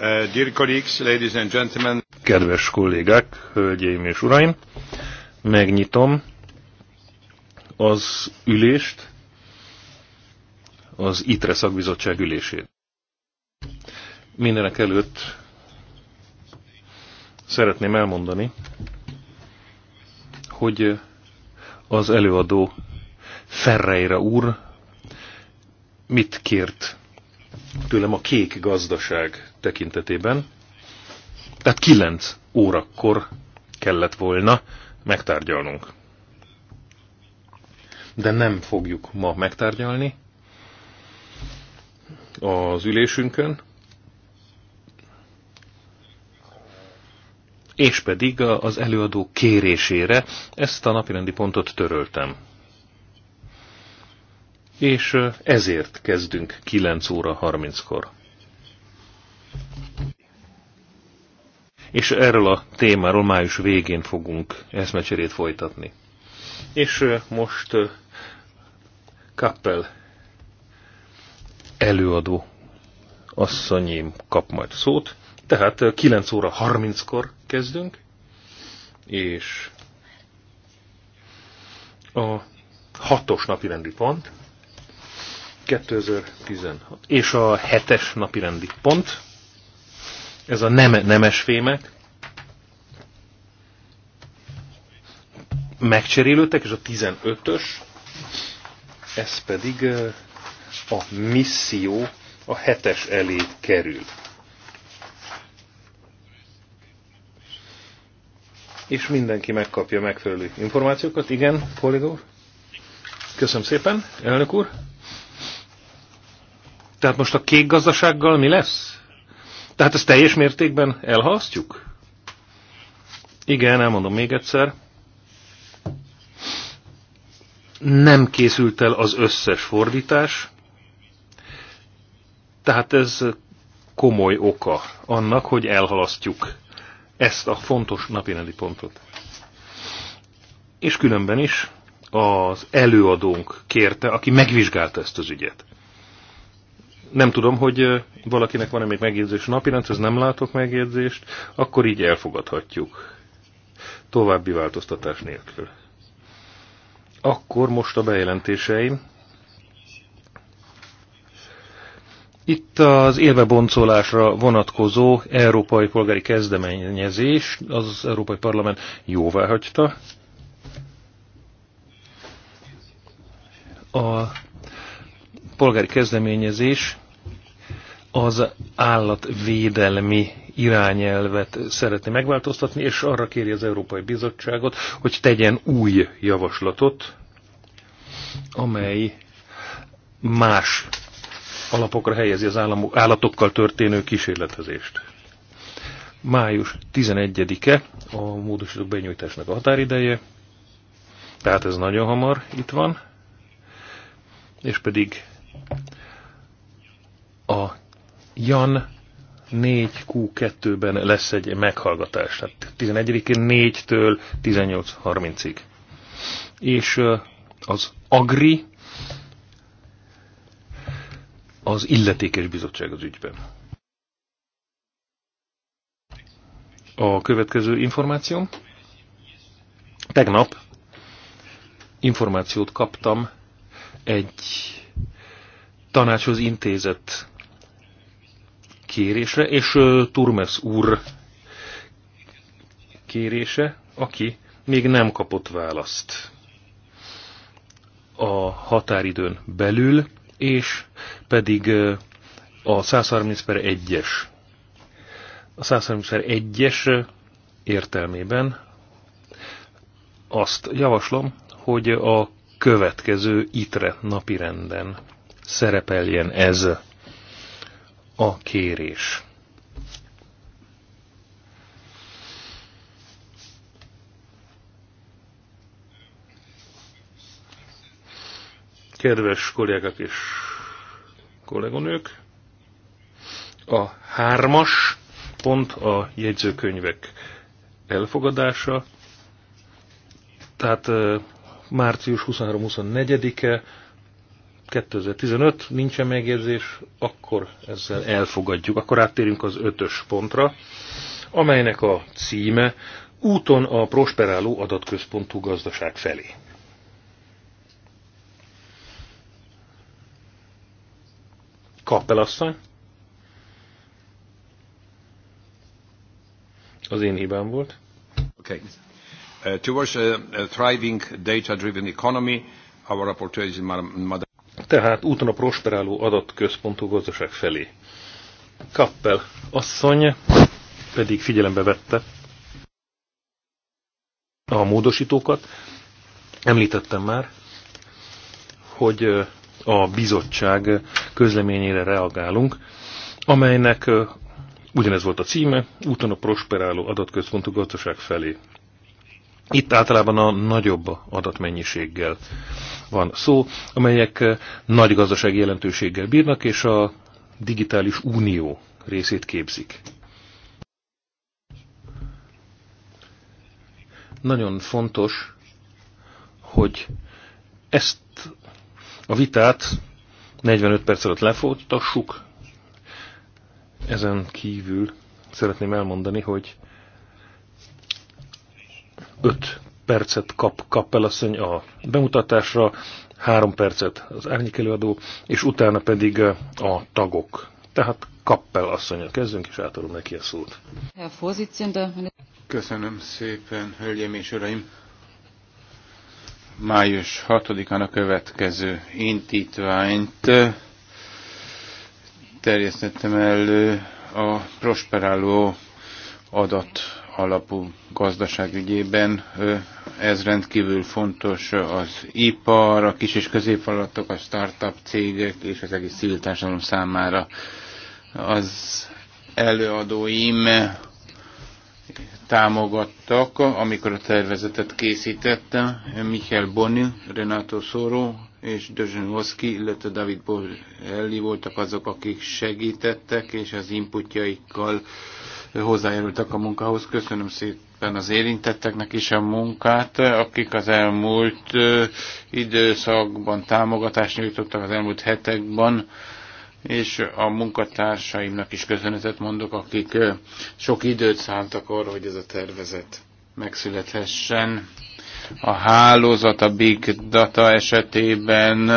Uh, Kedves kollégák, hölgyeim és uraim, megnyitom az ülést, az ITRE szakbizottság ülését. Mindenek előtt szeretném elmondani, hogy az előadó Ferreira úr mit kért tőlem a kék gazdaság tekintetében. Tehát 9 órakor kellett volna megtárgyalnunk. De nem fogjuk ma megtárgyalni az ülésünkön, és pedig az előadó kérésére ezt a napirendi pontot töröltem. És ezért kezdünk 9 óra 30-kor. és erről a témáról május végén fogunk eszmecserét folytatni. És most Kappel előadó asszonyim kap majd szót, tehát 9 óra 30-kor kezdünk, és a hatos napi rendi pont, 2016, és a hetes napi rendi pont, ez a nem, nemes fémek megcserélődtek, és a 15-ös, ez pedig a misszió a hetes elé kerül. És mindenki megkapja megfelelő információkat. Igen, kollégó? Köszönöm szépen, elnök úr. Tehát most a kék gazdasággal mi lesz? Tehát ezt teljes mértékben elhalasztjuk? Igen, elmondom még egyszer. Nem készült el az összes fordítás, tehát ez komoly oka annak, hogy elhalasztjuk ezt a fontos napirendi pontot. És különben is az előadónk kérte, aki megvizsgálta ezt az ügyet. Nem tudom, hogy valakinek van-e még megjegyzés napirendhez, nem látok megjegyzést, akkor így elfogadhatjuk. További változtatás nélkül. Akkor most a bejelentéseim. Itt az élveboncolásra vonatkozó európai polgári kezdeményezés az Európai Parlament jóvá hagyta. A polgári kezdeményezés az állatvédelmi irányelvet szeretné megváltoztatni, és arra kéri az Európai Bizottságot, hogy tegyen új javaslatot, amely más alapokra helyezi az államok, állatokkal történő kísérletezést. Május 11-e a módosítók benyújtásnak a határideje, tehát ez nagyon hamar itt van, és pedig a Jan 4Q2-ben lesz egy meghallgatás, tehát 11-én 4-től 18.30-ig. És az Agri az illetékes bizottság az ügyben. A következő információ. Tegnap információt kaptam egy tanácshoz intézett kérésre, és Turmes úr kérése, aki még nem kapott választ a határidőn belül, és pedig a 130 per 1-es. A 130 per 1-es értelmében azt javaslom, hogy a következő itre napirenden szerepeljen ez a kérés. Kedves kollégák és kolléganők, a hármas pont a jegyzőkönyvek elfogadása, tehát március 23-24-e, 2015, nincsen megjegyzés, akkor ezzel elfogadjuk. Akkor áttérünk az ötös pontra, amelynek a címe Úton a prosperáló adatközpontú gazdaság felé. asszony. Az én hibám volt. Okay. Uh, towards a, a thriving data-driven economy, our opportunities is Madagascar tehát úton a prosperáló adatközpontú gazdaság felé. Kappel asszony pedig figyelembe vette a módosítókat. Említettem már, hogy a bizottság közleményére reagálunk, amelynek ugyanez volt a címe, úton a prosperáló adatközpontú gazdaság felé. Itt általában a nagyobb adatmennyiséggel van szó, amelyek eh, nagy gazdasági jelentőséggel bírnak, és a digitális unió részét képzik. Nagyon fontos, hogy ezt a vitát 45 perc alatt lefolytassuk. Ezen kívül szeretném elmondani, hogy 5 percet kap kapelasszony a bemutatásra, 3 percet az árnyékelőadó, és utána pedig a tagok. Tehát a kezdünk, és átadom neki a szót. Köszönöm szépen, hölgyeim és uraim! Május 6-án a következő intítványt terjesztettem elő a prosperáló adat alapú gazdaság ügyében. Ez rendkívül fontos az ipar, a kis és középvállalatok, a startup cégek és az egész civil társadalom számára. Az előadóim támogattak, amikor a tervezetet készítettem, Michael Boni, Renato Szóró és Oszki, illetve David Borelli voltak azok, akik segítettek, és az inputjaikkal hozzájárultak a munkához. Köszönöm szépen az érintetteknek is a munkát, akik az elmúlt időszakban támogatást nyújtottak, az elmúlt hetekben, és a munkatársaimnak is köszönetet mondok, akik sok időt szántak arra, hogy ez a tervezet megszülethessen a hálózat, a big data esetében,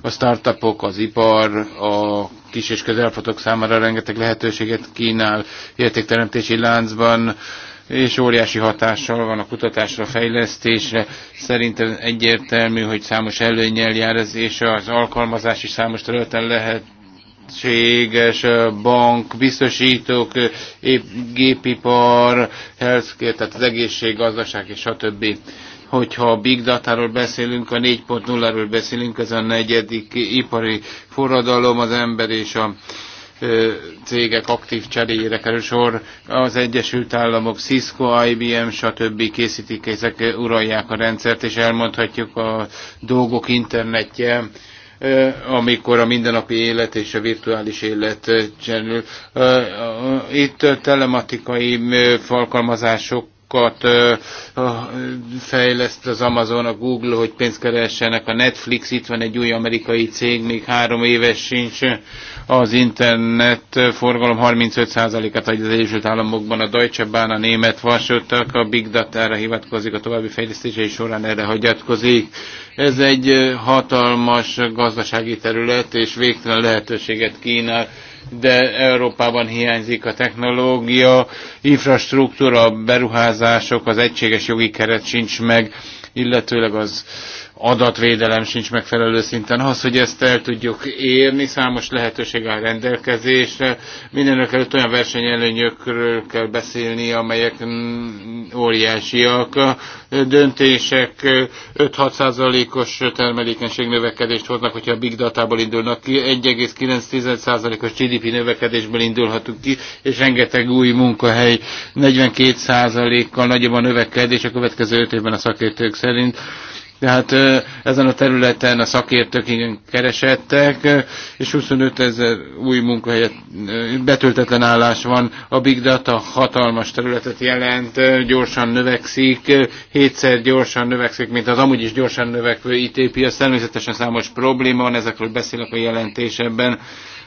a startupok, az ipar, a kis és közelfotok számára rengeteg lehetőséget kínál értékteremtési láncban, és óriási hatással van a kutatásra, a fejlesztésre. Szerintem egyértelmű, hogy számos előnyel jár ez, és az alkalmazás is számos területen lehet lehetséges bank, biztosítók, gépipar, healthcare, tehát az egészség, gazdaság és a többi hogyha a big Data-ról beszélünk, a 4.0-ról beszélünk, ez a negyedik ipari forradalom, az ember és a cégek aktív cseréjére kerül sor. Az Egyesült Államok, Cisco, IBM, stb. készítik, ezek uralják a rendszert, és elmondhatjuk a dolgok internetje, amikor a mindennapi élet és a virtuális élet cserül. Itt telematikai alkalmazások sokat fejleszt az Amazon, a Google, hogy pénzt keressenek, a Netflix, itt van egy új amerikai cég, még három éves sincs, az internet forgalom 35%-át adja az Egyesült Államokban, a Deutsche Bahn, a német vasútak, a Big Data-ra hivatkozik, a további fejlesztései során erre hagyatkozik. Ez egy hatalmas gazdasági terület, és végtelen lehetőséget kínál de Európában hiányzik a technológia, infrastruktúra, beruházások, az egységes jogi keret sincs meg, illetőleg az adatvédelem sincs megfelelő szinten. Az, hogy ezt el tudjuk érni, számos lehetőség áll rendelkezésre. Mindenek előtt olyan versenyelőnyökről kell beszélni, amelyek óriásiak. Döntések 5-6 százalékos termelékenység növekedést hoznak, hogyha a big datából indulnak ki. 1,9 százalékos GDP növekedésből indulhatunk ki, és rengeteg új munkahely, 42 százalékkal nagyobb a növekedés a következő 5 évben a szakértők szerint tehát ezen a területen a szakértők keresettek, és 25 ezer új munkahelyet, betöltetlen állás van. A Big Data hatalmas területet jelent, gyorsan növekszik, hétszer gyorsan növekszik, mint az amúgy is gyorsan növekvő IT-piac. Természetesen számos probléma van, ezekről beszélek a jelentésebben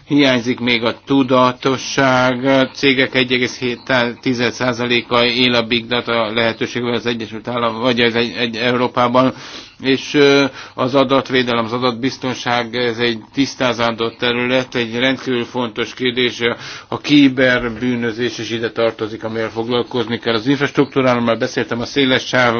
hiányzik még a tudatosság, a cégek 1,7%-a él a Big Data lehetőségvel az Egyesült Állam, vagy az egy, egy Európában, és az adatvédelem, az adatbiztonság, ez egy tisztázandó terület, egy rendkívül fontos kérdés, a kiberbűnözés is ide tartozik, amivel foglalkozni kell. Az infrastruktúráról már beszéltem, a széles sáv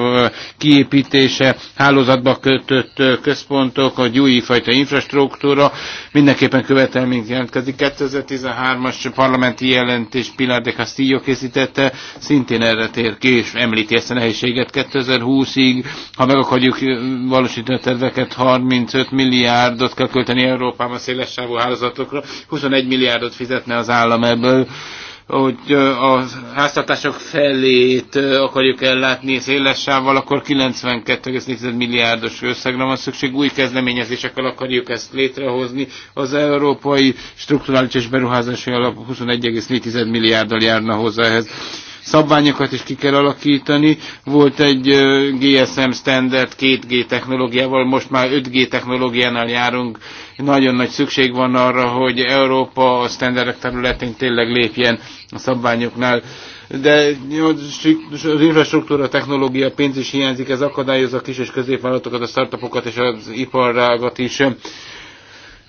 kiépítése, hálózatba kötött központok, a új fajta infrastruktúra mindenképpen követelményt jelentkezik. 2013-as parlamenti jelentés Pilar de Castillo készítette, szintén erre tér ki, és említi ezt a nehézséget 2020-ig, ha meg akarjuk valósítani a terveket, 35 milliárdot kell költeni Európában a szélessávú hálózatokra, 21 milliárdot fizetne az állam ebből hogy a háztartások felét akarjuk ellátni sávval, akkor 92,4 milliárdos összegre van szükség. Új kezdeményezésekkel akarjuk ezt létrehozni. Az Európai Strukturális és Beruházási Alap 21,4 milliárddal járna hozzá ehhez szabványokat is ki kell alakítani. Volt egy GSM standard 2G technológiával, most már 5G technológiánál járunk. Nagyon nagy szükség van arra, hogy Európa a standardek területén tényleg lépjen a szabványoknál de az infrastruktúra, technológia, pénz is hiányzik, ez akadályozza a kis és középvállalatokat, a startupokat és az iparágat is.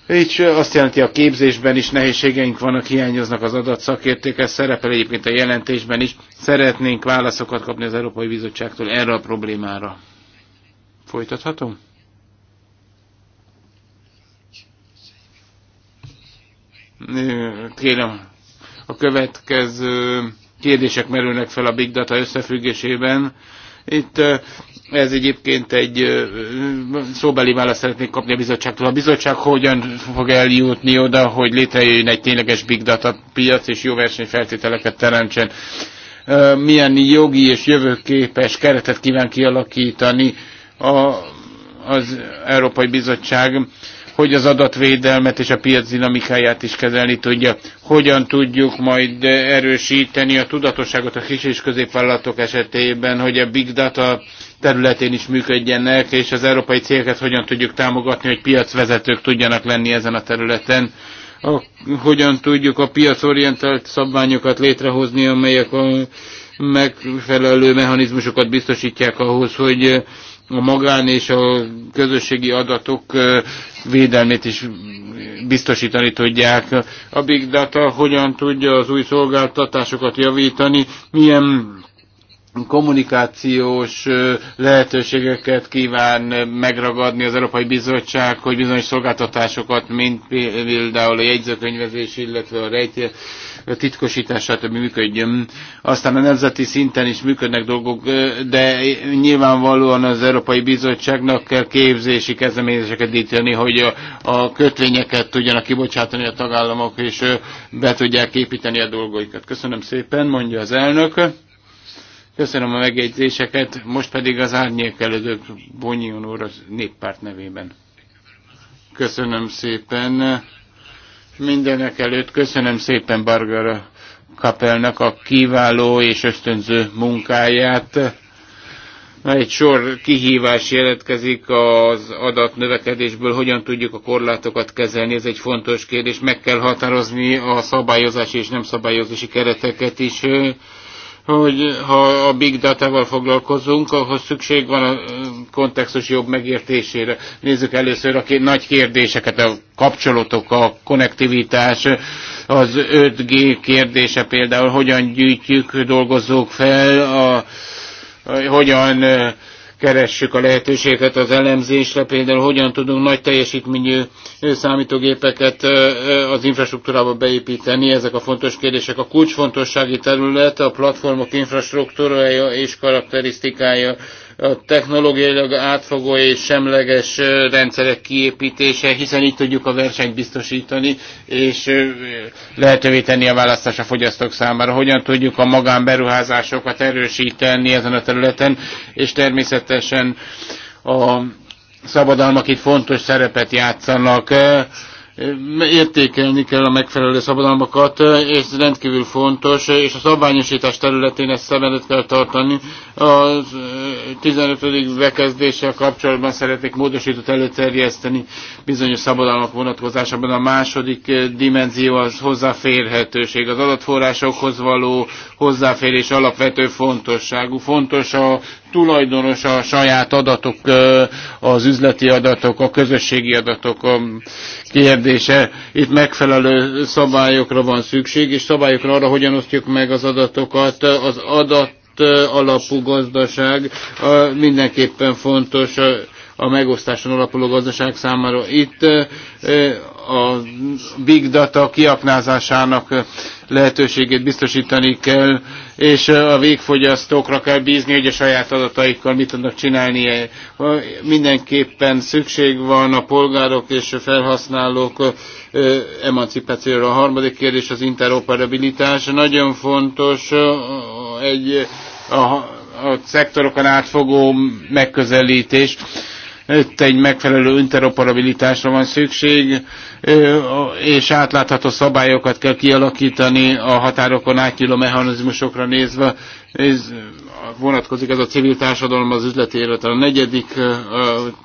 Így azt jelenti, a képzésben is nehézségeink vannak, hiányoznak az adatszakértők, ez szerepel egyébként a jelentésben is. Szeretnénk válaszokat kapni az Európai Bizottságtól erre a problémára. Folytathatom? Kérem, a következő kérdések merülnek fel a Big Data összefüggésében. Itt ez egyébként egy szóbeli választ szeretnék kapni a bizottságtól. A bizottság hogyan fog eljutni oda, hogy létrejöjjön egy tényleges big data piac és jó versenyfeltételeket teremtsen? Milyen jogi és jövőképes keretet kíván kialakítani a, az Európai Bizottság? hogy az adatvédelmet és a piac dinamikáját is kezelni tudja. Hogyan tudjuk majd erősíteni a tudatosságot a kis és középvállalatok esetében, hogy a big data területén is működjenek, és az európai cégeket hogyan tudjuk támogatni, hogy piacvezetők tudjanak lenni ezen a területen. A, hogyan tudjuk a piacorientált szabványokat létrehozni, amelyek a megfelelő mechanizmusokat biztosítják ahhoz, hogy a magán és a közösségi adatok védelmét is biztosítani tudják. A Big Data hogyan tudja az új szolgáltatásokat javítani, milyen kommunikációs lehetőségeket kíván megragadni az Európai Bizottság, hogy bizonyos szolgáltatásokat, mint például a jegyzőkönyvezés, illetve a rejtje a titkosítás, stb. működjön. Aztán a nemzeti szinten is működnek dolgok, de nyilvánvalóan az Európai Bizottságnak kell képzési kezdeményezéseket díteni, hogy a, a kötvényeket tudjanak kibocsátani a tagállamok, és be tudják építeni a dolgoikat. Köszönöm szépen, mondja az elnök. Köszönöm a megjegyzéseket, most pedig az árnyék előtt Bonyion úr a néppárt nevében. Köszönöm szépen. Mindenek előtt köszönöm szépen Bargara kapelnak a kiváló és ösztönző munkáját. Egy sor kihívás jelentkezik az adatnövekedésből, hogyan tudjuk a korlátokat kezelni, ez egy fontos kérdés. Meg kell határozni a szabályozási és nem szabályozási kereteket is hogy ha a big datával foglalkozunk, ahhoz szükség van a kontextus jobb megértésére. Nézzük először a nagy kérdéseket, a kapcsolatok, a konnektivitás, az 5G kérdése például, hogyan gyűjtjük, dolgozók fel, a, hogyan keressük a lehetőséget az elemzésre, például hogyan tudunk nagy teljesítményű számítógépeket az infrastruktúrába beépíteni, ezek a fontos kérdések. A kulcsfontossági terület a platformok infrastruktúrája és karakterisztikája a technológiailag átfogó és semleges rendszerek kiépítése, hiszen így tudjuk a versenyt biztosítani, és lehetővé tenni a választás a fogyasztók számára. Hogyan tudjuk a magánberuházásokat erősíteni ezen a területen, és természetesen a szabadalmak itt fontos szerepet játszanak értékelni kell a megfelelő szabadalmakat, és ez rendkívül fontos, és a szabványosítás területén ezt szem előtt kell tartani. A 15. bekezdéssel kapcsolatban szeretnék módosított előterjeszteni bizonyos szabadalmak vonatkozásában. A második dimenzió az hozzáférhetőség. Az adatforrásokhoz való hozzáférés alapvető fontosságú. Fontos a tulajdonos a saját adatok, az üzleti adatok, a közösségi adatok kérdése. Itt megfelelő szabályokra van szükség, és szabályokra arra, hogyan osztjuk meg az adatokat. Az adat alapú gazdaság mindenképpen fontos a megosztáson alapuló gazdaság számára. Itt a big data kiaknázásának lehetőségét biztosítani kell, és a végfogyasztókra kell bízni, hogy a saját adataikkal mit tudnak csinálni. Mindenképpen szükség van a polgárok és a felhasználók emancipációra. A harmadik kérdés az interoperabilitás. Nagyon fontos egy a, a szektorokon átfogó megközelítés itt egy megfelelő interoperabilitásra van szükség, és átlátható szabályokat kell kialakítani a határokon átnyúló mechanizmusokra nézve. Ez vonatkozik ez a civil társadalom, az üzleti élet. A negyedik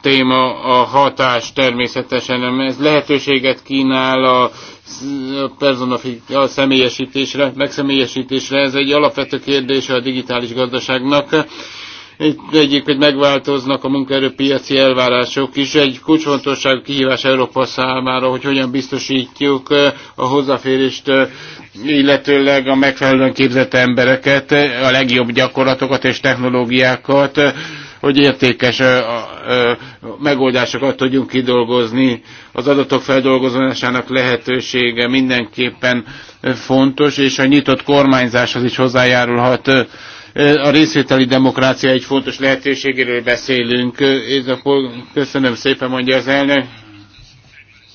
téma a hatás természetesen. Ez lehetőséget kínál a a személyesítésre, megszemélyesítésre. Ez egy alapvető kérdése a digitális gazdaságnak Egyébként megváltoznak a munkaerőpiaci elvárások is. Egy kulcsfontosságú kihívás Európa számára, hogy hogyan biztosítjuk eh, a hozzáférést, eh, illetőleg a megfelelően képzett embereket, a legjobb gyakorlatokat és technológiákat, eh, hogy értékes megoldásokat tudjunk kidolgozni. Az adatok feldolgozásának lehetősége mindenképpen fontos, és a nyitott kormányzáshoz is hozzájárulhat a részvételi demokrácia egy fontos lehetőségéről beszélünk. Köszönöm szépen, mondja az elnök.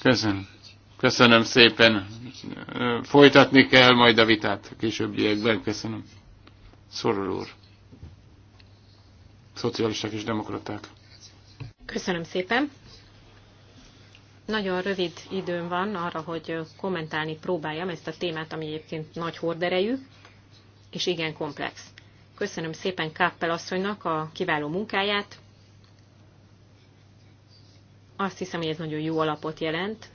Köszönöm. Köszönöm szépen. Folytatni kell majd a vitát a későbbiekben. Köszönöm. Szorul úr. Szocialisták és demokraták. Köszönöm szépen. Nagyon rövid időm van arra, hogy kommentálni próbáljam ezt a témát, ami egyébként nagy horderejű, és igen komplex. Köszönöm szépen Kappel asszonynak a kiváló munkáját. Azt hiszem, hogy ez nagyon jó alapot jelent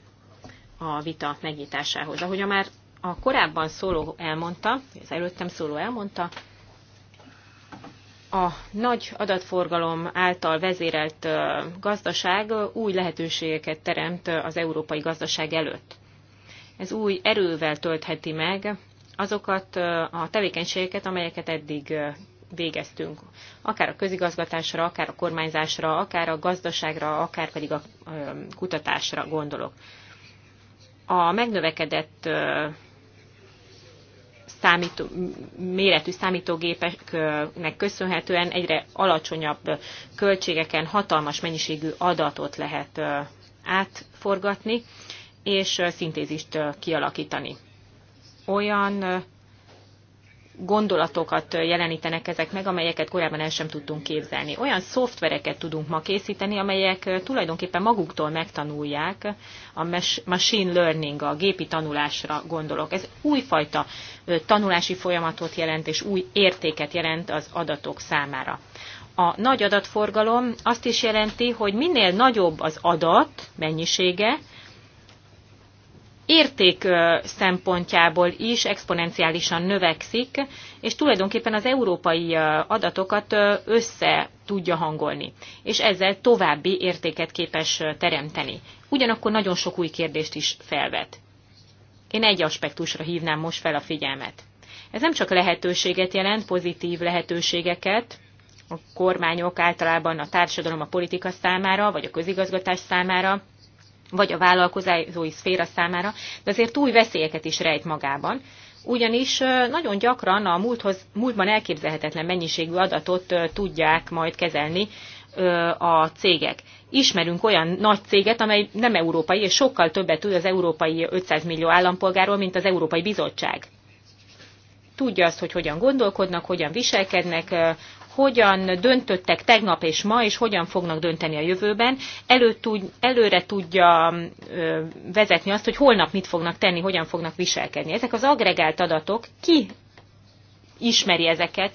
a vita megnyitásához. Ahogy már a korábban szóló elmondta, az előttem szóló elmondta, a nagy adatforgalom által vezérelt gazdaság új lehetőségeket teremt az európai gazdaság előtt. Ez új erővel töltheti meg azokat a tevékenységeket, amelyeket eddig végeztünk. Akár a közigazgatásra, akár a kormányzásra, akár a gazdaságra, akár pedig a kutatásra gondolok. A megnövekedett számító, méretű számítógépeknek köszönhetően egyre alacsonyabb költségeken hatalmas mennyiségű adatot lehet átforgatni, és szintézist kialakítani olyan gondolatokat jelenítenek ezek meg, amelyeket korábban el sem tudtunk képzelni. Olyan szoftvereket tudunk ma készíteni, amelyek tulajdonképpen maguktól megtanulják a machine learning, a gépi tanulásra gondolok. Ez újfajta tanulási folyamatot jelent, és új értéket jelent az adatok számára. A nagy adatforgalom azt is jelenti, hogy minél nagyobb az adat mennyisége, érték szempontjából is exponenciálisan növekszik, és tulajdonképpen az európai adatokat össze tudja hangolni, és ezzel további értéket képes teremteni. Ugyanakkor nagyon sok új kérdést is felvet. Én egy aspektusra hívnám most fel a figyelmet. Ez nem csak lehetőséget jelent, pozitív lehetőségeket, a kormányok általában a társadalom, a politika számára, vagy a közigazgatás számára, vagy a vállalkozói szféra számára, de azért új veszélyeket is rejt magában, ugyanis nagyon gyakran a múlthoz, múltban elképzelhetetlen mennyiségű adatot tudják majd kezelni a cégek. Ismerünk olyan nagy céget, amely nem európai, és sokkal többet tud az európai 500 millió állampolgáról, mint az Európai Bizottság. Tudja azt, hogy hogyan gondolkodnak, hogyan viselkednek, hogyan döntöttek tegnap és ma, és hogyan fognak dönteni a jövőben, elő tud, előre tudja ö, vezetni azt, hogy holnap mit fognak tenni, hogyan fognak viselkedni. Ezek az agregált adatok, ki ismeri ezeket,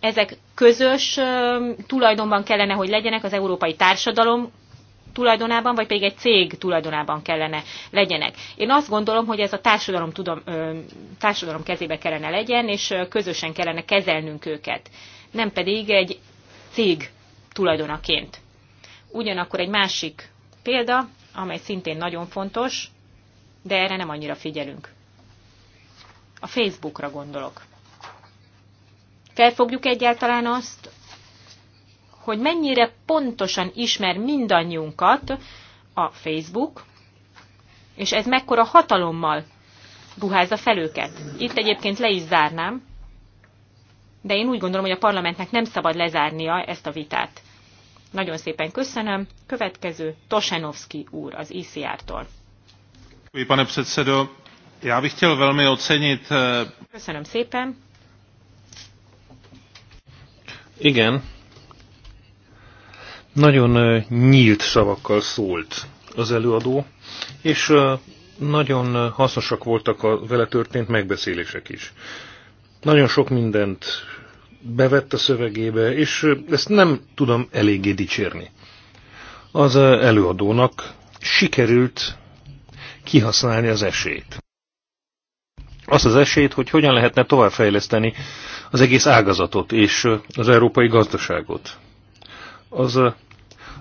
ezek közös ö, tulajdonban kellene, hogy legyenek az európai társadalom tulajdonában, vagy pedig egy cég tulajdonában kellene legyenek. Én azt gondolom, hogy ez a társadalom, tudom, társadalom kezébe kellene legyen, és közösen kellene kezelnünk őket nem pedig egy cég tulajdonaként. Ugyanakkor egy másik példa, amely szintén nagyon fontos, de erre nem annyira figyelünk. A Facebookra gondolok. Felfogjuk egyáltalán azt, hogy mennyire pontosan ismer mindannyiunkat a Facebook, és ez mekkora hatalommal ruházza fel őket. Itt egyébként le is zárnám, de én úgy gondolom, hogy a parlamentnek nem szabad lezárnia ezt a vitát. Nagyon szépen köszönöm. Következő Tosenovski úr az ICR-tól. já bych chtěl velmi ocenit... Eh, köszönöm szépen. Igen. Nagyon eh, nyílt szavakkal szólt az előadó, és eh, nagyon hasznosak voltak a vele történt megbeszélések is. Nagyon sok mindent bevett a szövegébe, és ezt nem tudom eléggé dicsérni. Az előadónak sikerült kihasználni az esélyt. Azt az esélyt, hogy hogyan lehetne továbbfejleszteni az egész ágazatot és az európai gazdaságot. Az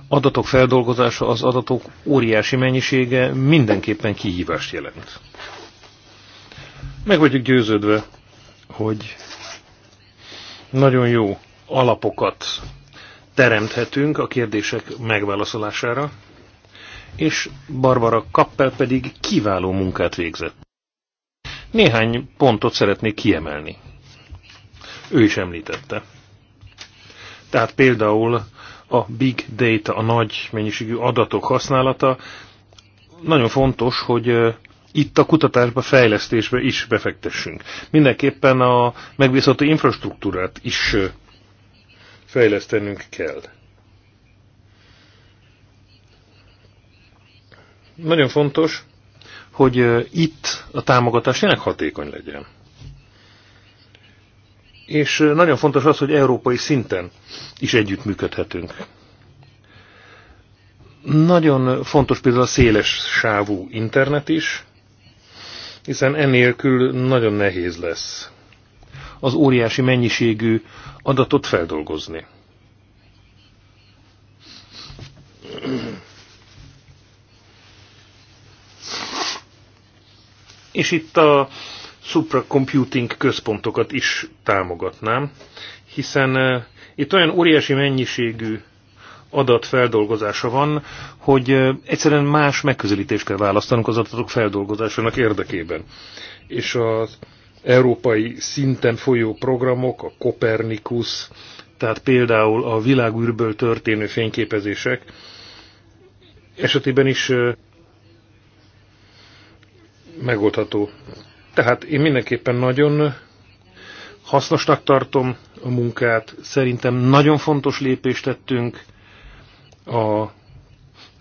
adatok feldolgozása, az adatok óriási mennyisége mindenképpen kihívást jelent. Meg vagyok győződve, hogy nagyon jó alapokat teremthetünk a kérdések megválaszolására, és Barbara Kappel pedig kiváló munkát végzett. Néhány pontot szeretnék kiemelni. Ő is említette. Tehát például a big data, a nagy mennyiségű adatok használata. Nagyon fontos, hogy itt a kutatásba, fejlesztésbe is befektessünk. Mindenképpen a megbízható infrastruktúrát is fejlesztenünk kell. Nagyon fontos, hogy itt a támogatás tényleg hatékony legyen. És nagyon fontos az, hogy európai szinten is együttműködhetünk. Nagyon fontos például a széles sávú internet is, hiszen enélkül nagyon nehéz lesz az óriási mennyiségű adatot feldolgozni. És itt a supracomputing központokat is támogatnám, hiszen eh, itt olyan óriási mennyiségű adatfeldolgozása van, hogy egyszerűen más megközelítést kell választanunk az adatok feldolgozásának érdekében. És az európai szinten folyó programok, a Kopernikus, tehát például a világűrből történő fényképezések esetében is megoldható. Tehát én mindenképpen nagyon hasznosnak tartom a munkát, szerintem nagyon fontos lépést tettünk, a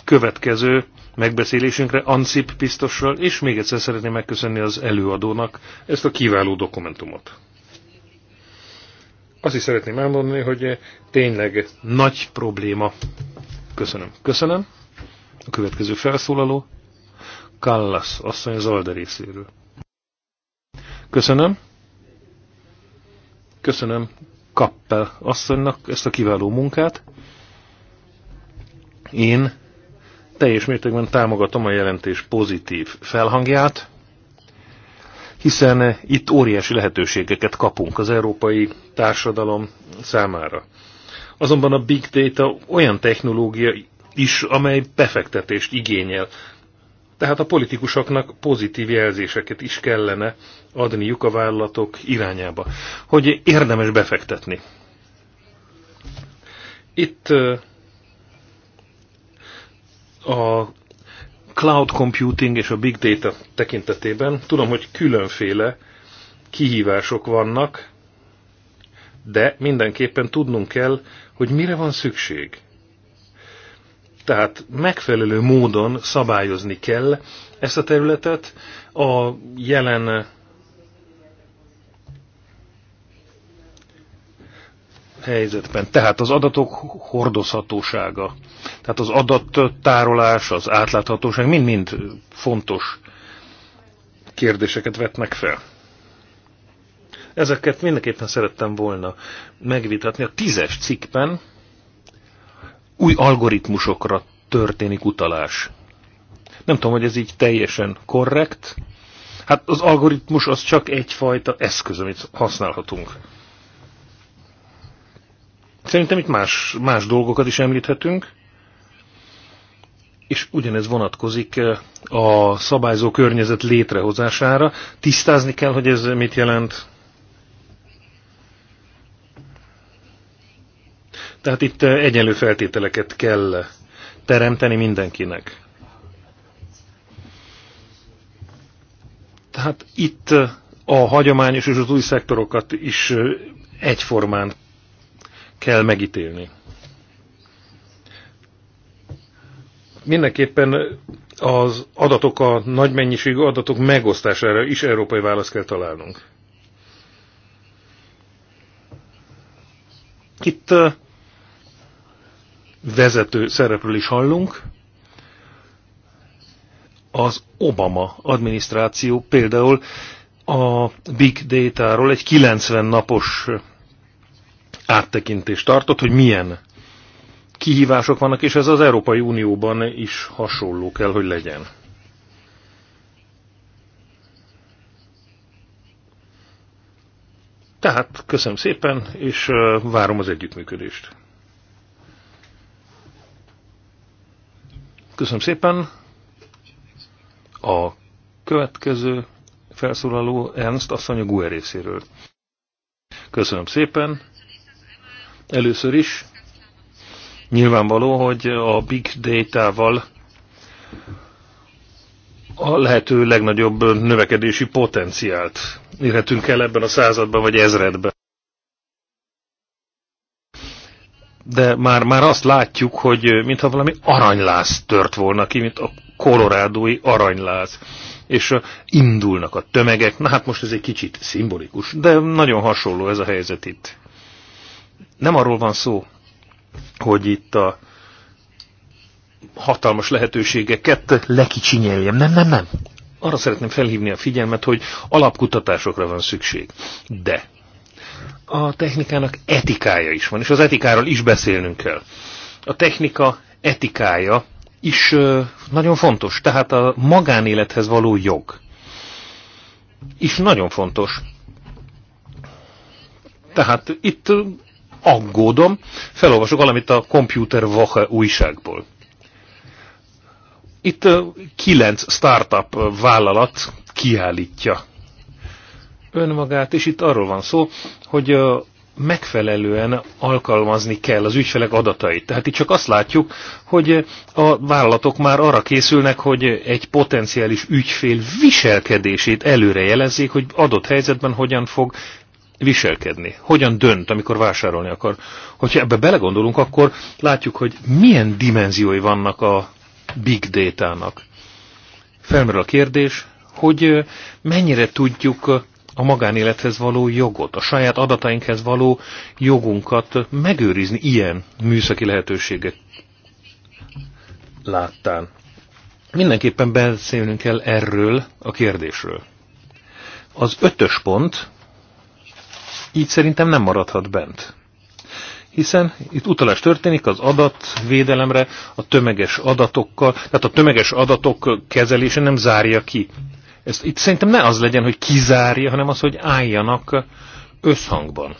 következő megbeszélésünkre Ancip biztossal, és még egyszer szeretném megköszönni az előadónak ezt a kiváló dokumentumot. Azt is szeretném elmondani, hogy tényleg nagy probléma. Köszönöm. Köszönöm. A következő felszólaló Kallas, asszony az Alde részéről. Köszönöm. Köszönöm Kappel asszonynak ezt a kiváló munkát. Én teljes mértékben támogatom a jelentés pozitív felhangját, hiszen itt óriási lehetőségeket kapunk az európai társadalom számára. Azonban a big data olyan technológia is, amely befektetést igényel. Tehát a politikusoknak pozitív jelzéseket is kellene adniuk a vállalatok irányába, hogy érdemes befektetni. Itt a cloud computing és a big data tekintetében tudom, hogy különféle kihívások vannak, de mindenképpen tudnunk kell, hogy mire van szükség. Tehát megfelelő módon szabályozni kell ezt a területet. A jelen helyzetben. Tehát az adatok hordozhatósága, tehát az adattárolás, az átláthatóság mind-mind fontos kérdéseket vetnek fel. Ezeket mindenképpen szerettem volna megvitatni. A tízes cikkben új algoritmusokra történik utalás. Nem tudom, hogy ez így teljesen korrekt. Hát az algoritmus az csak egyfajta eszköz, amit használhatunk. Szerintem itt más, más dolgokat is említhetünk, és ugyanez vonatkozik eh, a szabályzó környezet létrehozására. Tisztázni kell, hogy ez mit jelent. Tehát itt eh, egyenlő feltételeket kell teremteni mindenkinek. Tehát itt eh, a hagyományos és az új szektorokat is egyformán kell megítélni. Mindenképpen az adatok, a nagy mennyiségű adatok megosztására is európai választ kell találnunk. Itt vezető szerepről is hallunk. Az Obama adminisztráció például a Big Data-ról egy 90 napos áttekintést tartott, hogy milyen kihívások vannak, és ez az Európai Unióban is hasonló kell, hogy legyen. Tehát köszönöm szépen, és várom az együttműködést. Köszönöm szépen. A következő felszólaló Ernst asszony a GUE részéről. Köszönöm szépen. Először is nyilvánvaló, hogy a big data-val a lehető legnagyobb növekedési potenciált érhetünk el ebben a században vagy ezredben. De már, már azt látjuk, hogy mintha valami aranyláz tört volna ki, mint a kolorádói aranyláz. És indulnak a tömegek, na hát most ez egy kicsit szimbolikus, de nagyon hasonló ez a helyzet itt nem arról van szó, hogy itt a hatalmas lehetőségeket lekicsinyeljem. Nem, nem, nem. Arra szeretném felhívni a figyelmet, hogy alapkutatásokra van szükség. De a technikának etikája is van, és az etikáról is beszélnünk kell. A technika etikája is nagyon fontos, tehát a magánélethez való jog is nagyon fontos. Tehát itt aggódom. Felolvasok valamit a Computer Woche újságból. Itt kilenc startup vállalat kiállítja önmagát, és itt arról van szó, hogy megfelelően alkalmazni kell az ügyfelek adatait. Tehát itt csak azt látjuk, hogy a vállalatok már arra készülnek, hogy egy potenciális ügyfél viselkedését előre jelezzék, hogy adott helyzetben hogyan fog viselkedni, hogyan dönt, amikor vásárolni akar. Hogyha ebbe belegondolunk, akkor látjuk, hogy milyen dimenziói vannak a big data-nak. Felmerül a kérdés, hogy mennyire tudjuk a magánélethez való jogot, a saját adatainkhez való jogunkat megőrizni ilyen műszaki lehetőségek láttán. Mindenképpen beszélnünk kell erről a kérdésről. Az ötös pont így szerintem nem maradhat bent. Hiszen itt utalás történik az adatvédelemre, a tömeges adatokkal, tehát a tömeges adatok kezelése nem zárja ki. Ezt itt szerintem ne az legyen, hogy kizárja, hanem az, hogy álljanak összhangban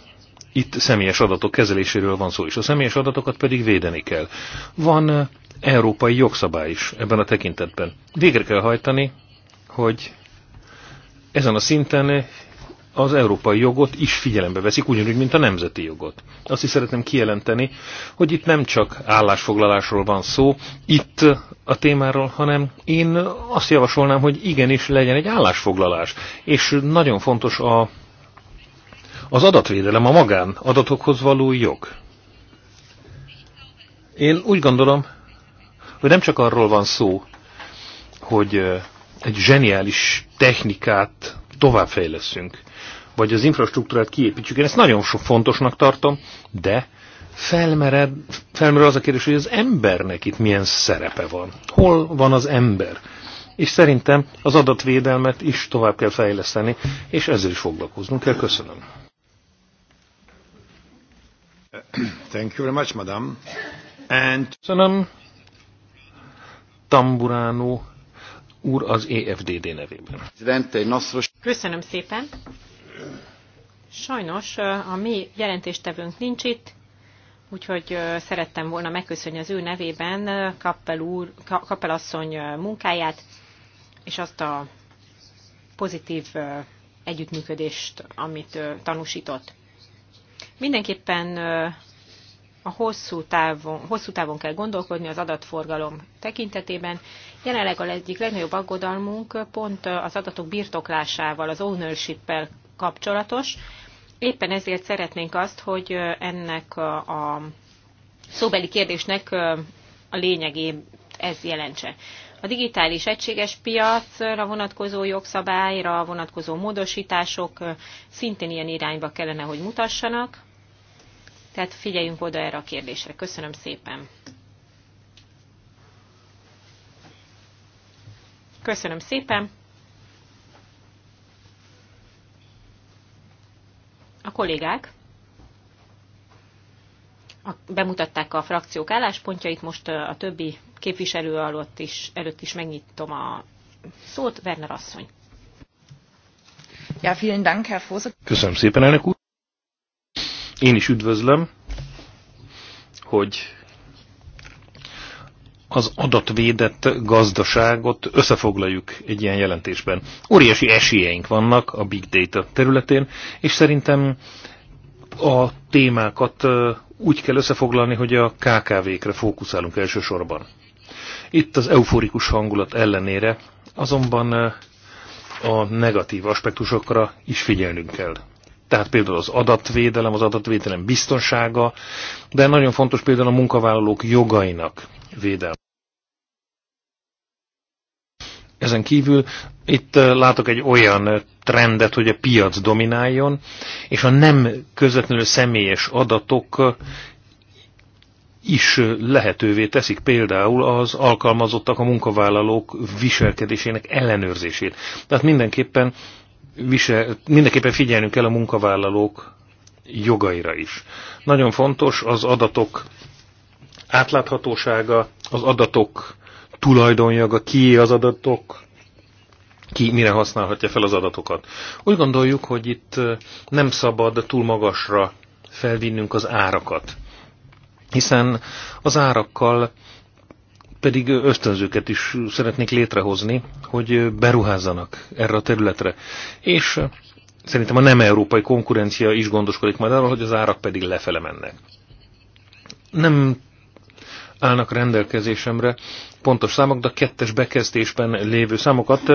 itt személyes adatok kezeléséről van szó, és a személyes adatokat pedig védeni kell. Van eh, európai jogszabály is ebben a tekintetben. Végre kell hajtani, hogy ezen a szinten az európai jogot is figyelembe veszik, ugyanúgy, mint a nemzeti jogot. Azt is szeretném kijelenteni, hogy itt nem csak állásfoglalásról van szó, itt a témáról, hanem én azt javasolnám, hogy igenis legyen egy állásfoglalás. És nagyon fontos a, az adatvédelem, a magán adatokhoz való jog. Én úgy gondolom, hogy nem csak arról van szó, hogy egy zseniális technikát továbbfejleszünk vagy az infrastruktúrát kiépítsük. Én ezt nagyon sok fontosnak tartom, de felmered, felmerül az a kérdés, hogy az embernek itt milyen szerepe van. Hol van az ember? És szerintem az adatvédelmet is tovább kell fejleszteni, és ezzel is foglalkoznunk kell. Köszönöm. Thank you very much, madam. And... Köszönöm. Tamburánó úr az EFDD nevében. Köszönöm szépen. Sajnos a mi jelentéstevőnk nincs itt, úgyhogy szerettem volna megköszönni az ő nevében Kappel, úr, Kappel asszony munkáját, és azt a pozitív együttműködést, amit tanúsított. Mindenképpen a hosszú távon, hosszú távon kell gondolkodni az adatforgalom tekintetében. Jelenleg a egyik legnagyobb aggodalmunk pont az adatok birtoklásával, az ownership-el kapcsolatos. Éppen ezért szeretnénk azt, hogy ennek a szóbeli kérdésnek a lényegét ez jelentse. A digitális egységes piacra vonatkozó jogszabályra vonatkozó módosítások szintén ilyen irányba kellene, hogy mutassanak. Tehát figyeljünk oda erre a kérdésre. Köszönöm szépen. Köszönöm szépen. A kollégák bemutatták a frakciók álláspontjait, most a többi képviselő alatt is, előtt is megnyitom a szót, Werner asszony. Ja, vielen Dank, Herr Köszönöm szépen, elnök úr. Én is üdvözlöm, hogy az adatvédett gazdaságot összefoglaljuk egy ilyen jelentésben. Óriási esélyeink vannak a big data területén, és szerintem a témákat úgy kell összefoglalni, hogy a KKV-kre fókuszálunk elsősorban. Itt az euforikus hangulat ellenére azonban a negatív aspektusokra is figyelnünk kell. Tehát például az adatvédelem, az adatvédelem biztonsága, de nagyon fontos például a munkavállalók jogainak védel. Ezen kívül itt eh, látok egy olyan eh, trendet, hogy a piac domináljon, és a nem közvetlenül személyes adatok eh, is lehetővé teszik például az alkalmazottak, a munkavállalók viselkedésének ellenőrzését. Tehát mindenképpen, visel, mindenképpen figyelnünk kell a munkavállalók jogaira is. Nagyon fontos az adatok átláthatósága, az adatok tulajdonjaga, ki az adatok, ki mire használhatja fel az adatokat. Úgy gondoljuk, hogy itt nem szabad túl magasra felvinnünk az árakat, hiszen az árakkal pedig ösztönzőket is szeretnék létrehozni, hogy beruházzanak erre a területre. És szerintem a nem európai konkurencia is gondoskodik majd arról, hogy az árak pedig lefele mennek. Nem állnak rendelkezésemre pontos számok, de a kettes bekezdésben lévő számokat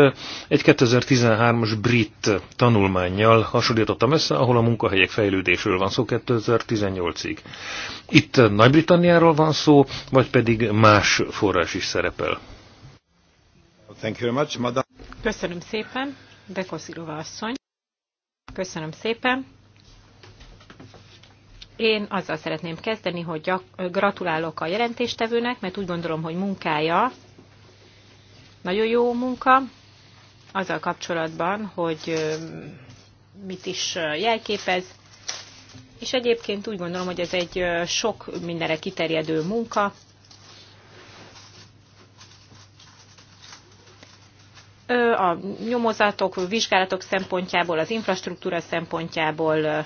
egy 2013-as brit tanulmányjal hasonlítottam össze, ahol a munkahelyek fejlődésről van szó 2018-ig. Itt Nagy-Britanniáról van szó, vagy pedig más forrás is szerepel? Thank you very much, Köszönöm szépen, Dekoszirova asszony. Köszönöm szépen. Én azzal szeretném kezdeni, hogy gratulálok a jelentéstevőnek, mert úgy gondolom, hogy munkája nagyon jó munka, azzal kapcsolatban, hogy mit is jelképez, és egyébként úgy gondolom, hogy ez egy sok mindenre kiterjedő munka. A nyomozatok, vizsgálatok szempontjából, az infrastruktúra szempontjából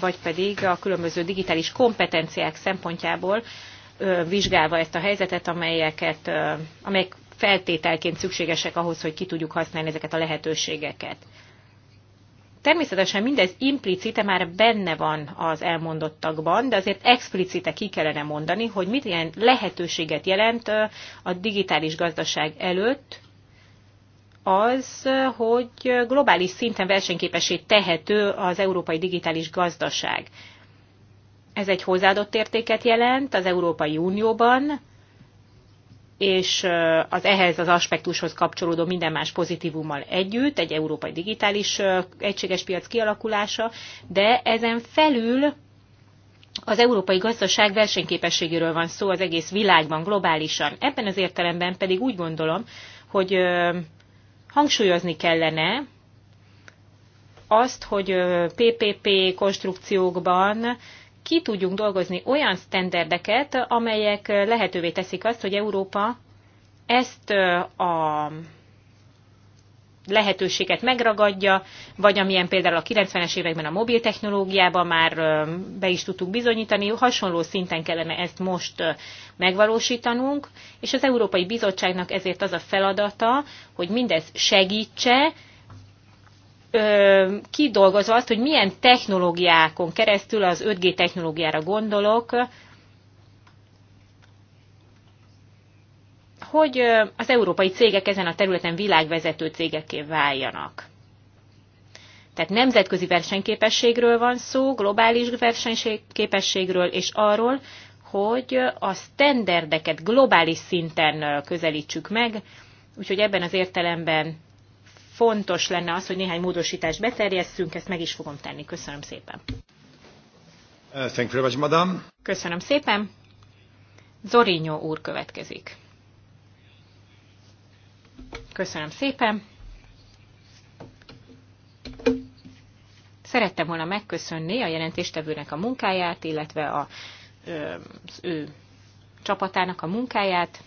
vagy pedig a különböző digitális kompetenciák szempontjából vizsgálva ezt a helyzetet, amelyeket, amelyek feltételként szükségesek ahhoz, hogy ki tudjuk használni ezeket a lehetőségeket. Természetesen mindez implicite már benne van az elmondottakban, de azért explicite ki kellene mondani, hogy mit ilyen lehetőséget jelent a digitális gazdaság előtt, az, hogy globális szinten versenyképessé tehető az európai digitális gazdaság. Ez egy hozzáadott értéket jelent az Európai Unióban, és az ehhez az aspektushoz kapcsolódó minden más pozitívummal együtt, egy európai digitális egységes piac kialakulása, de ezen felül az európai gazdaság versenyképességéről van szó az egész világban, globálisan. Ebben az értelemben pedig úgy gondolom, hogy hangsúlyozni kellene azt, hogy PPP konstrukciókban ki tudjunk dolgozni olyan sztenderdeket, amelyek lehetővé teszik azt, hogy Európa ezt a lehetőséget megragadja, vagy amilyen például a 90-es években a mobil technológiában már be is tudtuk bizonyítani, hasonló szinten kellene ezt most megvalósítanunk, és az Európai Bizottságnak ezért az a feladata, hogy mindez segítse, kidolgozva azt, hogy milyen technológiákon keresztül, az 5G technológiára gondolok, hogy az európai cégek ezen a területen világvezető cégeké váljanak. Tehát nemzetközi versenyképességről van szó, globális versenyképességről, és arról, hogy a standardeket globális szinten közelítsük meg, úgyhogy ebben az értelemben fontos lenne az, hogy néhány módosítást beterjesszünk, ezt meg is fogom tenni. Köszönöm szépen. Uh, thank you very much, madam. Köszönöm szépen. Zorinyó úr következik. Köszönöm szépen. Szerettem volna megköszönni a jelentéstevőnek a munkáját, illetve a, az ő csapatának a munkáját.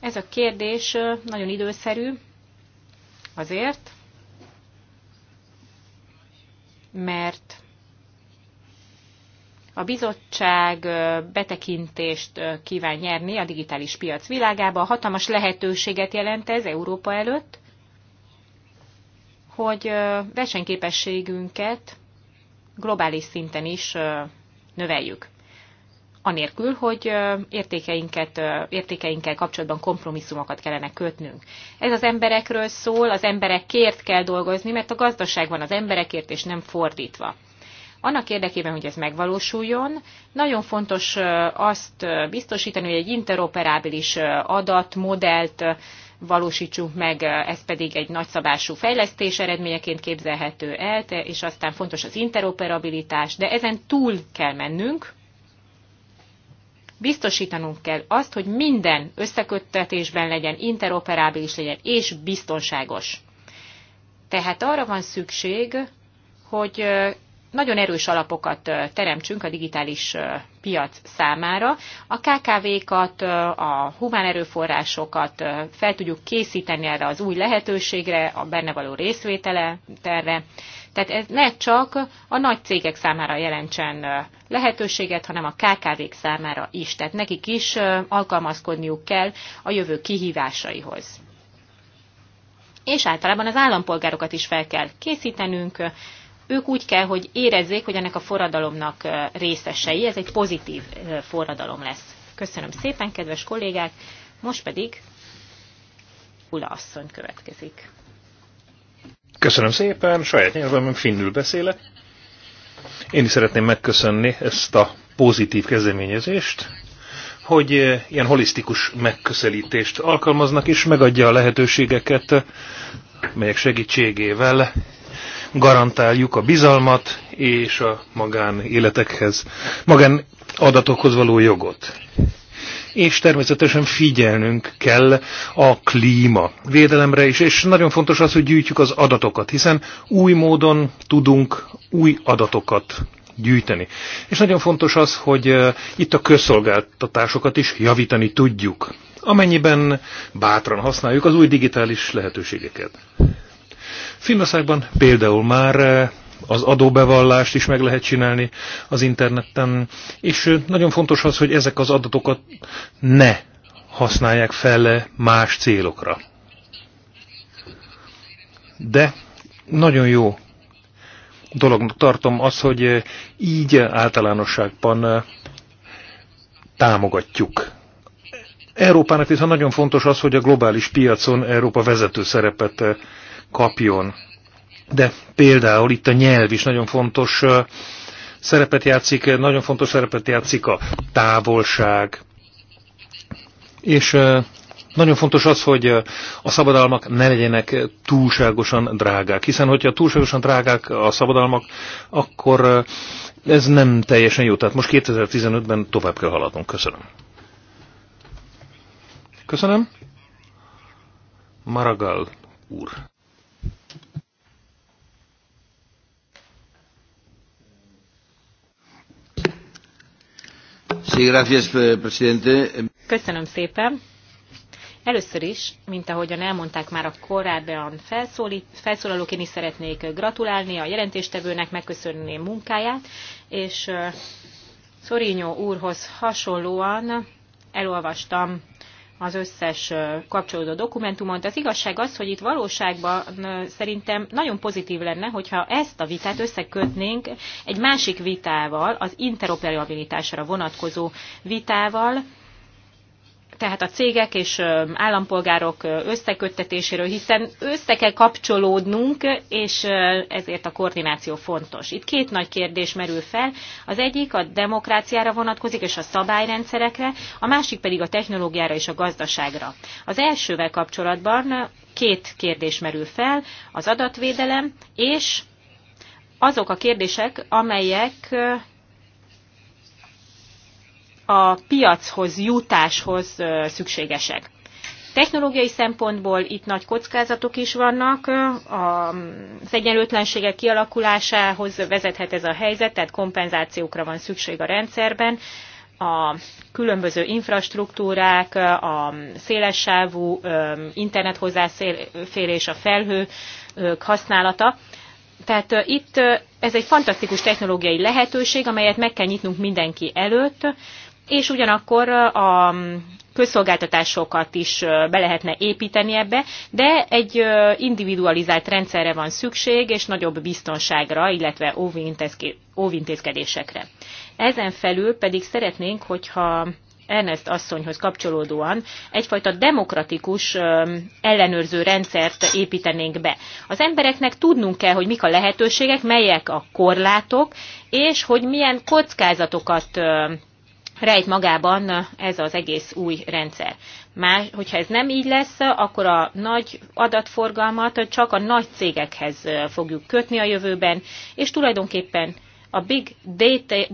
Ez a kérdés nagyon időszerű azért, mert a bizottság betekintést kíván nyerni a digitális piac világába. Hatalmas lehetőséget jelent ez Európa előtt, hogy versenyképességünket globális szinten is növeljük. Anélkül, hogy értékeinket, értékeinkkel kapcsolatban kompromisszumokat kellene kötnünk. Ez az emberekről szól, az emberekért kell dolgozni, mert a gazdaság van az emberekért, és nem fordítva. Annak érdekében, hogy ez megvalósuljon, nagyon fontos azt biztosítani, hogy egy interoperábilis adatmodellt valósítsunk meg, ez pedig egy nagyszabású fejlesztés eredményeként képzelhető el, és aztán fontos az interoperabilitás, de ezen túl kell mennünk, biztosítanunk kell azt, hogy minden összeköttetésben legyen, interoperábilis legyen és biztonságos. Tehát arra van szükség, hogy nagyon erős alapokat teremtsünk a digitális piac számára. A KKV-kat, a humán erőforrásokat fel tudjuk készíteni erre az új lehetőségre, a benne való részvétele terre. Tehát ez ne csak a nagy cégek számára jelentsen lehetőséget, hanem a KKV-k számára is. Tehát nekik is alkalmazkodniuk kell a jövő kihívásaihoz. És általában az állampolgárokat is fel kell készítenünk, ők úgy kell, hogy érezzék, hogy ennek a forradalomnak részesei, ez egy pozitív forradalom lesz. Köszönöm szépen, kedves kollégák, most pedig Ula asszony következik. Köszönöm szépen, saját nyelvemben finnül beszélek. Én is szeretném megköszönni ezt a pozitív kezdeményezést, hogy ilyen holisztikus megközelítést alkalmaznak, és megadja a lehetőségeket, melyek segítségével garantáljuk a bizalmat és a magánéletekhez, magánadatokhoz való jogot. És természetesen figyelnünk kell a klíma védelemre is, és nagyon fontos az, hogy gyűjtjük az adatokat, hiszen új módon tudunk új adatokat gyűjteni. És nagyon fontos az, hogy eh, itt a közszolgáltatásokat is javítani tudjuk, amennyiben bátran használjuk az új digitális lehetőségeket. Finnországban például már eh, az adóbevallást is meg lehet csinálni az interneten, és eh, nagyon fontos az, hogy ezek az adatokat ne használják fel más célokra. De nagyon jó dolognak tartom az, hogy eh, így általánosságban támogatjuk. Európának viszont nagyon fontos az, hogy a globális piacon Európa vezető szerepet kapjon. De például itt a nyelv is nagyon fontos szerepet játszik, nagyon fontos szerepet játszik a távolság. És nagyon fontos az, hogy a szabadalmak ne legyenek túlságosan drágák, hiszen hogyha túlságosan drágák a szabadalmak, akkor ez nem teljesen jó. Tehát most 2015-ben tovább kell haladnunk. Köszönöm. Köszönöm. Maragall úr. Eh, Köszönöm szépen. Először is, mint ahogyan elmondták már a korábban felszólalók, én is szeretnék gratulálni a jelentéstevőnek, megköszönni munkáját, és eh, Szorinyó úrhoz hasonlóan elolvastam az összes kapcsolódó dokumentumot. Az igazság az, hogy itt valóságban szerintem nagyon pozitív lenne, hogyha ezt a vitát összekötnénk egy másik vitával, az interoperabilitásra vonatkozó vitával, tehát a cégek és állampolgárok összeköttetéséről, hiszen össze kell kapcsolódnunk, és ezért a koordináció fontos. Itt két nagy kérdés merül fel. Az egyik a demokráciára vonatkozik, és a szabályrendszerekre, a másik pedig a technológiára és a gazdaságra. Az elsővel kapcsolatban két kérdés merül fel, az adatvédelem és azok a kérdések, amelyek a piachoz jutáshoz szükségesek. Technológiai szempontból itt nagy kockázatok is vannak, az egyenlőtlenségek kialakulásához vezethet ez a helyzet, tehát kompenzációkra van szükség a rendszerben, a különböző infrastruktúrák, a szélessávú internet hozzáférés, a felhő használata. Tehát itt ez egy fantasztikus technológiai lehetőség, amelyet meg kell nyitnunk mindenki előtt, és ugyanakkor a közszolgáltatásokat is be lehetne építeni ebbe, de egy individualizált rendszerre van szükség, és nagyobb biztonságra, illetve óvintézkedésekre. Ezen felül pedig szeretnénk, hogyha Ernest asszonyhoz kapcsolódóan egyfajta demokratikus ellenőrző rendszert építenénk be. Az embereknek tudnunk kell, hogy mik a lehetőségek, melyek a korlátok, és hogy milyen kockázatokat rejt magában ez az egész új rendszer. Már, hogyha ez nem így lesz, akkor a nagy adatforgalmat csak a nagy cégekhez fogjuk kötni a jövőben, és tulajdonképpen a big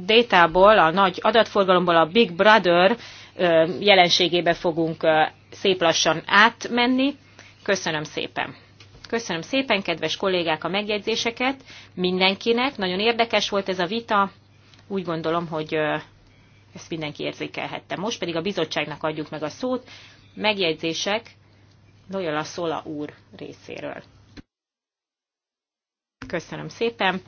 data-ból, a nagy adatforgalomból a big brother jelenségébe fogunk szép lassan átmenni. Köszönöm szépen! Köszönöm szépen, kedves kollégák, a megjegyzéseket mindenkinek. Nagyon érdekes volt ez a vita. Úgy gondolom, hogy ezt mindenki érzékelhette. Most pedig a bizottságnak adjuk meg a szót. Megjegyzések Loyola Szola úr részéről. Köszönöm szépen.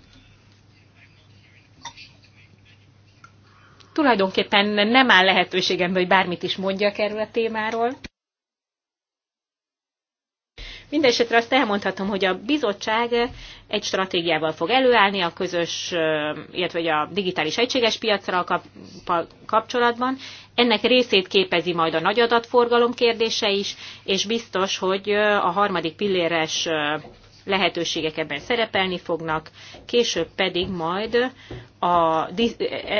Tulajdonképpen nem áll lehetőségem, hogy bármit is mondjak erről a témáról. Mindenesetre azt elmondhatom, hogy a bizottság egy stratégiával fog előállni a közös, illetve a digitális egységes piacra kapcsolatban. Ennek részét képezi majd a nagy adatforgalom kérdése is, és biztos, hogy a harmadik pilléres lehetőségek ebben szerepelni fognak, később pedig majd, a,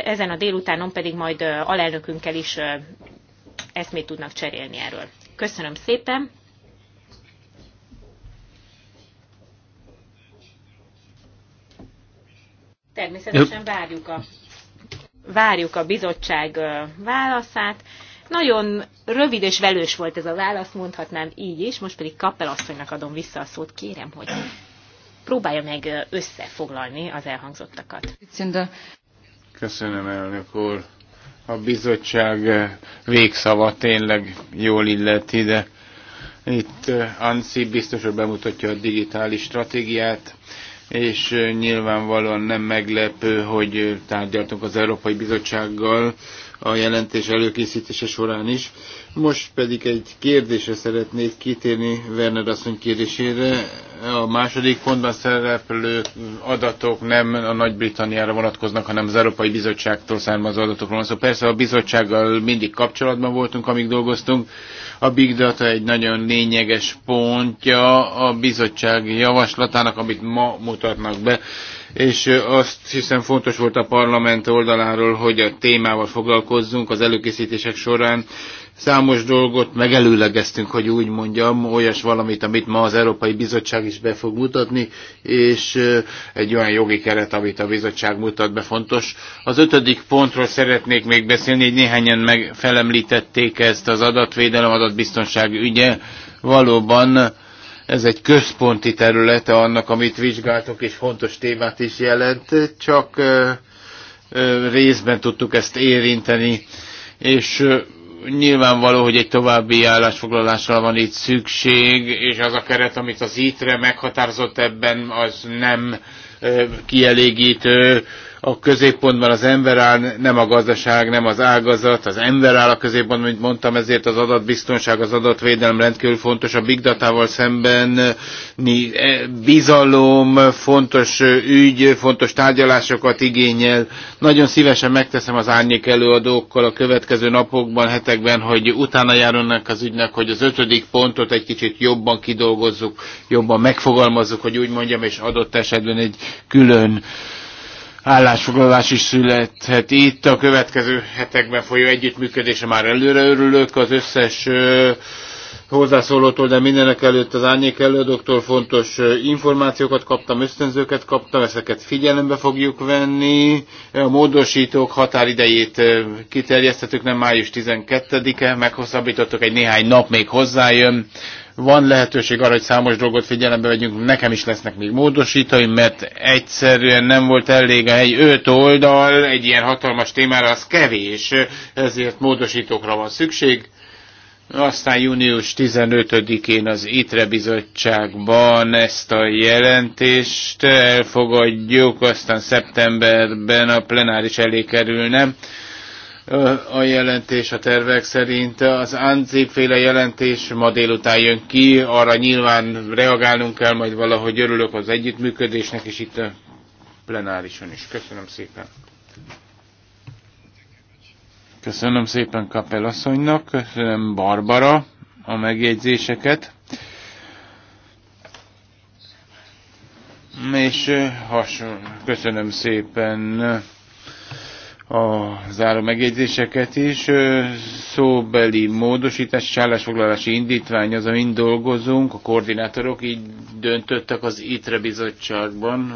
ezen a délutánon pedig majd alelnökünkkel is eszmét tudnak cserélni erről. Köszönöm szépen! Természetesen várjuk a, várjuk a bizottság válaszát. Nagyon rövid és velős volt ez a válasz, mondhatnám így is, most pedig kapelasszonynak adom vissza a szót, kérem, hogy próbálja meg összefoglalni az elhangzottakat. Köszönöm, elnök úr. A bizottság végszava tényleg jól illet ide. Itt biztos biztosan bemutatja a digitális stratégiát, és nyilvánvalóan nem meglepő, hogy tárgyaltunk az Európai Bizottsággal a jelentés előkészítése során is. Most pedig egy kérdésre szeretnék kitérni Werner asszony kérdésére. A második pontban szereplő adatok nem a Nagy-Britanniára vonatkoznak, hanem az Európai Bizottságtól származó adatokról van szó. Szóval persze a bizottsággal mindig kapcsolatban voltunk, amíg dolgoztunk. A Big Data egy nagyon lényeges pontja a bizottság javaslatának, amit ma mutatnak be és azt hiszem fontos volt a parlament oldaláról, hogy a témával foglalkozzunk az előkészítések során. Számos dolgot megelőlegeztünk, hogy úgy mondjam, olyas valamit, amit ma az Európai Bizottság is be fog mutatni, és egy olyan jogi keret, amit a bizottság mutat be fontos. Az ötödik pontról szeretnék még beszélni, hogy néhányan megfelemlítették ezt az adatvédelem, adatbiztonság ügye. Valóban ez egy központi területe annak, amit vizsgáltok, és fontos témát is jelent, csak részben tudtuk ezt érinteni, és nyilvánvaló, hogy egy további állásfoglalásra van itt szükség, és az a keret, amit az ITRE meghatározott ebben, az nem kielégítő a középpontban az ember áll, nem a gazdaság, nem az ágazat, az ember áll a középpontban, mint mondtam, ezért az adatbiztonság, az adatvédelem rendkívül fontos, a big datával szemben eh, eh, bizalom, fontos eh, ügy, fontos tárgyalásokat igényel. Nagyon szívesen megteszem az árnyék előadókkal a következő napokban, hetekben, hogy utána járunk az ügynek, hogy az ötödik pontot egy kicsit jobban kidolgozzuk, jobban megfogalmazzuk, hogy úgy mondjam, és adott esetben egy külön állásfoglalás is születhet itt. A következő hetekben folyó együttműködése már előre örülök. Az összes hozzászólótól, de mindenek előtt az árnyék előadóktól fontos információkat kaptam, ösztönzőket kaptam, ezeket figyelembe fogjuk venni. A módosítók határidejét kiterjesztettük, nem május 12-e, meghosszabbítottuk, egy néhány nap még hozzájön van lehetőség arra, hogy számos dolgot figyelembe vegyünk, nekem is lesznek még módosítóim, mert egyszerűen nem volt elég a hely öt oldal, egy ilyen hatalmas témára az kevés, ezért módosítókra van szükség. Aztán június 15-én az ITRE bizottságban ezt a jelentést elfogadjuk, aztán szeptemberben a plenáris elé kerülne a jelentés a tervek szerint. Az ANZIP féle jelentés ma délután jön ki, arra nyilván reagálnunk kell, majd valahogy örülök az együttműködésnek, és itt a plenárison is. Köszönöm szépen. Köszönöm szépen Kapel asszonynak, köszönöm Barbara a megjegyzéseket. És hason, köszönöm szépen a záró megjegyzéseket is. Szóbeli módosítás, állásfoglalási indítvány az, amin dolgozunk. A koordinátorok így döntöttek az ITRE bizottságban.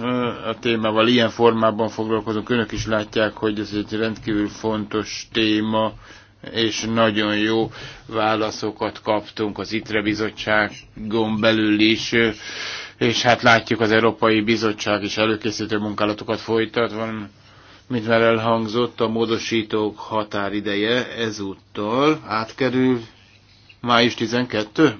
A témával ilyen formában foglalkozunk. Önök is látják, hogy ez egy rendkívül fontos téma, és nagyon jó válaszokat kaptunk az ITRE bizottságon belül is és hát látjuk az Európai Bizottság is előkészítő munkálatokat folytat, van mint már elhangzott, a módosítók határideje ezúttal átkerül május 12?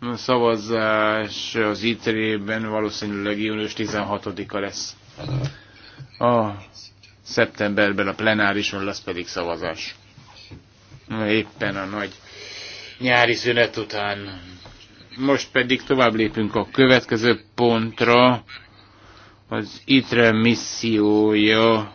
A szavazás az ITRE-ben valószínűleg június 16-a lesz. A szeptemberben a plenárison lesz pedig szavazás. Éppen a nagy nyári szünet után. Most pedig tovább lépünk a következő pontra. Az ITRE missziója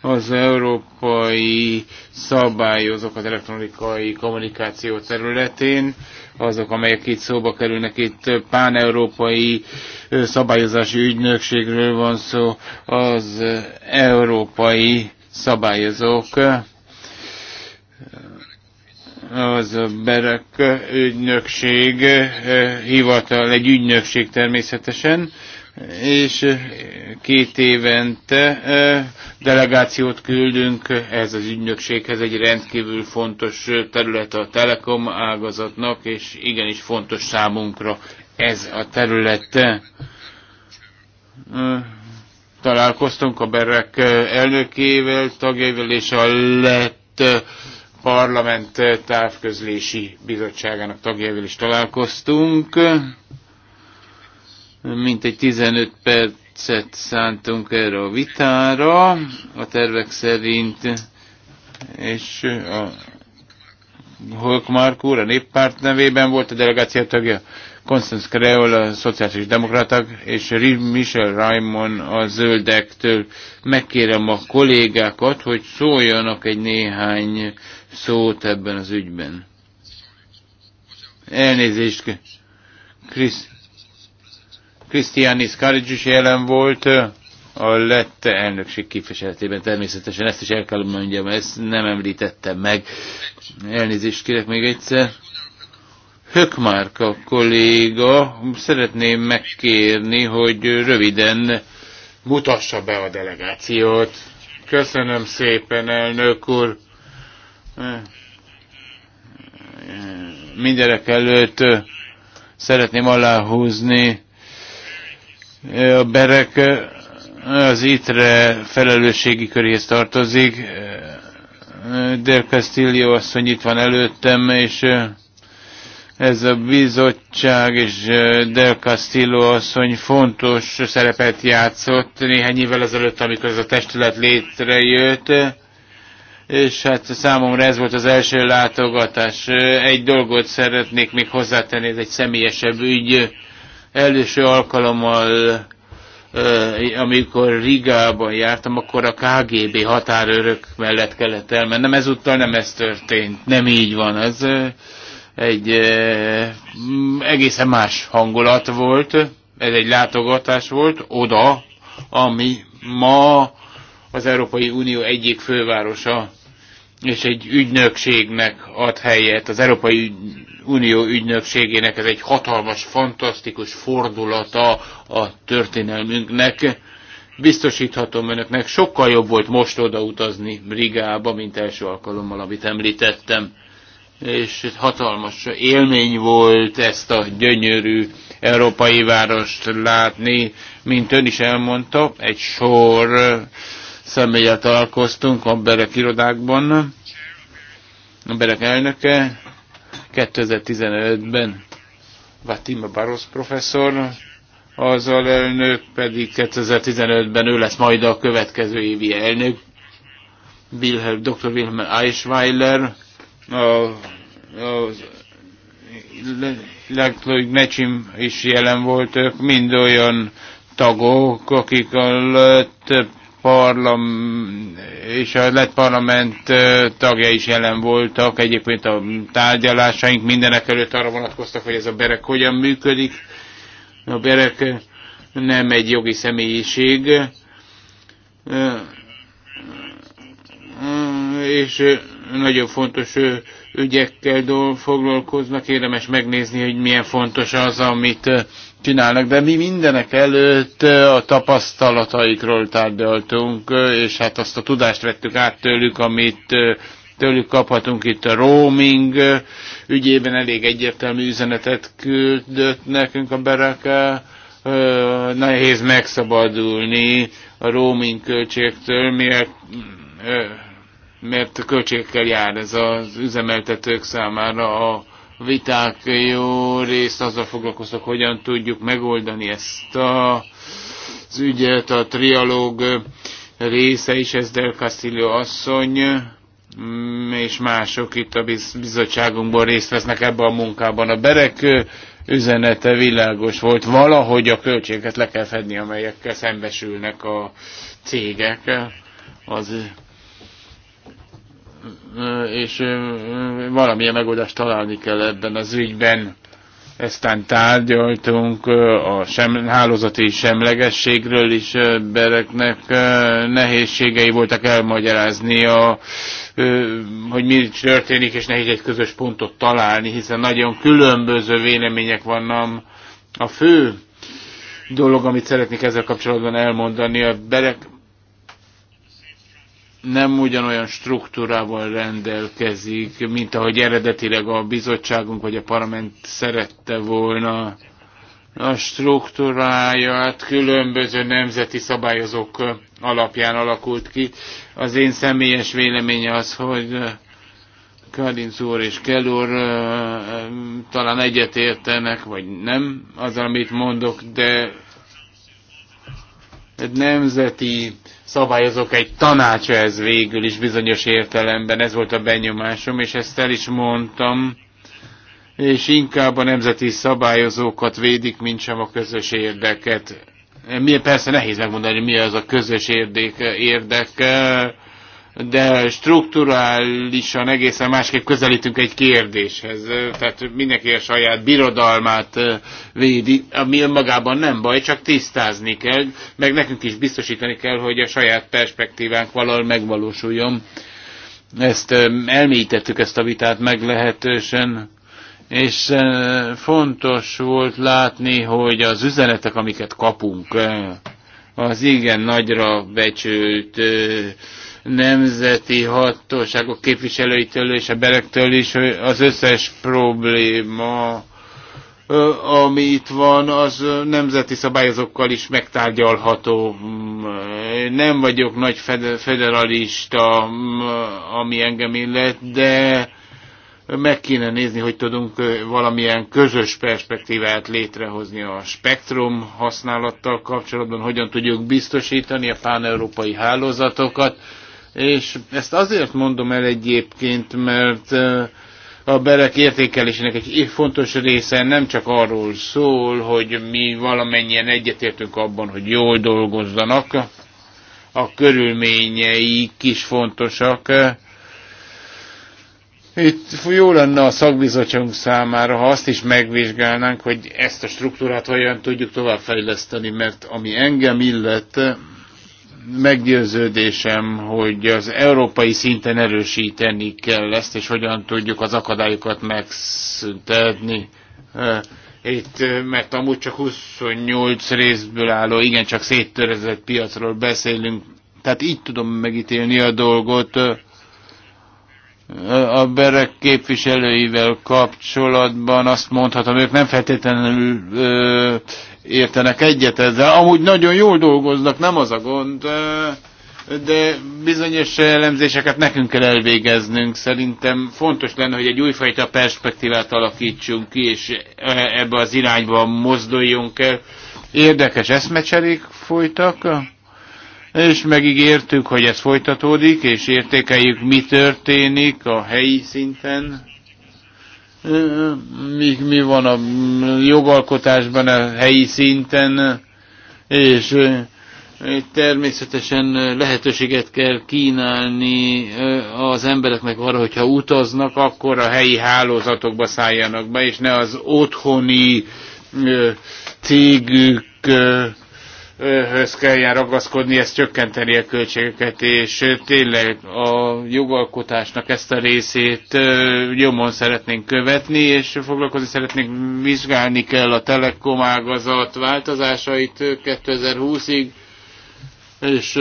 az európai szabályozók az elektronikai kommunikáció területén, azok, amelyek itt szóba kerülnek, itt pán-európai szabályozási ügynökségről van szó, az európai szabályozók, az Berek ügynökség, hivatal egy ügynökség természetesen, és eh, két évente eh, delegációt küldünk ez az ügynökséghez, egy rendkívül fontos eh, terület a telekom ágazatnak, és igenis fontos számunkra ez a terület. Találkoztunk a Berek elnökével, tagjaival és a lett parlament távközlési bizottságának tagjaival is találkoztunk mint egy 15 percet szántunk erre a vitára, a tervek szerint, és a Mark úr a néppárt nevében volt a delegáció tagja, Constance Creol a szociális demokraták, és Michel Raimon a zöldektől. Megkérem a kollégákat, hogy szóljanak egy néhány szót ebben az ügyben. Elnézést, Krisz. Krisztiánis Karics is jelen volt a lett elnökség képviseletében. Természetesen ezt is el kell mondjam, ezt nem említettem meg. Elnézést kérek még egyszer. Hökmárka kolléga, szeretném megkérni, hogy röviden mutassa be a delegációt. Köszönöm szépen, elnök úr. Mindenek előtt szeretném aláhúzni, a berek az ITRE felelősségi köréhez tartozik. Del Castillo asszony itt van előttem, és ez a bizottság és Del Castillo asszony fontos szerepet játszott néhány évvel ezelőtt, amikor ez a testület létrejött, és hát számomra ez volt az első látogatás. Egy dolgot szeretnék még hozzátenni, ez egy személyesebb ügy első alkalommal, eh, amikor Rigában jártam, akkor a KGB határőrök mellett kellett elmennem. Ezúttal nem ez történt. Nem így van. Ez eh, egy eh, mm, egészen más hangulat volt. Ez egy látogatás volt oda, ami ma az Európai Unió egyik fővárosa, és egy ügynökségnek ad helyet, az Európai Unió ügynökségének ez egy hatalmas, fantasztikus fordulata a történelmünknek. Biztosíthatom önöknek, sokkal jobb volt most odautazni Brigába, mint első alkalommal, amit említettem. És hatalmas élmény volt ezt a gyönyörű európai várost látni. Mint ön is elmondta, egy sor személyet találkoztunk a Berek irodákban. A Berek elnöke, 2015-ben Vatima Barosz professzor, az alelnök pedig 2015-ben ő lesz majd a következő évi elnök, Wilhelm, Dr. Wilhelm Eichweiler, a, a Legflőg Mecsim is jelen volt, ők mind olyan tagok, akik a több parlam, és a lett parlament tagja is jelen voltak. Egyébként a tárgyalásaink mindenek előtt arra vonatkoztak, hogy ez a berek hogyan működik. A berek nem egy jogi személyiség, és nagyon fontos ügyekkel foglalkoznak, érdemes megnézni, hogy milyen fontos az, amit csinálnak, de mi mindenek előtt a tapasztalataikról tárgyaltunk, és hát azt a tudást vettük át tőlük, amit tőlük kaphatunk itt a roaming ügyében elég egyértelmű üzenetet küldött nekünk a bereke, nehéz megszabadulni a roaming költségtől, miért, mert költségekkel jár ez az üzemeltetők számára a viták jó részt azzal foglalkoztak, hogyan tudjuk megoldani ezt a, az ügyet, a trialóg része is, ez Del Castillo asszony, mm, és mások itt a bizottságunkból részt vesznek ebben a munkában. A berek üzenete világos volt, valahogy a költségeket le kell fedni, amelyekkel szembesülnek a cégek az és valamilyen megoldást találni kell ebben az ügyben. Eztán tárgyaltunk a sem, hálózati semlegességről is bereknek nehézségei voltak elmagyarázni, a, hogy mi történik, és nehéz egy közös pontot találni, hiszen nagyon különböző vélemények vannak. A fő dolog, amit szeretnék ezzel kapcsolatban elmondani, a berek nem ugyanolyan struktúrával rendelkezik, mint ahogy eredetileg a bizottságunk vagy a parlament szerette volna. A struktúráját különböző nemzeti szabályozók alapján alakult ki. Az én személyes véleménye az, hogy Karinc úr és Kell úr talán egyetértenek, vagy nem az, amit mondok, de egy nemzeti szabályozok egy tanácsa ez végül is bizonyos értelemben, ez volt a benyomásom, és ezt el is mondtam, és inkább a nemzeti szabályozókat védik, mint sem a közös érdeket. persze nehéz megmondani, mi az a közös érdek, érdek de strukturálisan egészen másképp közelítünk egy kérdéshez. Tehát mindenki a saját birodalmát védi, ami önmagában nem baj, csak tisztázni kell, meg nekünk is biztosítani kell, hogy a saját perspektívánk valahol megvalósuljon. Ezt elmélyítettük ezt a vitát meglehetősen, és fontos volt látni, hogy az üzenetek, amiket kapunk, az igen nagyra becsült nemzeti hatóságok képviselőitől és a belektől is az összes probléma, ami itt van, az nemzeti szabályozókkal is megtárgyalható. Nem vagyok nagy federalista, ami engem illet, de meg kéne nézni, hogy tudunk valamilyen közös perspektívát létrehozni a spektrum használattal kapcsolatban, hogyan tudjuk biztosítani a pán-európai hálózatokat, és ezt azért mondom el egyébként, mert a berek értékelésének egy fontos része nem csak arról szól, hogy mi valamennyien egyetértünk abban, hogy jól dolgozzanak, a körülményei is fontosak. Itt jó lenne a szakbizottságunk számára, ha azt is megvizsgálnánk, hogy ezt a struktúrát hogyan tudjuk továbbfejleszteni, mert ami engem illet, meggyőződésem, hogy az európai szinten erősíteni kell ezt, és hogyan tudjuk az akadályokat megszüntetni. Itt, mert amúgy csak 28 részből álló, igencsak széttörezett piacról beszélünk, tehát így tudom megítélni a dolgot. A berek képviselőivel kapcsolatban azt mondhatom, ők nem feltétlenül ö, értenek egyet ezzel. Amúgy nagyon jól dolgoznak, nem az a gond, de bizonyos elemzéseket nekünk kell elvégeznünk. Szerintem fontos lenne, hogy egy újfajta perspektívát alakítsunk ki, és ebbe az irányba mozduljunk el. Érdekes eszmecserék folytak, és megígértük, hogy ez folytatódik, és értékeljük, mi történik a helyi szinten mi, mi van a mm, jogalkotásban a helyi szinten, és természetesen lehetőséget kell kínálni az embereknek arra, hogyha utaznak, akkor a helyi hálózatokba szálljanak be, és ne az otthoni cégük höz kelljen ragaszkodni, ez csökkenteni a költségeket, és tényleg a jogalkotásnak ezt a részét nyomon szeretnénk követni, és foglalkozni szeretnénk, vizsgálni kell a telekom ágazat változásait 2020-ig, és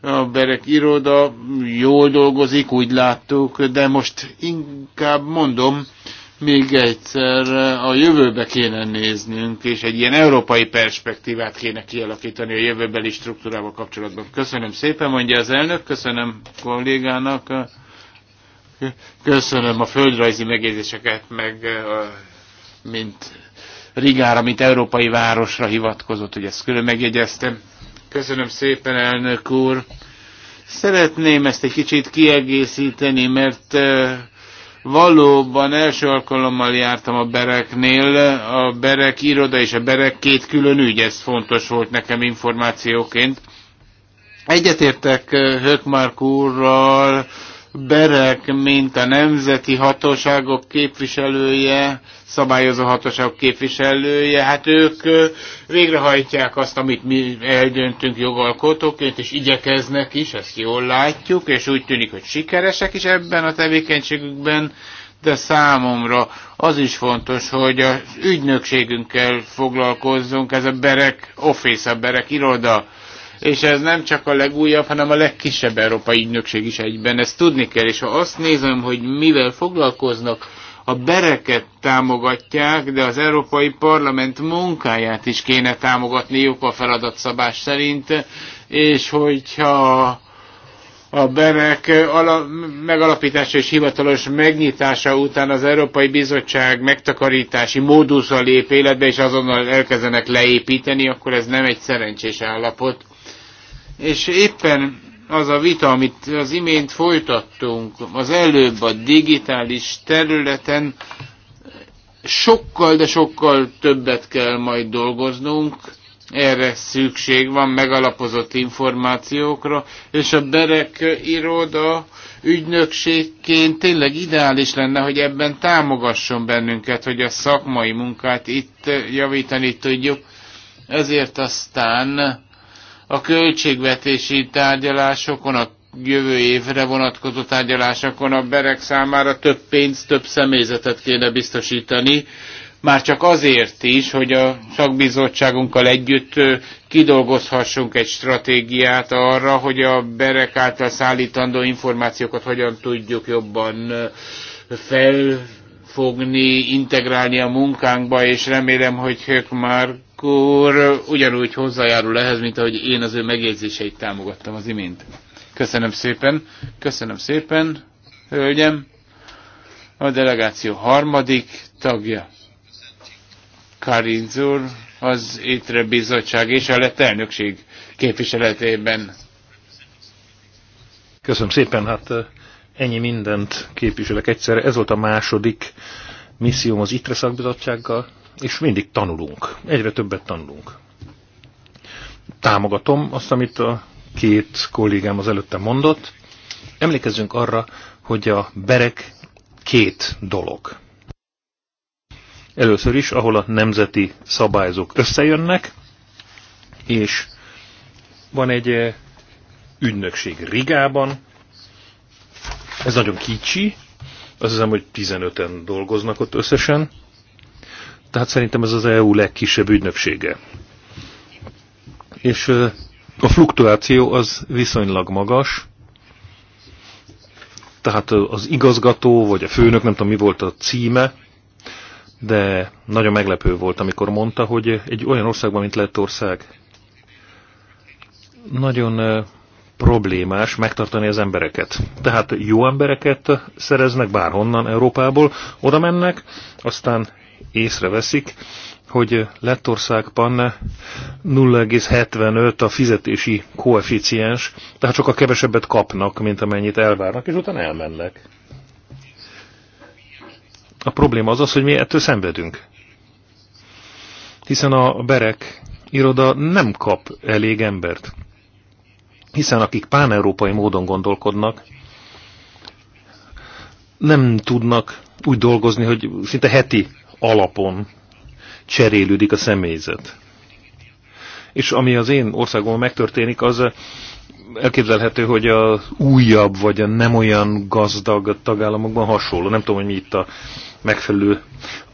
a Berek iroda jól dolgozik, úgy láttuk, de most inkább mondom, még egyszer a jövőbe kéne néznünk, és egy ilyen európai perspektívát kéne kialakítani a jövőbeli struktúrával kapcsolatban. Köszönöm szépen, mondja az elnök, köszönöm kollégának, köszönöm a földrajzi megjegyzéseket, meg mint Rigára, mint európai városra hivatkozott, hogy ezt külön megjegyeztem. Köszönöm szépen, elnök úr. Szeretném ezt egy kicsit kiegészíteni, mert Valóban első alkalommal jártam a Bereknél, a Berek iroda és a Berek két külön ügy, ez fontos volt nekem információként. Egyetértek eh, Hökmark úrral, Berek, mint a nemzeti hatóságok képviselője, szabályozó hatóságok képviselője, hát ők végrehajtják azt, amit mi eldöntünk jogalkotóként, és igyekeznek is, ezt jól látjuk, és úgy tűnik, hogy sikeresek is ebben a tevékenységükben, de számomra az is fontos, hogy az ügynökségünkkel foglalkozzunk, ez a Berek Office, a Berek iroda, és ez nem csak a legújabb, hanem a legkisebb európai ügynökség is egyben. Ezt tudni kell, és ha azt nézem, hogy mivel foglalkoznak, a bereket támogatják, de az Európai Parlament munkáját is kéne támogatniuk a feladatszabás szerint, és hogyha a berek megalapítása és hivatalos megnyitása után az Európai Bizottság megtakarítási módusra lép életbe, és azonnal elkezdenek leépíteni, akkor ez nem egy szerencsés állapot. És éppen az a vita, amit az imént folytattunk, az előbb a digitális területen sokkal, de sokkal többet kell majd dolgoznunk, erre szükség van, megalapozott információkra, és a Berek iroda ügynökségként tényleg ideális lenne, hogy ebben támogasson bennünket, hogy a szakmai munkát itt javítani tudjuk. Ezért aztán a költségvetési tárgyalásokon, a jövő évre vonatkozó tárgyalásokon a berek számára több pénzt, több személyzetet kéne biztosítani, már csak azért is, hogy a szakbizottságunkkal együtt kidolgozhassunk egy stratégiát arra, hogy a berek által szállítandó információkat hogyan tudjuk jobban felfogni, integrálni a munkánkba, és remélem, hogy ők már akkor ugyanúgy hozzájárul ehhez, mint ahogy én az ő megjegyzéseit támogattam az imént. Köszönöm szépen, köszönöm szépen, hölgyem, a delegáció harmadik tagja. Karinzur az étre bizottság és a lett elnökség képviseletében. Köszönöm szépen, hát ennyi mindent képviselek egyszerre. Ez volt a második misszióm az ITRE szakbizottsággal, és mindig tanulunk, egyre többet tanulunk. Támogatom azt, amit a két kollégám az előtte mondott. Emlékezzünk arra, hogy a berek két dolog. Először is, ahol a nemzeti szabályzók összejönnek, és van egy eh, ügynökség Rigában, ez nagyon kicsi, azt hiszem, hogy 15-en dolgoznak ott összesen, tehát szerintem ez az EU legkisebb ügynöksége. És a fluktuáció az viszonylag magas, tehát az igazgató, vagy a főnök, nem tudom mi volt a címe, de nagyon meglepő volt, amikor mondta, hogy egy olyan országban, mint Lettország, nagyon problémás megtartani az embereket. Tehát jó embereket szereznek bárhonnan Európából, oda mennek, aztán észreveszik, hogy Lettországban 0,75 a fizetési koeficiens, tehát csak a kevesebbet kapnak, mint amennyit elvárnak, és utána elmennek. A probléma az az, hogy mi ettől szenvedünk. Hiszen a Berek iroda nem kap elég embert. Hiszen akik páneurópai módon gondolkodnak, nem tudnak úgy dolgozni, hogy szinte heti alapon cserélődik a személyzet. És ami az én országomban megtörténik, az elképzelhető, hogy a újabb vagy a nem olyan gazdag tagállamokban hasonló. Nem tudom, hogy mi itt a megfelelő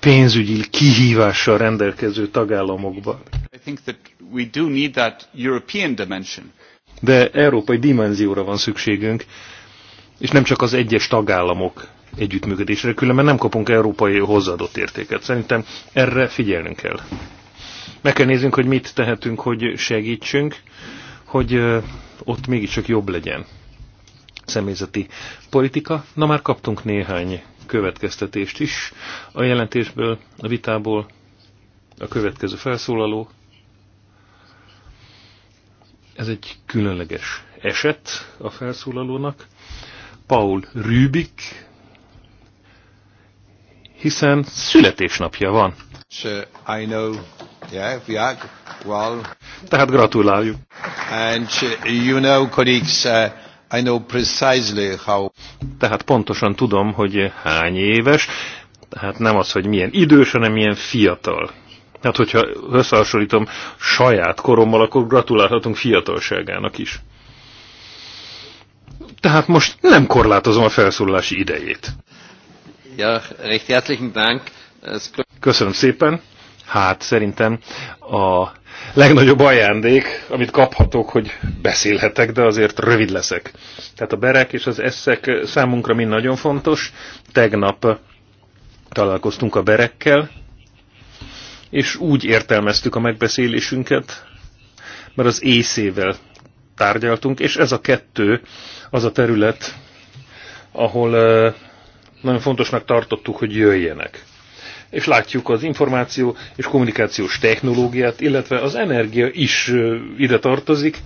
pénzügyi kihívással rendelkező tagállamokban. De európai dimenzióra van szükségünk, és nem csak az egyes tagállamok együttműködésre, különben nem kapunk európai hozzáadott értéket. Szerintem erre figyelnünk kell. Meg kell néznünk, hogy mit tehetünk, hogy segítsünk, hogy ott mégiscsak jobb legyen személyzeti politika. Na már kaptunk néhány következtetést is a jelentésből, a vitából, a következő felszólaló. Ez egy különleges eset a felszólalónak. Paul Rübik hiszen születésnapja van. Tehát gratuláljuk. And uh, you know, colleagues, uh, I know precisely how... Tehát pontosan tudom, hogy hány éves, tehát nem az, hogy milyen idős, hanem milyen fiatal. Hát, hogyha összehasonlítom saját korommal, akkor gratulálhatunk fiatalságának is. Tehát most nem korlátozom a felszólalási idejét. Ja, recht herzlichen Dank. Köszönöm szépen. Hát szerintem a legnagyobb ajándék, amit kaphatok, hogy beszélhetek, de azért rövid leszek. Tehát a berek és az eszek számunkra mind nagyon fontos. Tegnap találkoztunk a berekkel, és úgy értelmeztük a megbeszélésünket, mert az észével tárgyaltunk, és ez a kettő az a terület, ahol nagyon fontosnak tartottuk, hogy jöjjenek. És látjuk az információ és kommunikációs technológiát, illetve az energia is ide tartozik.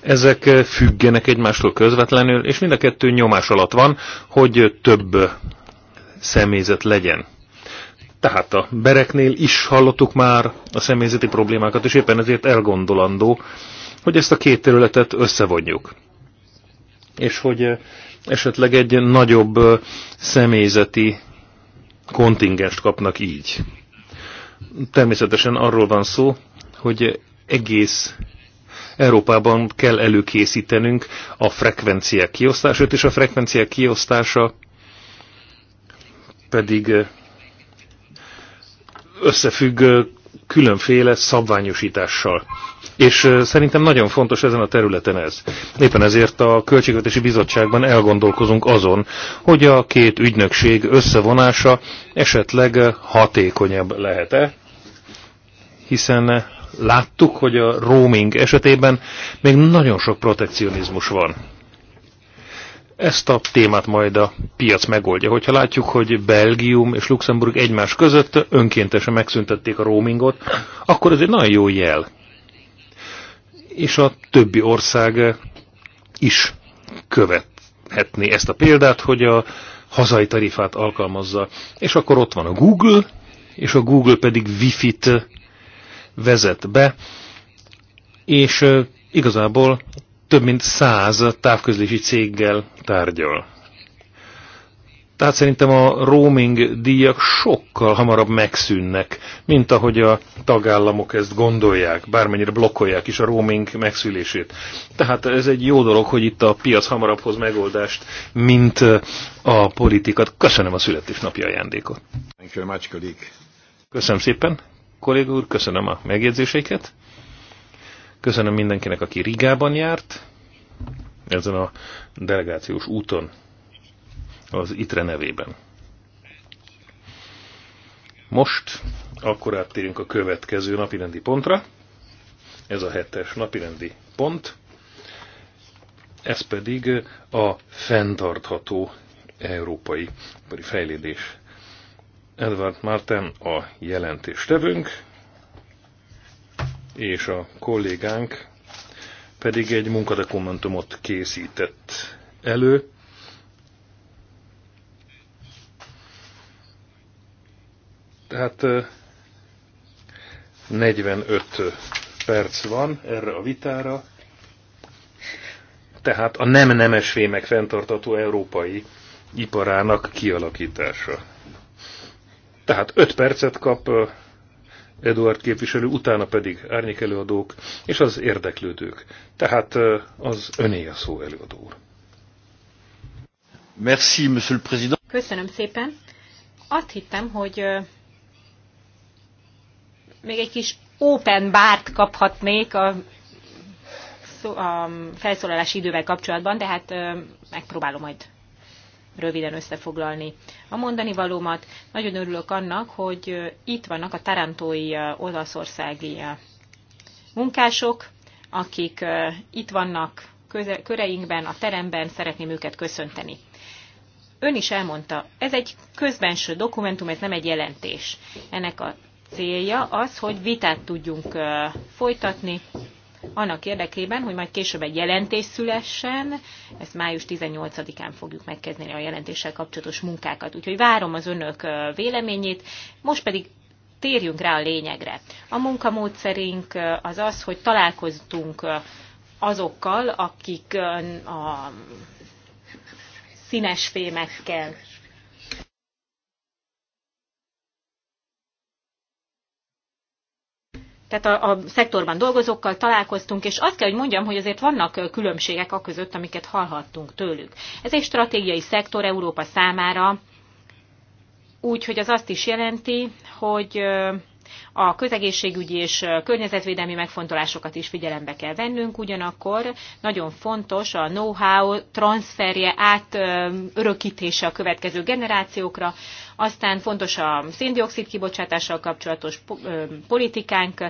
Ezek függenek egymástól közvetlenül, és mind a kettő nyomás alatt van, hogy több személyzet legyen. Tehát a bereknél is hallottuk már a személyzeti problémákat, és éppen ezért elgondolandó, hogy ezt a két területet összevonjuk. És hogy esetleg egy nagyobb személyzeti kontingest kapnak így. Természetesen arról van szó, hogy egész Európában kell előkészítenünk a frekvenciák kiosztását, és a frekvenciák kiosztása pedig összefügg különféle szabványosítással. És szerintem nagyon fontos ezen a területen ez. Éppen ezért a Költségvetési Bizottságban elgondolkozunk azon, hogy a két ügynökség összevonása esetleg hatékonyabb lehet-e, hiszen láttuk, hogy a roaming esetében még nagyon sok protekcionizmus van. Ezt a témát majd a piac megoldja. Hogyha látjuk, hogy Belgium és Luxemburg egymás között önkéntesen megszüntették a roamingot, akkor ez egy nagyon jó jel és a többi ország is követhetné ezt a példát, hogy a hazai tarifát alkalmazza. És akkor ott van a Google, és a Google pedig Wi-Fi-t vezet be, és igazából több mint száz távközlési céggel tárgyal. Tehát szerintem a roaming díjak sokkal hamarabb megszűnnek, mint ahogy a tagállamok ezt gondolják, bármennyire blokkolják is a roaming megszűlését. Tehát ez egy jó dolog, hogy itt a piac hamarabb hoz megoldást, mint a politikat. Köszönöm a születésnapi ajándékot. Köszönöm szépen, kolléga úr, köszönöm a megjegyzéseiket. Köszönöm mindenkinek, aki Rigában járt, ezen a delegációs úton az ITRE nevében. Most akkor áttérünk a következő napirendi pontra. Ez a hetes napirendi pont. Ez pedig a fenntartható európai fejlődés. Edward Martin a jelentéstevőnk, és a kollégánk pedig egy munkadokumentumot készített elő, Tehát 45 perc van erre a vitára, tehát a nem nemes fémek fenntartató európai iparának kialakítása. Tehát 5 percet kap Eduard képviselő, utána pedig árnyékelőadók és az érdeklődők. Tehát az öné a szó előadó úr. Merci, monsieur le président. Köszönöm szépen. Azt hittem, hogy még egy kis open bárt kaphatnék a, a felszólalási idővel kapcsolatban, de hát megpróbálom majd röviden összefoglalni a mondani valómat. Nagyon örülök annak, hogy itt vannak a tarantói olaszországi munkások, akik itt vannak köze, köreinkben, a teremben, szeretném őket köszönteni. Ön is elmondta, ez egy közbenső dokumentum, ez nem egy jelentés. Ennek a célja az, hogy vitát tudjunk folytatni annak érdekében, hogy majd később egy jelentés szülessen, ezt május 18-án fogjuk megkezdeni a jelentéssel kapcsolatos munkákat. Úgyhogy várom az önök véleményét, most pedig térjünk rá a lényegre. A munkamódszerünk az az, hogy találkoztunk azokkal, akik a színes fémekkel tehát a, a szektorban dolgozókkal találkoztunk, és azt kell, hogy mondjam, hogy azért vannak különbségek a között, amiket hallhattunk tőlük. Ez egy stratégiai szektor Európa számára, úgyhogy az azt is jelenti, hogy a közegészségügyi és környezetvédelmi megfontolásokat is figyelembe kell vennünk, ugyanakkor nagyon fontos a know-how transferje át örökítése a következő generációkra, aztán fontos a széndiokszid kibocsátással kapcsolatos politikánk,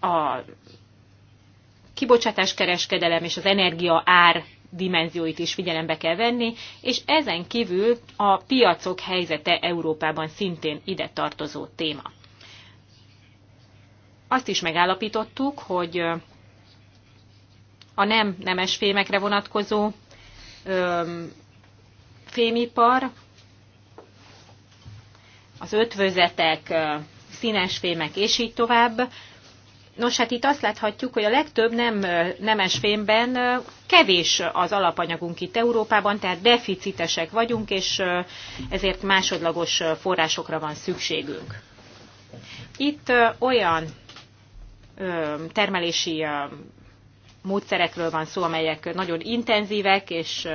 a kibocsátás kereskedelem és az energia ár dimenzióit is figyelembe kell venni, és ezen kívül a piacok helyzete Európában szintén ide tartozó téma. Azt is megállapítottuk, hogy a nem nemes fémekre vonatkozó fémipar, az ötvözetek, színes fémek és így tovább. Nos, hát itt azt láthatjuk, hogy a legtöbb nem, nemes fémben kevés az alapanyagunk itt Európában, tehát deficitesek vagyunk, és ezért másodlagos forrásokra van szükségünk. Itt olyan termelési módszerekről van szó, amelyek nagyon intenzívek, és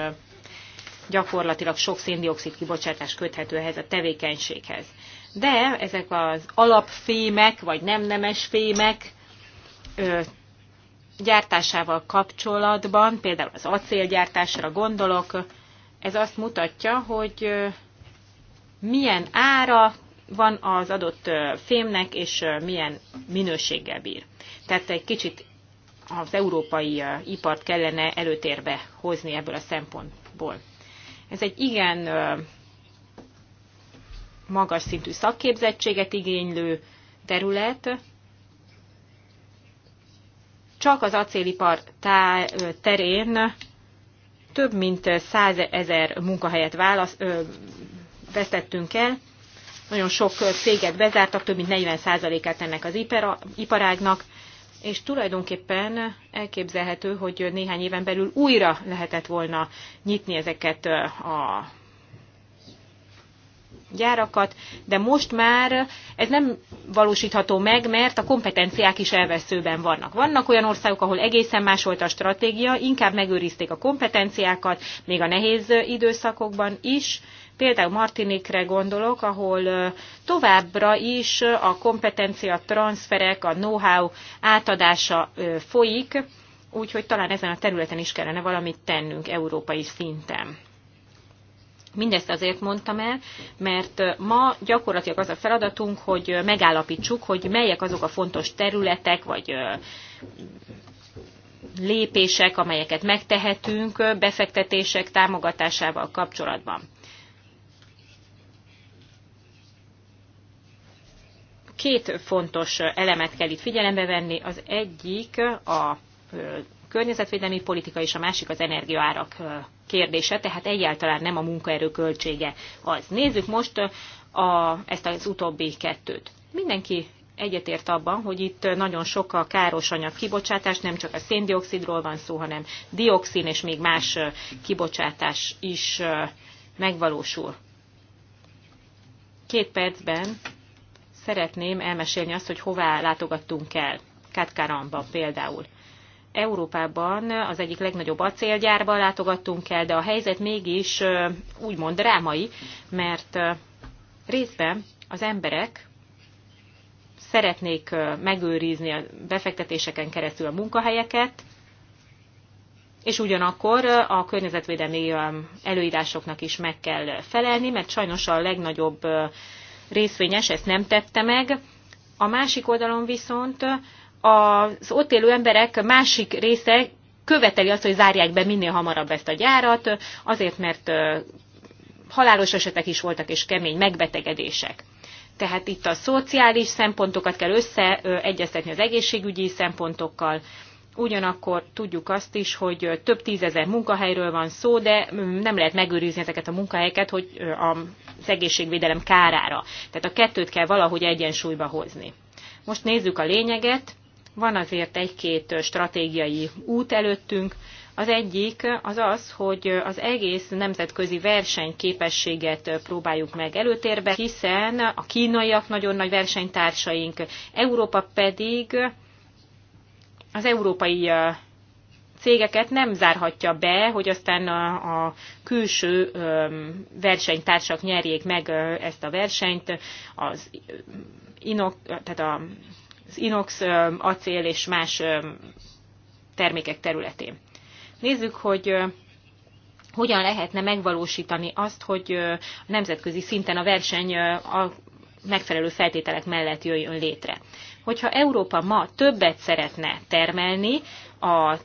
gyakorlatilag sok széndiokszid kibocsátás köthető ehhez a tevékenységhez. De ezek az alapfémek, vagy nem nemes fémek gyártásával kapcsolatban, például az acélgyártásra gondolok, ez azt mutatja, hogy milyen ára van az adott fémnek, és milyen minőséggel bír. Tehát egy kicsit az európai ipart kellene előtérbe hozni ebből a szempontból. Ez egy igen magas szintű szakképzettséget igénylő terület. Csak az acélipar terén több mint 100 ezer munkahelyet válasz, ö, vesztettünk el, nagyon sok céget bezártak, több mint 40%-át ennek az iparágnak, és tulajdonképpen elképzelhető, hogy néhány éven belül újra lehetett volna nyitni ezeket a gyárakat, de most már ez nem valósítható meg, mert a kompetenciák is elveszőben vannak. Vannak olyan országok, ahol egészen más volt a stratégia, inkább megőrizték a kompetenciákat, még a nehéz időszakokban is, Például Martinikre gondolok, ahol továbbra is a kompetencia transferek, a know-how átadása folyik, úgyhogy talán ezen a területen is kellene valamit tennünk európai szinten. Mindezt azért mondtam el, mert ma gyakorlatilag az a feladatunk, hogy megállapítsuk, hogy melyek azok a fontos területek, vagy lépések, amelyeket megtehetünk befektetések támogatásával kapcsolatban. két fontos elemet kell itt figyelembe venni. Az egyik a környezetvédelmi politika, és a másik az energiaárak kérdése, tehát egyáltalán nem a munkaerő költsége az. Nézzük most a, ezt az utóbbi kettőt. Mindenki egyetért abban, hogy itt nagyon sok a káros anyag kibocsátás, nem csak a széndiokszidról van szó, hanem dioxin és még más kibocsátás is megvalósul. Két percben szeretném elmesélni azt, hogy hová látogattunk el. Katkaramban például. Európában az egyik legnagyobb acélgyárba látogattunk el, de a helyzet mégis úgymond drámai, mert részben az emberek szeretnék megőrizni a befektetéseken keresztül a munkahelyeket, és ugyanakkor a környezetvédelmi előírásoknak is meg kell felelni, mert sajnos a legnagyobb részvényes ezt nem tette meg. A másik oldalon viszont az ott élő emberek másik része követeli azt, hogy zárják be minél hamarabb ezt a gyárat, azért mert halálos esetek is voltak és kemény megbetegedések. Tehát itt a szociális szempontokat kell összeegyeztetni az egészségügyi szempontokkal, Ugyanakkor tudjuk azt is, hogy több tízezer munkahelyről van szó, de nem lehet megőrizni ezeket a munkahelyeket, hogy az egészségvédelem kárára. Tehát a kettőt kell valahogy egyensúlyba hozni. Most nézzük a lényeget. Van azért egy-két stratégiai út előttünk. Az egyik az az, hogy az egész nemzetközi versenyképességet próbáljuk meg előtérbe, hiszen a kínaiak nagyon nagy versenytársaink, Európa pedig az európai cégeket nem zárhatja be, hogy aztán a, a külső versenytársak nyerjék meg ezt a versenyt, az, inok, tehát az inox, acél és más termékek területén. Nézzük, hogy hogyan lehetne megvalósítani azt, hogy nemzetközi szinten a verseny megfelelő feltételek mellett jöjjön létre. Hogyha Európa ma többet szeretne termelni a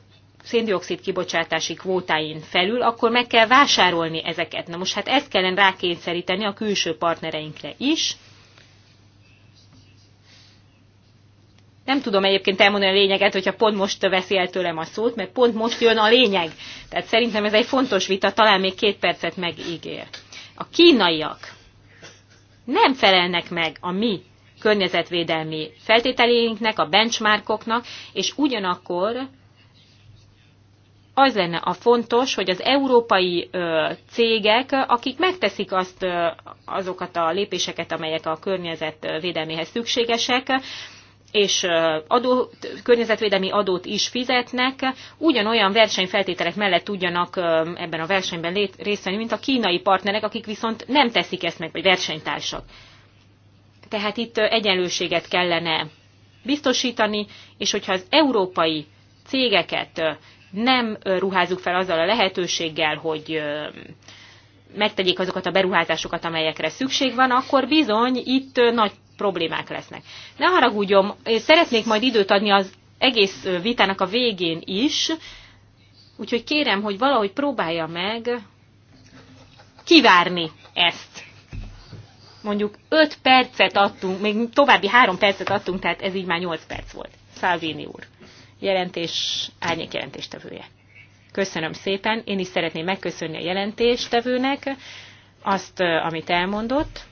széndiokszid kibocsátási kvótáin felül, akkor meg kell vásárolni ezeket. Na most hát ezt kellene rákényszeríteni a külső partnereinkre is. Nem tudom egyébként elmondani a lényeget, hogyha pont most veszi el tőlem a szót, mert pont most jön a lényeg. Tehát szerintem ez egy fontos vita, talán még két percet megígér. A kínaiak nem felelnek meg a mi környezetvédelmi feltételéinknek, a benchmarkoknak, és ugyanakkor az lenne a fontos, hogy az európai cégek, akik megteszik azt, azokat a lépéseket, amelyek a környezetvédelméhez szükségesek, és adó, környezetvédelmi adót is fizetnek, ugyanolyan versenyfeltételek mellett tudjanak ebben a versenyben részt venni, mint a kínai partnerek, akik viszont nem teszik ezt meg, vagy versenytársak. Tehát itt egyenlőséget kellene biztosítani, és hogyha az európai cégeket nem ruházunk fel azzal a lehetőséggel, hogy megtegyék azokat a beruházásokat, amelyekre szükség van, akkor bizony itt nagy problémák lesznek. Ne haragudjon, én szeretnék majd időt adni az egész vitának a végén is, úgyhogy kérem, hogy valahogy próbálja meg kivárni ezt. Mondjuk 5 percet adtunk, még további 3 percet adtunk, tehát ez így már 8 perc volt. Salvini úr, jelentés, árnyék jelentéstevője. Köszönöm szépen, én is szeretném megköszönni a jelentéstevőnek azt, amit elmondott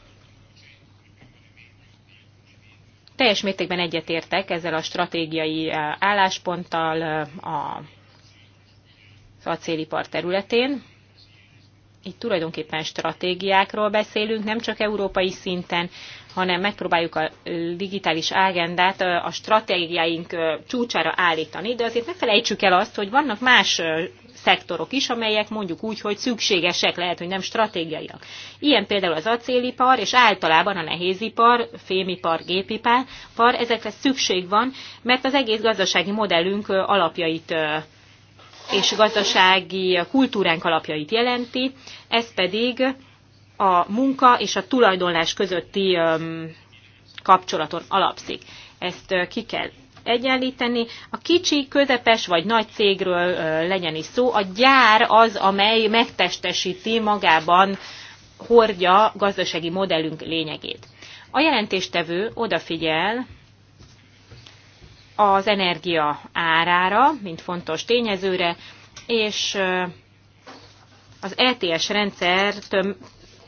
teljes mértékben egyetértek ezzel a stratégiai eh, állásponttal eh, a acélipar területén. Itt tulajdonképpen stratégiákról beszélünk, nem csak európai szinten, hanem megpróbáljuk a digitális ágendát a stratégiáink csúcsára állítani, de azért ne felejtsük el azt, hogy vannak más szektorok is, amelyek mondjuk úgy, hogy szükségesek, lehet, hogy nem stratégiaiak. Ilyen például az acélipar, és általában a nehézipar, fémipar, gépipar, ezekre szükség van, mert az egész gazdasági modellünk alapjait és gazdasági kultúránk alapjait jelenti, ez pedig a munka és a tulajdonlás közötti kapcsolaton alapszik. Ezt ki kell egyenlíteni. A kicsi, közepes vagy nagy cégről legyen is szó, a gyár az, amely megtestesíti magában, hordja gazdasági modellünk lényegét. A jelentéstevő odafigyel az energia árára, mint fontos tényezőre, és az ETS rendszer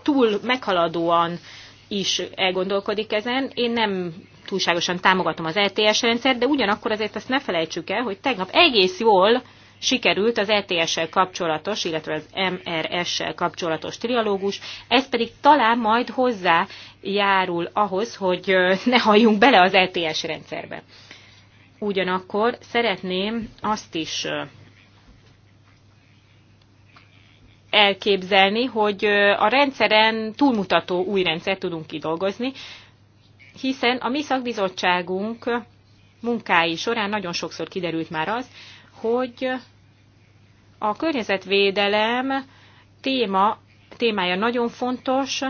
túl meghaladóan is elgondolkodik ezen. Én nem túlságosan támogatom az LTS e rendszert, de ugyanakkor azért azt ne felejtsük el, hogy tegnap egész jól sikerült az lts e sel kapcsolatos, illetve az MRS-sel kapcsolatos trialógus, ez pedig talán majd hozzá járul ahhoz, hogy ne halljunk bele az LTS e rendszerbe. Ugyanakkor szeretném azt is elképzelni, hogy a rendszeren túlmutató új rendszert tudunk kidolgozni, hiszen a mi szakbizottságunk munkái során nagyon sokszor kiderült már az, hogy a környezetvédelem téma, témája nagyon fontos,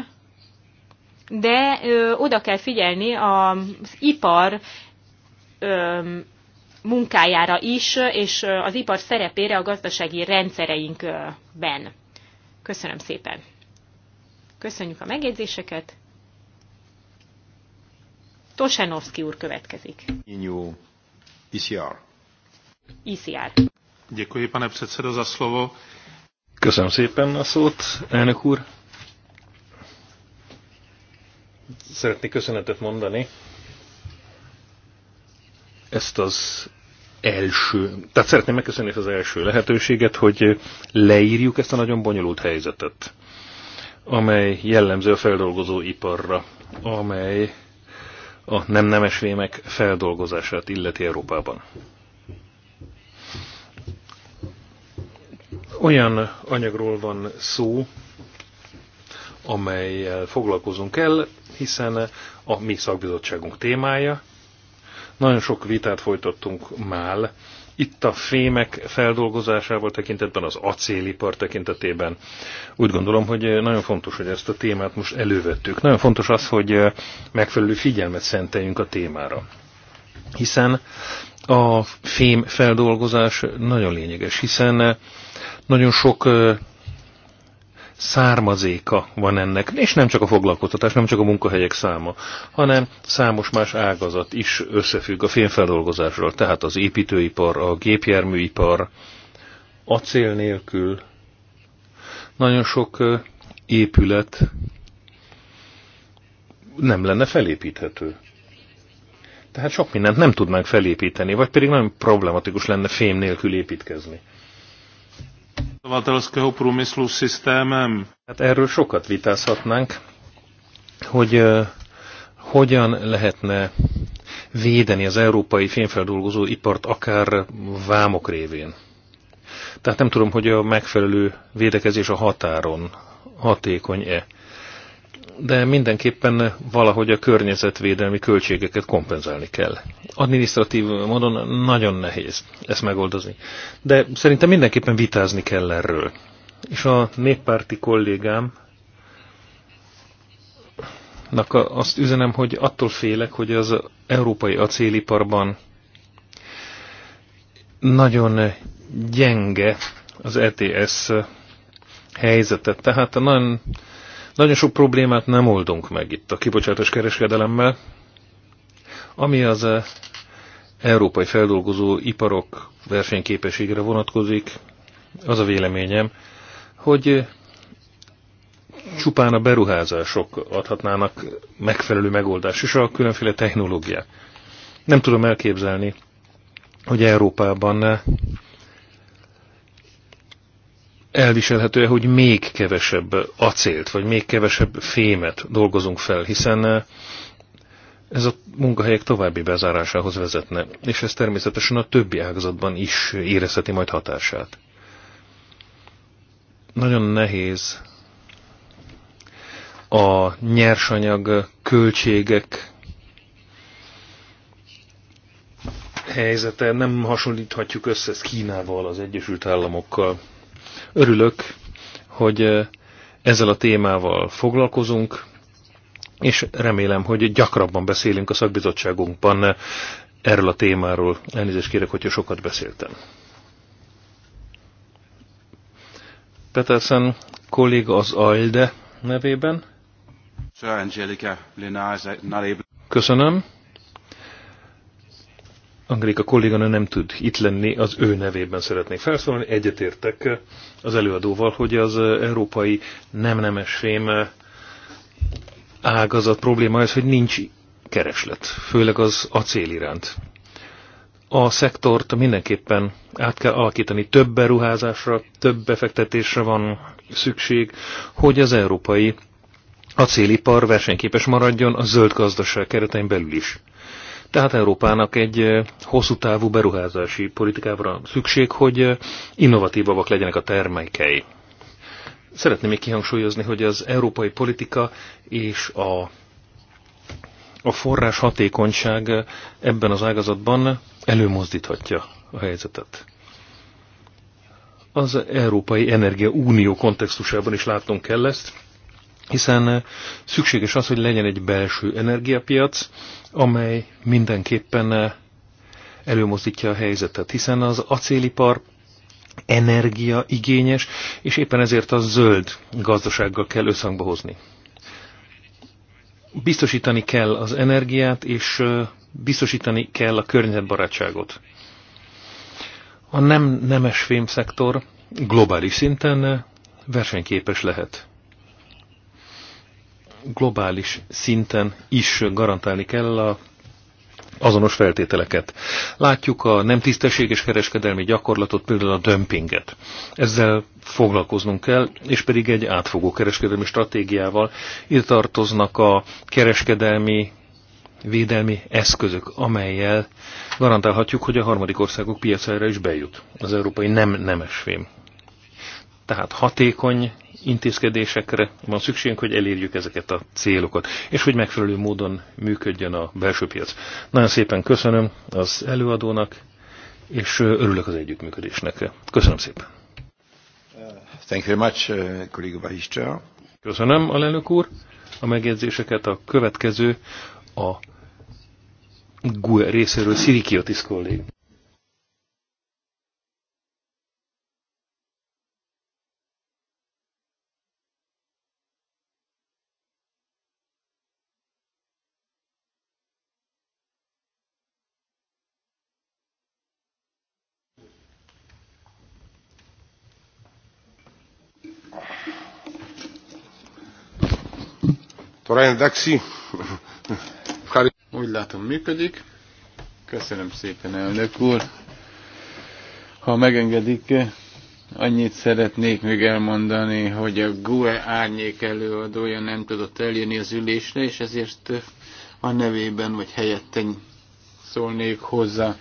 de ö, oda kell figyelni az ipar ö, munkájára is, és az ipar szerepére a gazdasági rendszereinkben. Köszönöm szépen! Köszönjük a megjegyzéseket! Tosanovski úr következik. Inyó, ICR. E ICR. E Děkuji, pane předsedo, za slovo. Köszönöm szépen a szót, elnök úr. Szeretnék köszönetet mondani. Ezt az első, tehát szeretném megköszönni ezt az első lehetőséget, hogy leírjuk ezt a nagyon bonyolult helyzetet, amely jellemző a feldolgozó iparra, amely a nem nemes vémek feldolgozását illeti Európában. Olyan anyagról van szó, amelyel foglalkozunk el, hiszen a mi szakbizottságunk témája. Nagyon sok vitát folytattunk már itt a fémek feldolgozásával tekintetben, az acélipar tekintetében. Úgy gondolom, hogy eh, nagyon fontos, hogy ezt a témát most elővettük. Nagyon fontos az, hogy eh, megfelelő figyelmet szenteljünk a témára. Hiszen a fém feldolgozás nagyon lényeges, hiszen eh, nagyon sok származéka van ennek, és nem csak a foglalkoztatás, nem csak a munkahelyek száma, hanem számos más ágazat is összefügg a fémfeldolgozásról, tehát az építőipar, a gépjárműipar, acél nélkül nagyon sok épület nem lenne felépíthető. Tehát sok mindent nem tudnánk felépíteni, vagy pedig nagyon problematikus lenne fém nélkül építkezni. Hát erről sokat vitázhatnánk, hogy uh, hogyan lehetne védeni az európai fémfeldolgozó ipart akár vámok révén. Tehát nem tudom, hogy a megfelelő védekezés a határon hatékony-e de mindenképpen valahogy a környezetvédelmi költségeket kompenzálni kell. Administratív módon nagyon nehéz ezt megoldozni. De szerintem mindenképpen vitázni kell erről. És a néppárti kollégám azt üzenem, hogy attól félek, hogy az európai acéliparban nagyon gyenge az ETS helyzetet. Tehát nagyon nagyon sok problémát nem oldunk meg itt a kibocsátás kereskedelemmel, ami az eh, európai feldolgozó iparok versenyképességre vonatkozik. Az a véleményem, hogy eh, csupán a beruházások adhatnának megfelelő megoldást, és a különféle technológiák. Nem tudom elképzelni, hogy Európában eh, elviselhető-e, hogy még kevesebb acélt, vagy még kevesebb fémet dolgozunk fel, hiszen eh, ez a munkahelyek további bezárásához vezetne, és ez természetesen a többi ágazatban is érezheti majd hatását. Nagyon nehéz a nyersanyag költségek helyzete, nem hasonlíthatjuk össze ezt Kínával, az Egyesült Államokkal, Örülök, hogy ezzel a témával foglalkozunk, és remélem, hogy gyakrabban beszélünk a szakbizottságunkban erről a témáról. Elnézést kérek, hogyha sokat beszéltem. Petersen kolléga az ALDE nevében. Sir Angelica not able... Köszönöm. Angelika kolléganő nem tud itt lenni, az ő nevében szeretnék felszólalni. Egyetértek az előadóval, hogy az európai nem nemes fém ágazat probléma ez, hogy nincs kereslet, főleg az acél iránt. A szektort mindenképpen át kell alakítani, több beruházásra, több befektetésre van szükség, hogy az európai acélipar versenyképes maradjon a zöld gazdaság keretein belül is. Tehát Európának egy hosszú távú beruházási politikára szükség, hogy innovatívabbak legyenek a termékei. Szeretném még kihangsúlyozni, hogy az európai politika és a, a forrás hatékonyság ebben az ágazatban előmozdíthatja a helyzetet. Az Európai Energia Unió kontextusában is látnunk kell ezt, hiszen eh, szükséges az, hogy legyen egy belső energiapiac, amely mindenképpen eh, előmozdítja a helyzetet, hiszen az acélipar energiaigényes, és éppen ezért a zöld gazdasággal kell összhangba hozni. Biztosítani kell az energiát, és eh, biztosítani kell a környezetbarátságot. A nem nemes fémszektor globális szinten versenyképes lehet globális szinten is garantálni kell a azonos feltételeket. Látjuk a nem tisztességes kereskedelmi gyakorlatot, például a dömpinget. Ezzel foglalkoznunk kell, és pedig egy átfogó kereskedelmi stratégiával. Itt tartoznak a kereskedelmi védelmi eszközök, amelyel garantálhatjuk, hogy a harmadik országok piacára is bejut az európai nem nemes fém. Tehát hatékony intézkedésekre van szükségünk, hogy elérjük ezeket a célokat, és hogy megfelelő módon működjön a belső piac. Nagyon szépen köszönöm az előadónak, és örülök az együttműködésnek. Köszönöm szépen. Thank you very much, uh, kolléga Köszönöm, alelnök úr, a megjegyzéseket. A következő a GUE részéről Sirikiotis kollégium. Úgy látom működik. Köszönöm szépen, elnök úr. Ha megengedik, annyit szeretnék még elmondani, hogy a GUE árnyék előadója nem tudott eljönni az ülésre, és ezért a nevében vagy helyette szólnék hozzá.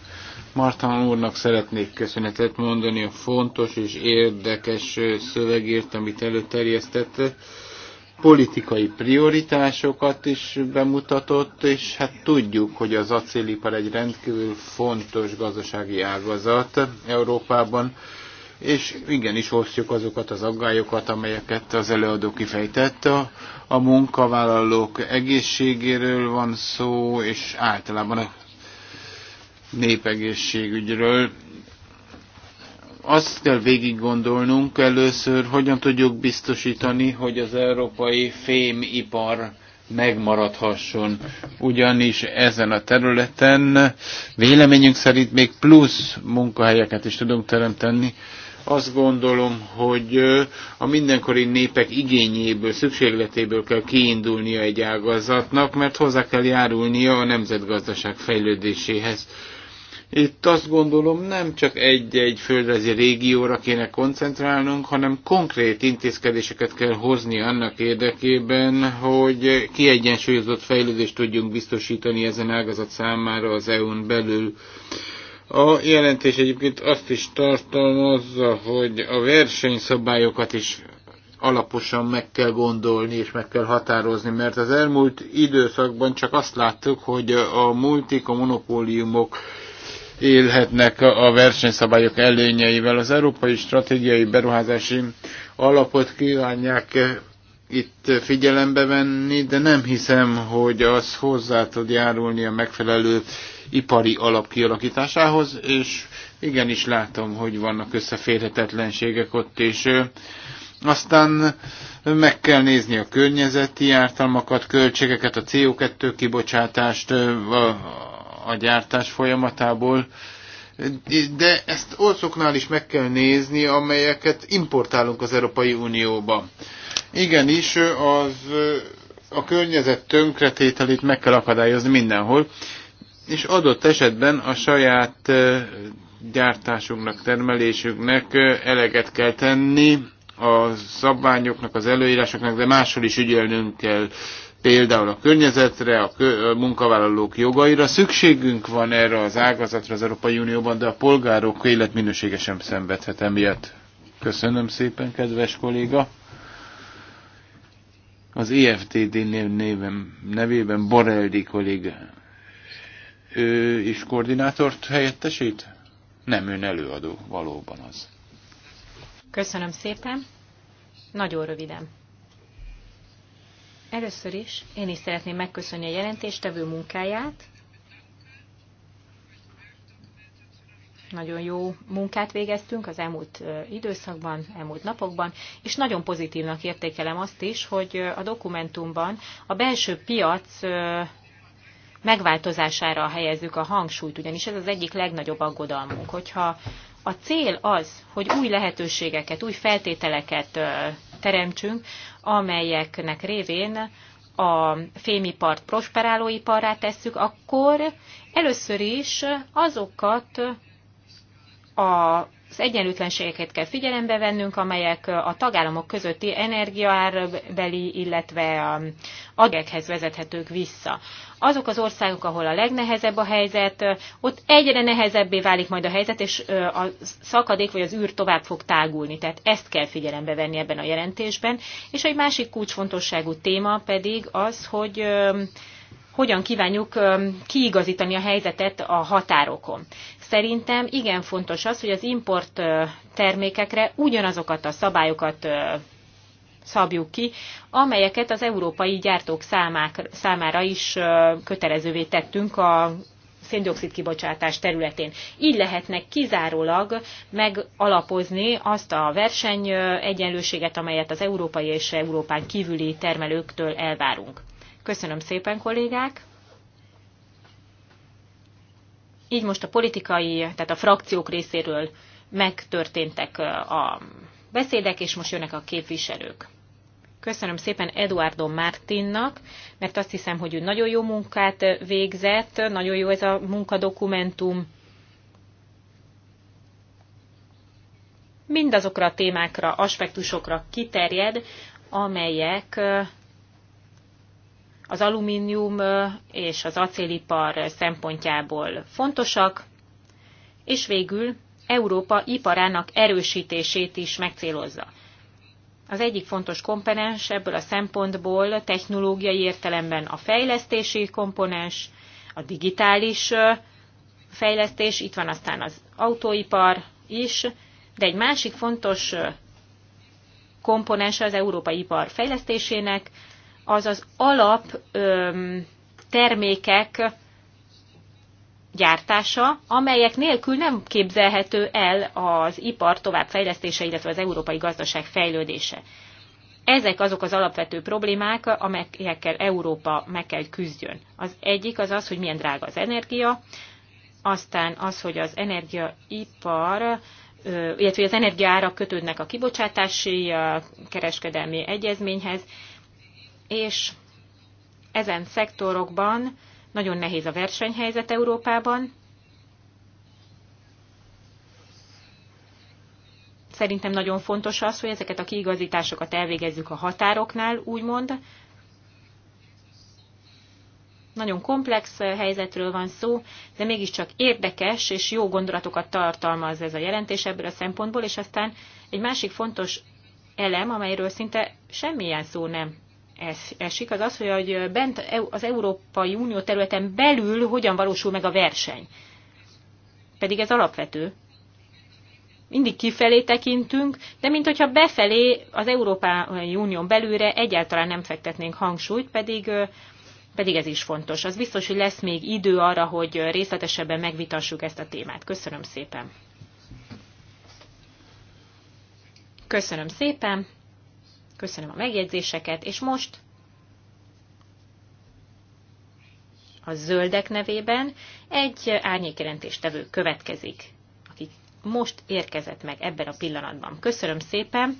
Martin úrnak szeretnék köszönetet mondani a fontos és érdekes szövegért, amit előterjesztett politikai prioritásokat is bemutatott, és hát tudjuk, hogy az acélipar egy rendkívül fontos gazdasági ágazat Európában, és igenis osztjuk azokat az aggályokat, amelyeket az előadó kifejtett. A, a munkavállalók egészségéről van szó, és általában a népegészségügyről, azt kell végig gondolnunk először, hogyan tudjuk biztosítani, hogy az európai fémipar megmaradhasson. Ugyanis ezen a területen véleményünk szerint még plusz munkahelyeket is tudunk teremteni. Azt gondolom, hogy a mindenkori népek igényéből, szükségletéből kell kiindulnia egy ágazatnak, mert hozzá kell járulnia a nemzetgazdaság fejlődéséhez itt azt gondolom, nem csak egy-egy földrajzi régióra kéne koncentrálnunk, hanem konkrét intézkedéseket kell hozni annak érdekében, hogy kiegyensúlyozott fejlődést tudjunk biztosítani ezen ágazat számára az EU-n belül. A jelentés egyébként azt is tartalmazza, hogy a versenyszabályokat is alaposan meg kell gondolni és meg kell határozni, mert az elmúlt időszakban csak azt láttuk, hogy a multik, a monopóliumok élhetnek a versenyszabályok előnyeivel. Az Európai Stratégiai Beruházási Alapot kívánják eh, itt figyelembe venni, de nem hiszem, hogy az hozzá tud járulni a megfelelő ipari alap kialakításához, és igenis látom, hogy vannak összeférhetetlenségek ott, és aztán meg kell nézni a környezeti ártalmakat, költségeket, a CO2 kibocsátást, a gyártás folyamatából, de ezt olcoknál is meg kell nézni, amelyeket importálunk az Európai Unióba. Igenis, az, a környezet tönkretételét meg kell akadályozni mindenhol, és adott esetben a saját eh, gyártásunknak, termelésünknek eh, eleget kell tenni a szabványoknak, az előírásoknak, de máshol is ügyelnünk kell például a környezetre, a, munkavállalók jogaira. Szükségünk van erre az ágazatra az Európai Unióban, de a polgárok életminősége sem szenvedhet emiatt. Köszönöm szépen, kedves kolléga! Az EFTD név, névem, nevében Boreldi kolléga. Ő is koordinátort helyettesít? Nem, ön előadó, valóban az. Köszönöm szépen. Nagyon röviden. Először is én is szeretném megköszönni a jelentéstevő munkáját. Nagyon jó munkát végeztünk az elmúlt időszakban, elmúlt napokban, és nagyon pozitívnak értékelem azt is, hogy a dokumentumban a belső piac megváltozására helyezzük a hangsúlyt, ugyanis ez az egyik legnagyobb aggodalmunk, hogyha a cél az, hogy új lehetőségeket, új feltételeket teremtsünk, amelyeknek révén a fémipart prosperáló tesszük, akkor először is azokat a az egyenlőtlenségeket kell figyelembe vennünk, amelyek a tagállamok közötti energiaárbeli, illetve agekhez vezethetők vissza. Azok az országok, ahol a legnehezebb a helyzet, ott egyre nehezebbé válik majd a helyzet, és a szakadék vagy az űr tovább fog tágulni. Tehát ezt kell figyelembe venni ebben a jelentésben. És egy másik kulcsfontosságú téma pedig az, hogy hogyan kívánjuk kiigazítani a helyzetet a határokon szerintem igen fontos az, hogy az import termékekre ugyanazokat a szabályokat szabjuk ki, amelyeket az európai gyártók számák, számára is kötelezővé tettünk a széndiokszid kibocsátás területén. Így lehetnek kizárólag megalapozni azt a verseny egyenlőséget, amelyet az európai és Európán kívüli termelőktől elvárunk. Köszönöm szépen, kollégák! Így most a politikai, tehát a frakciók részéről megtörténtek a beszédek, és most jönnek a képviselők. Köszönöm szépen Eduardo Martinnak, mert azt hiszem, hogy ő nagyon jó munkát végzett, nagyon jó ez a munkadokumentum. Mindazokra a témákra, aspektusokra kiterjed, amelyek az alumínium és az acélipar szempontjából fontosak, és végül Európa iparának erősítését is megcélozza. Az egyik fontos komponens ebből a szempontból technológiai értelemben a fejlesztési komponens, a digitális fejlesztés, itt van aztán az autóipar is, de egy másik fontos komponens az európai ipar fejlesztésének az az alap öm, termékek gyártása, amelyek nélkül nem képzelhető el az ipar továbbfejlesztése, illetve az európai gazdaság fejlődése. Ezek azok az alapvető problémák, amelyekkel Európa meg kell küzdjön. Az egyik az az, hogy milyen drága az energia, aztán az, hogy az energiaipar, illetve az energiaárak kötődnek a kibocsátási a kereskedelmi egyezményhez, és ezen szektorokban nagyon nehéz a versenyhelyzet Európában. Szerintem nagyon fontos az, hogy ezeket a kiigazításokat elvégezzük a határoknál, úgymond. Nagyon komplex eh, helyzetről van szó, de mégiscsak érdekes és jó gondolatokat tartalmaz ez a jelentés ebből a szempontból, és aztán egy másik fontos elem, amelyről szinte semmilyen szó nem ez esik, az az, hogy bent az Európai Unió területen belül hogyan valósul meg a verseny. Pedig ez alapvető. Mindig kifelé tekintünk, de mint hogyha befelé az Európai Unión belülre egyáltalán nem fektetnénk hangsúlyt, pedig, pedig ez is fontos. Az biztos, hogy lesz még idő arra, hogy részletesebben megvitassuk ezt a témát. Köszönöm szépen. Köszönöm szépen köszönöm a megjegyzéseket, és most a zöldek nevében egy árnyékjelentéstevő következik, aki most érkezett meg ebben a pillanatban. Köszönöm szépen!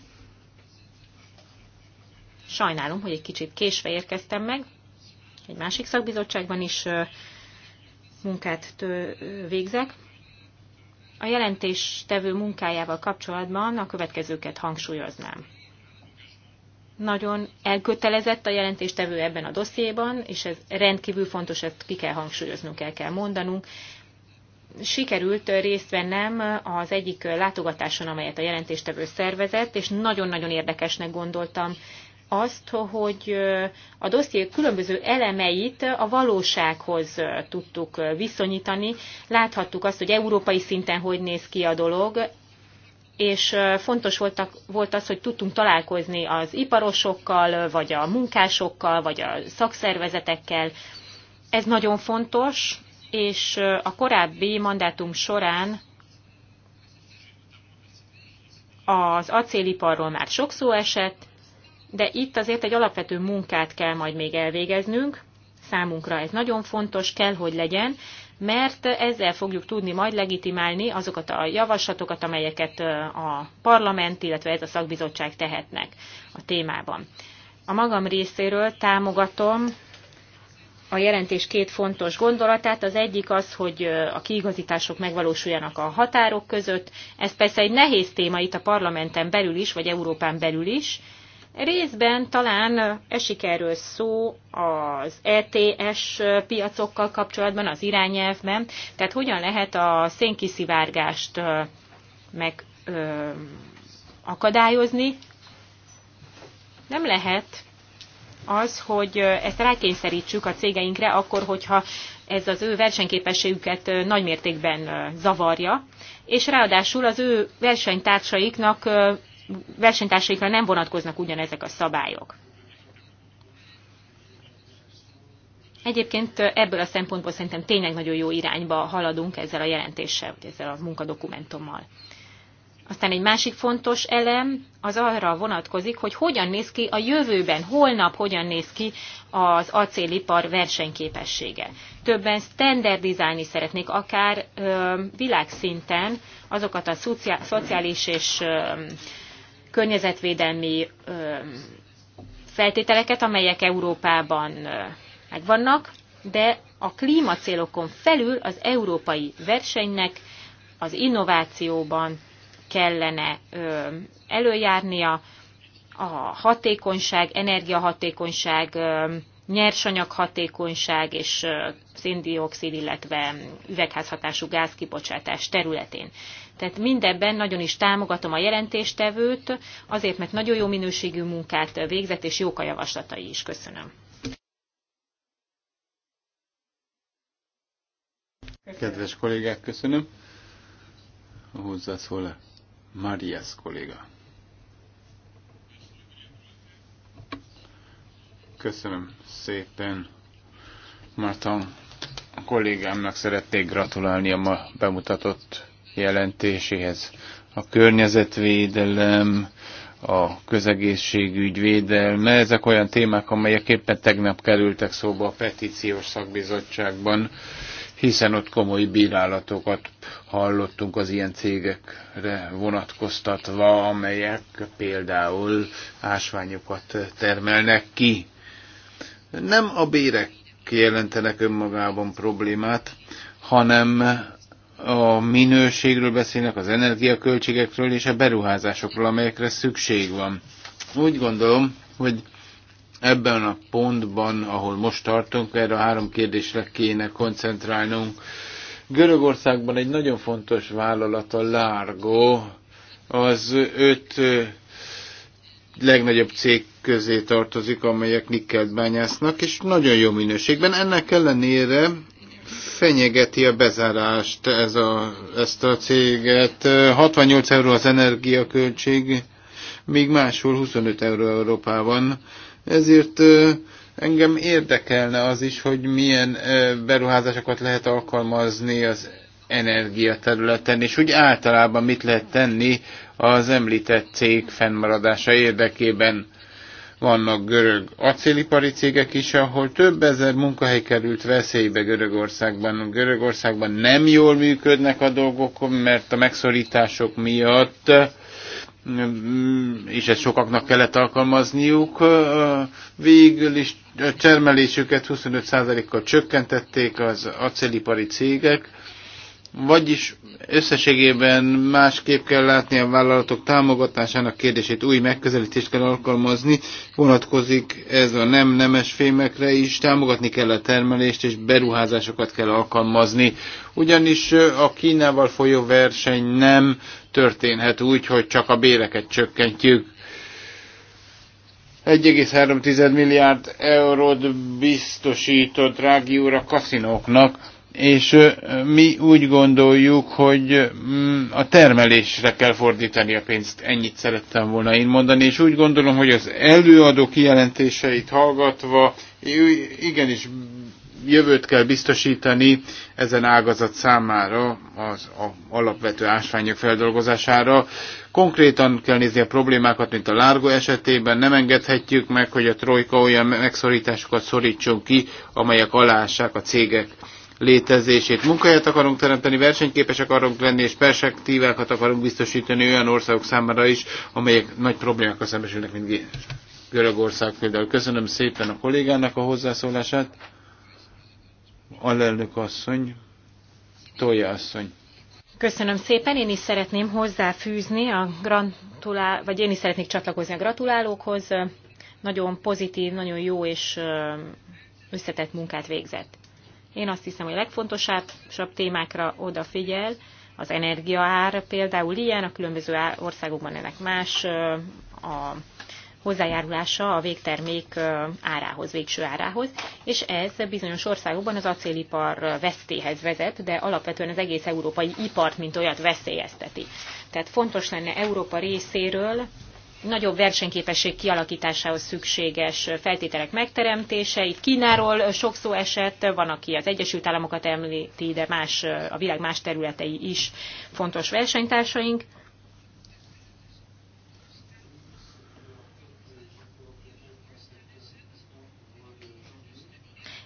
Sajnálom, hogy egy kicsit késve érkeztem meg. Egy másik szakbizottságban is munkát végzek. A jelentéstevő munkájával kapcsolatban a következőket hangsúlyoznám nagyon elkötelezett a jelentéstevő ebben a dossziéban, és ez rendkívül fontos, ezt ki kell hangsúlyoznunk, el kell mondanunk. Sikerült részt vennem az egyik látogatáson, amelyet a jelentéstevő szervezett, és nagyon-nagyon érdekesnek gondoltam azt, hogy a dosszié különböző elemeit a valósághoz tudtuk viszonyítani. Láthattuk azt, hogy európai szinten hogy néz ki a dolog, és fontos voltak, volt az, hogy tudtunk találkozni az iparosokkal, vagy a munkásokkal, vagy a szakszervezetekkel. Ez nagyon fontos, és a korábbi mandátum során az acéliparról már sok szó esett, de itt azért egy alapvető munkát kell majd még elvégeznünk. Számunkra ez nagyon fontos, kell, hogy legyen, mert ezzel fogjuk tudni majd legitimálni azokat a javaslatokat, amelyeket a parlament, illetve ez a szakbizottság tehetnek a témában. A magam részéről támogatom a jelentés két fontos gondolatát. Az egyik az, hogy a kiigazítások megvalósuljanak a határok között. Ez persze egy nehéz téma itt a parlamenten belül is, vagy Európán belül is, Részben talán esik erről szó az ETS piacokkal kapcsolatban, az irányelvben, tehát hogyan lehet a szénkiszivárgást meg ö, akadályozni. Nem lehet az, hogy ezt rákényszerítsük a cégeinkre akkor, hogyha ez az ő versenyképességüket nagymértékben zavarja, és ráadásul az ő versenytársaiknak versenytársaikra nem vonatkoznak ugyanezek a szabályok. Egyébként ebből a szempontból szerintem tényleg nagyon jó irányba haladunk ezzel a jelentéssel, vagy ezzel a munkadokumentummal. Aztán egy másik fontos elem az arra vonatkozik, hogy hogyan néz ki a jövőben, holnap hogyan néz ki az acélipar versenyképessége. Többen standardizálni szeretnék akár ö, világszinten azokat a szociális és ö, környezetvédelmi feltételeket, amelyek Európában megvannak, de a klímacélokon felül az európai versenynek az innovációban kellene előjárnia, a hatékonyság, energiahatékonyság Nyersanyag hatékonyság és széndiokszid, illetve üvegházhatású gázkibocsátás területén. Tehát mindebben nagyon is támogatom a jelentéstevőt, azért, mert nagyon jó minőségű munkát végzett, és jók a javaslatai is. Köszönöm. Kedves kollégák, köszönöm. A hozzászól Marias kolléga. Köszönöm szépen. mert a kollégámnak szeretnék gratulálni a ma bemutatott jelentéséhez. A környezetvédelem, a közegészségügy védelme, ezek olyan témák, amelyek éppen tegnap kerültek szóba a petíciós szakbizottságban, hiszen ott komoly bírálatokat hallottunk az ilyen cégekre vonatkoztatva, amelyek például ásványokat termelnek ki nem a bérek jelentenek önmagában problémát, hanem a minőségről beszélnek, az energiaköltségekről és a beruházásokról, amelyekre szükség van. Úgy gondolom, hogy ebben a pontban, ahol most tartunk, erre a három kérdésre kéne koncentrálnunk. Görögországban egy nagyon fontos vállalat, a Largo, az öt legnagyobb cég közé tartozik, amelyek nikkelt bányásznak, és nagyon jó minőségben. Ennek ellenére fenyegeti a bezárást ez a, ezt a céget. 68 euró az energiaköltség, míg máshol 25 euró Európában. Ezért engem érdekelne az is, hogy milyen beruházásokat lehet alkalmazni az energiaterületen, és úgy általában mit lehet tenni az említett cég fennmaradása érdekében. Vannak görög acélipari cégek is, ahol több ezer munkahely került veszélybe Görögországban. Görögországban nem jól működnek a dolgok, mert a megszorítások miatt és ezt sokaknak kellett alkalmazniuk. Végül is a termelésüket 25%-kal csökkentették az acélipari cégek, vagyis összességében másképp kell látni a vállalatok támogatásának kérdését, új megközelítést kell alkalmazni, vonatkozik ez a nem nemes fémekre is, támogatni kell a termelést és beruházásokat kell alkalmazni, ugyanis a Kínával folyó verseny nem történhet úgy, hogy csak a béreket csökkentjük. 1,3 milliárd eurót biztosított rágiúra kaszinóknak, és mi úgy gondoljuk, hogy mm, a termelésre kell fordítani a pénzt. Ennyit szerettem volna én mondani, és úgy gondolom, hogy az előadó kijelentéseit hallgatva igenis jövőt kell biztosítani ezen ágazat számára, az a alapvető ásványok feldolgozására. Konkrétan kell nézni a problémákat, mint a lárgó esetében. Nem engedhetjük meg, hogy a trojka olyan megszorításokat szorítson ki, amelyek alássák a cégek létezését. Munkahelyet akarunk teremteni, versenyképes akarunk lenni, és perspektívákat akarunk biztosítani olyan országok számára is, amelyek nagy problémákkal szembesülnek, mint Görögország például. Köszönöm szépen a kollégának a hozzászólását. Alelnök asszony, Tolja asszony. Köszönöm szépen, én is szeretném hozzáfűzni a gratulál, vagy én is szeretnék csatlakozni a gratulálókhoz. Nagyon pozitív, nagyon jó és összetett munkát végzett. Én azt hiszem, hogy a legfontosabb témákra odafigyel, az energiaár például ilyen, a különböző országokban ennek más a hozzájárulása a végtermék árához, végső árához, és ez bizonyos országokban az acélipar vesztéhez vezet, de alapvetően az egész európai ipart, mint olyat veszélyezteti. Tehát fontos lenne Európa részéről nagyobb versenyképesség kialakításához szükséges feltételek megteremtése. Itt Kínáról sok szó esett, van, aki az Egyesült Államokat említi, de más, a világ más területei is fontos versenytársaink.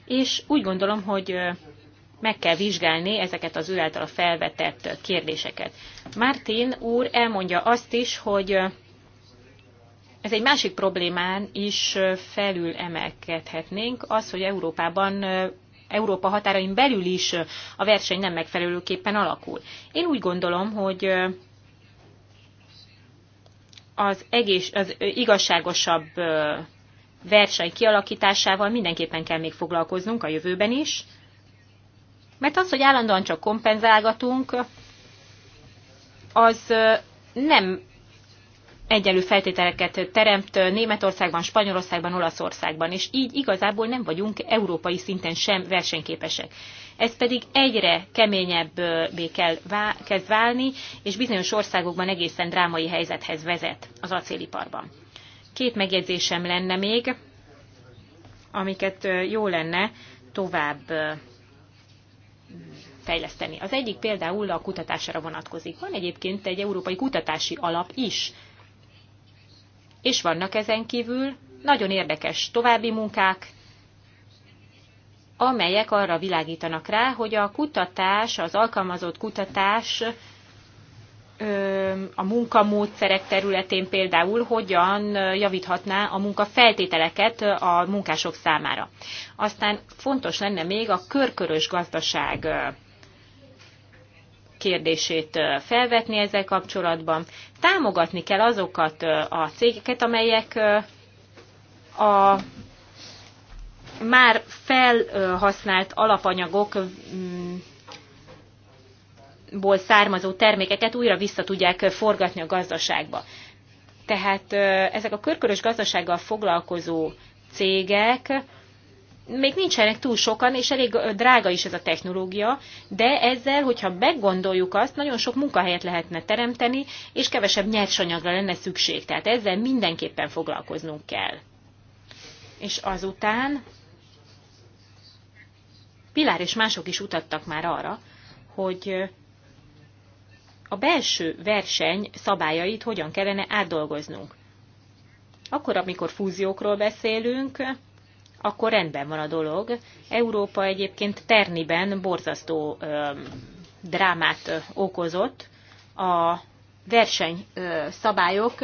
És úgy gondolom, hogy meg kell vizsgálni ezeket az ő által felvetett kérdéseket. Martin úr elmondja azt is, hogy ez egy másik problémán is felül emelkedhetnénk, az, hogy Európában Európa határain belül is a verseny nem megfelelőképpen alakul. Én úgy gondolom, hogy az, egész, az igazságosabb verseny kialakításával mindenképpen kell még foglalkoznunk a jövőben is, mert az, hogy állandóan csak kompenzálgatunk, az nem egyenlő feltételeket teremt Németországban, Spanyolországban, Olaszországban, és így igazából nem vagyunk európai szinten sem versenyképesek. Ez pedig egyre keményebb kell vá- kezd válni, és bizonyos országokban egészen drámai helyzethez vezet az acéliparban. Két megjegyzésem lenne még, amiket jó lenne tovább fejleszteni. Az egyik például a kutatásra vonatkozik. Van egyébként egy európai kutatási alap is, és vannak ezen kívül nagyon érdekes további munkák, amelyek arra világítanak rá, hogy a kutatás, az alkalmazott kutatás a munkamódszerek területén például hogyan javíthatná a munkafeltételeket a munkások számára. Aztán fontos lenne még a körkörös gazdaság kérdését felvetni ezzel kapcsolatban. Támogatni kell azokat a cégeket, amelyek a már felhasznált alapanyagokból mm, származó termékeket újra vissza tudják forgatni a gazdaságba. Tehát ezek a körkörös gazdasággal foglalkozó cégek még nincsenek túl sokan, és elég drága is ez a technológia, de ezzel, hogyha meggondoljuk azt, nagyon sok munkahelyet lehetne teremteni, és kevesebb nyersanyagra lenne szükség. Tehát ezzel mindenképpen foglalkoznunk kell. És azután Pilár és mások is utattak már arra, hogy a belső verseny szabályait hogyan kellene átdolgoznunk. Akkor, amikor fúziókról beszélünk, akkor rendben van a dolog. Európa egyébként Terniben borzasztó ö, drámát okozott. A versenyszabályok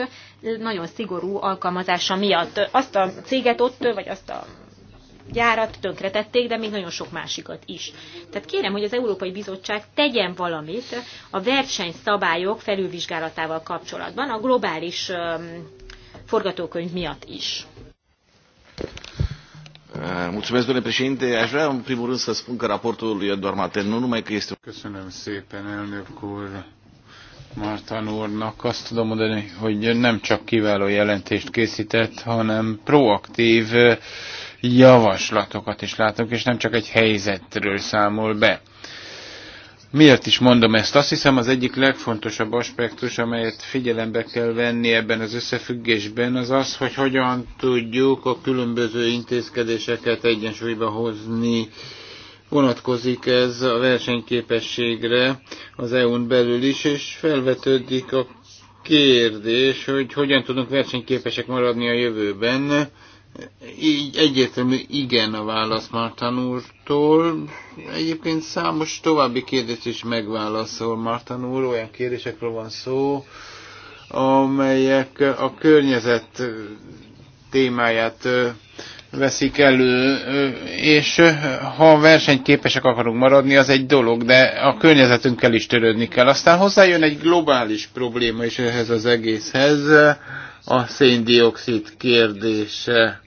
nagyon szigorú alkalmazása miatt azt a céget ott, vagy azt a gyárat tönkretették, de még nagyon sok másikat is. Tehát kérem, hogy az Európai Bizottság tegyen valamit a versenyszabályok felülvizsgálatával kapcsolatban, a globális forgatókönyv miatt is. Eh, mulțumesc, domnule președinte. Aș vrea, în primul rând, să spun că raportul nu numai că este... Köszönöm szépen, elnök úr. Martin úrnak azt tudom mondani, hogy nem csak kiváló jelentést készített, hanem proaktív eh, javaslatokat is látok, és nem csak egy helyzetről számol be Miért is mondom ezt? Azt hiszem az egyik legfontosabb aspektus, amelyet figyelembe kell venni ebben az összefüggésben, az az, hogy hogyan tudjuk a különböző intézkedéseket egyensúlyba hozni. Vonatkozik ez a versenyképességre az EU-n belül is, és felvetődik a kérdés, hogy hogyan tudunk versenyképesek maradni a jövőben így egyértelmű igen a válasz Martan úrtól. Egyébként számos további kérdést is megválaszol Martan úr, olyan kérdésekről van szó, amelyek a környezet témáját veszik elő, és ha versenyképesek akarunk maradni, az egy dolog, de a környezetünkkel is törődni kell. Aztán hozzájön egy globális probléma is ehhez az egészhez, a széndiokszid kérdése.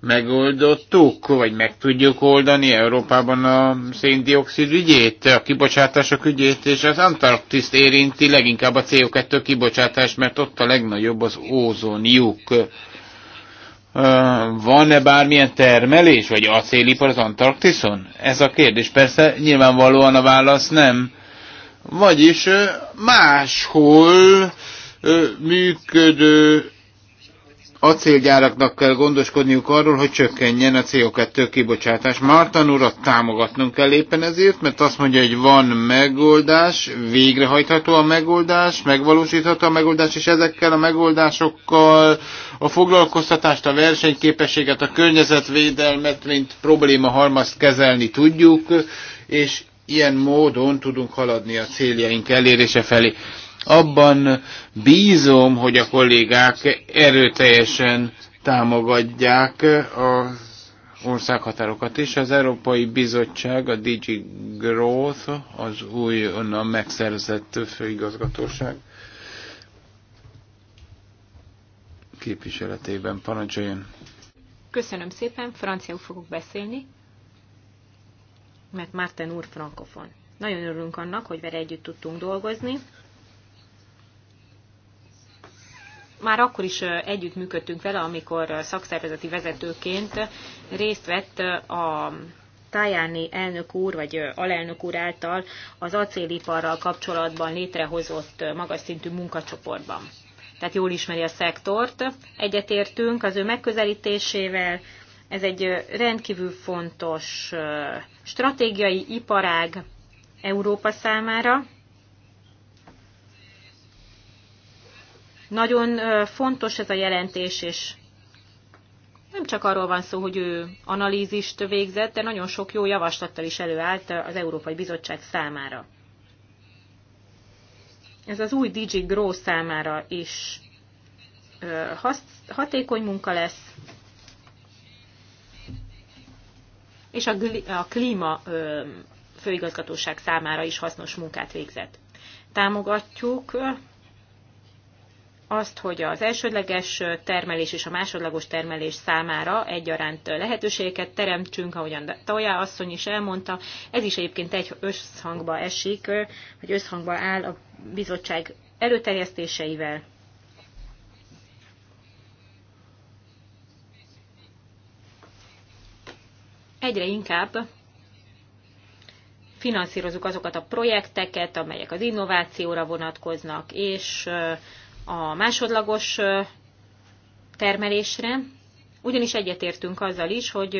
Megoldottuk, vagy meg tudjuk oldani Európában a széndiokszid ügyét, a kibocsátások ügyét, és az Antarktiszt érinti leginkább a CO2 kibocsátás, mert ott a legnagyobb az ózonjuk van-e bármilyen termelés, vagy acélipar az Antarktiszon? Ez a kérdés. Persze nyilvánvalóan a válasz nem. Vagyis máshol működő acélgyáraknak kell gondoskodniuk arról, hogy csökkenjen a CO2 kibocsátás. Márton urat támogatnunk kell éppen ezért, mert azt mondja, hogy van megoldás, végrehajtható a megoldás, megvalósítható a megoldás, és ezekkel a megoldásokkal a foglalkoztatást, a versenyképességet, a környezetvédelmet, mint probléma halmazt kezelni tudjuk, és ilyen módon tudunk haladni a céljaink elérése felé. Abban bízom, hogy a kollégák erőteljesen támogatják az országhatárokat is. Az Európai Bizottság, a Digi Growth, az onnan megszerzett főigazgatóság képviseletében parancsoljon. Köszönöm szépen, franciául fogok beszélni, mert Márten úr frankofon. Nagyon örülünk annak, hogy vele együtt tudtunk dolgozni. már akkor is együttműködtünk vele, amikor szakszervezeti vezetőként részt vett a Tájáni elnök úr, vagy alelnök úr által az acéliparral kapcsolatban létrehozott magas szintű munkacsoportban. Tehát jól ismeri a szektort, egyetértünk az ő megközelítésével, ez egy rendkívül fontos stratégiai iparág Európa számára, Nagyon fontos ez a jelentés, és nem csak arról van szó, hogy ő analízist végzett, de nagyon sok jó javaslattal is előállt az Európai Bizottság számára. Ez az új DG Grow számára is hatékony munka lesz, és a, a klíma főigazgatóság számára is hasznos munkát végzett. Támogatjuk azt, hogy az elsődleges termelés és a másodlagos termelés számára egyaránt lehetőségeket teremtsünk, ahogyan Tajá asszony is elmondta. Ez is egyébként egy összhangba esik, vagy összhangba áll a bizottság előterjesztéseivel. Egyre inkább finanszírozunk azokat a projekteket, amelyek az innovációra vonatkoznak, és a másodlagos termelésre, ugyanis egyetértünk azzal is, hogy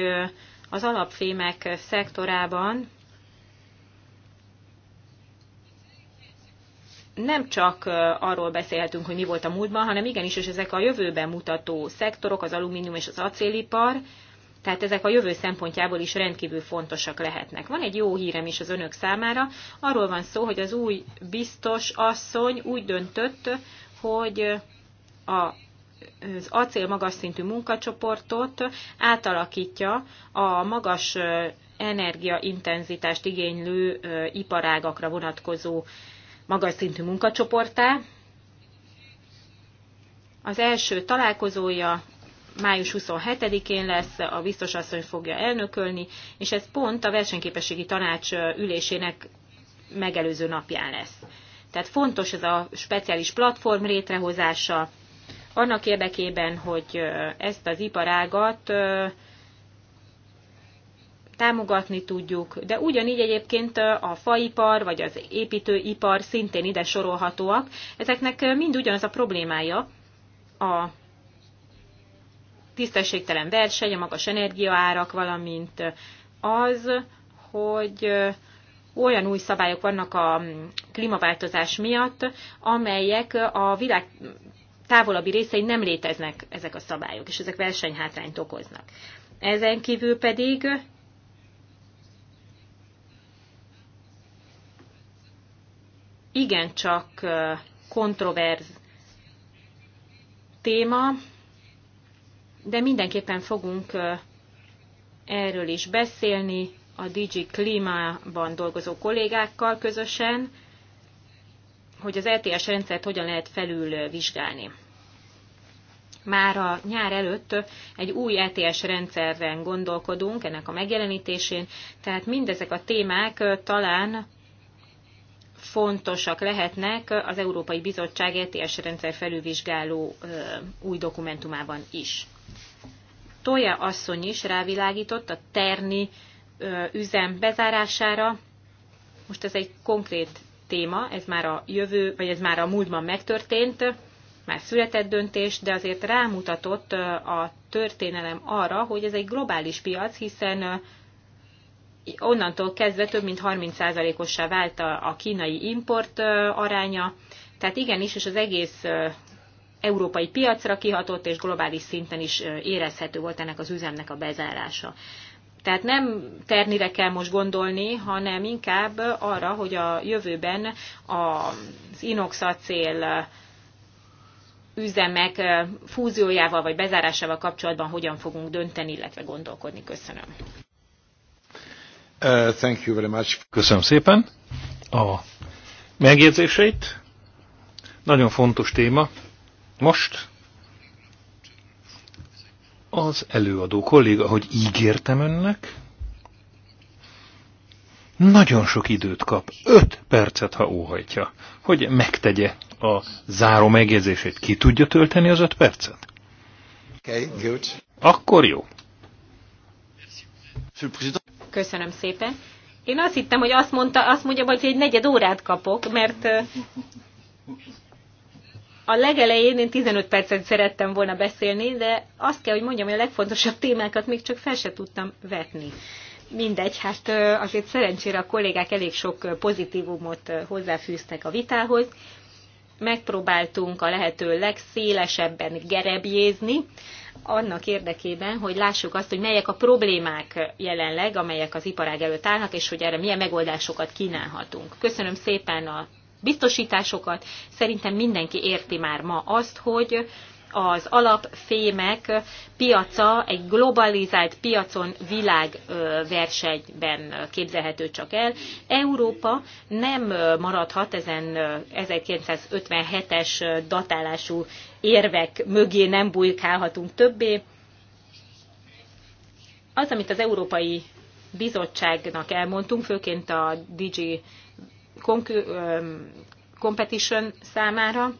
az alapfémek szektorában nem csak arról beszélhetünk, hogy mi volt a múltban, hanem igenis, és ezek a jövőben mutató szektorok, az alumínium és az acélipar, tehát ezek a jövő szempontjából is rendkívül fontosak lehetnek. Van egy jó hírem is az önök számára. Arról van szó, hogy az új biztos asszony úgy döntött, hogy a az acél magas szintű munkacsoportot átalakítja a magas energiaintenzitást igénylő iparágakra vonatkozó magas szintű munkacsoportá. Az első találkozója május 27-én lesz, a biztos asszony fogja elnökölni, és ez pont a versenyképességi tanács ülésének megelőző napján lesz. Tehát fontos ez a speciális platform létrehozása, annak érdekében, hogy ezt az iparágat támogatni tudjuk, de ugyanígy egyébként a faipar vagy az építőipar szintén ide sorolhatóak. Ezeknek mind ugyanaz a problémája, a tisztességtelen verseny, a magas energiaárak, valamint az, hogy olyan új szabályok vannak a klímaváltozás miatt, amelyek a világ távolabbi részein nem léteznek ezek a szabályok, és ezek versenyhátrányt okoznak. Ezen kívül pedig igencsak kontroverz téma, de mindenképpen fogunk erről is beszélni, a DG Klímában dolgozó kollégákkal közösen, hogy az LTS rendszert hogyan lehet felülvizsgálni. Már a nyár előtt egy új ETS rendszerben gondolkodunk, ennek a megjelenítésén, tehát mindezek a témák talán fontosak lehetnek az Európai Bizottság ETS rendszer felülvizsgáló új dokumentumában is. Toja asszony is rávilágított a Terni üzem bezárására. Most ez egy konkrét téma, ez már a jövő, vagy ez már a múltban megtörtént, már született döntés, de azért rámutatott a történelem arra, hogy ez egy globális piac, hiszen onnantól kezdve több mint 30%-ossá vált a kínai import aránya, tehát igenis, és az egész európai piacra kihatott, és globális szinten is érezhető volt ennek az üzemnek a bezárása. Tehát nem ternire kell most gondolni, hanem inkább arra, hogy a jövőben az inoxacél üzemek fúziójával vagy bezárásával kapcsolatban hogyan fogunk dönteni, illetve gondolkodni. Köszönöm. Uh, thank you very much. Köszönöm szépen a megjegyzéseit. Nagyon fontos téma. Most az előadó kolléga, hogy ígértem önnek, nagyon sok időt kap, öt percet, ha óhajtja, hogy megtegye a záró megjegyzését. Ki tudja tölteni az öt percet? Okay, good. Akkor jó. Köszönöm szépen. Én azt hittem, hogy azt mondta, azt mondja, hogy egy negyed órát kapok, mert a legelején én 15 percet szerettem volna beszélni, de azt kell, hogy mondjam, hogy a legfontosabb témákat még csak fel se tudtam vetni. Mindegy, hát azért szerencsére a kollégák elég sok pozitívumot hozzáfűztek a vitához. Megpróbáltunk a lehető legszélesebben gerebjézni, annak érdekében, hogy lássuk azt, hogy melyek a problémák jelenleg, amelyek az iparág előtt állnak, és hogy erre milyen megoldásokat kínálhatunk. Köszönöm szépen a biztosításokat. Szerintem mindenki érti már ma azt, hogy az alapfémek piaca egy globalizált piacon világversenyben képzelhető csak el. Európa nem maradhat ezen 1957-es datálású érvek mögé nem bujkálhatunk többé. Az, amit az Európai Bizottságnak elmondtunk, főként a DG Competition számára.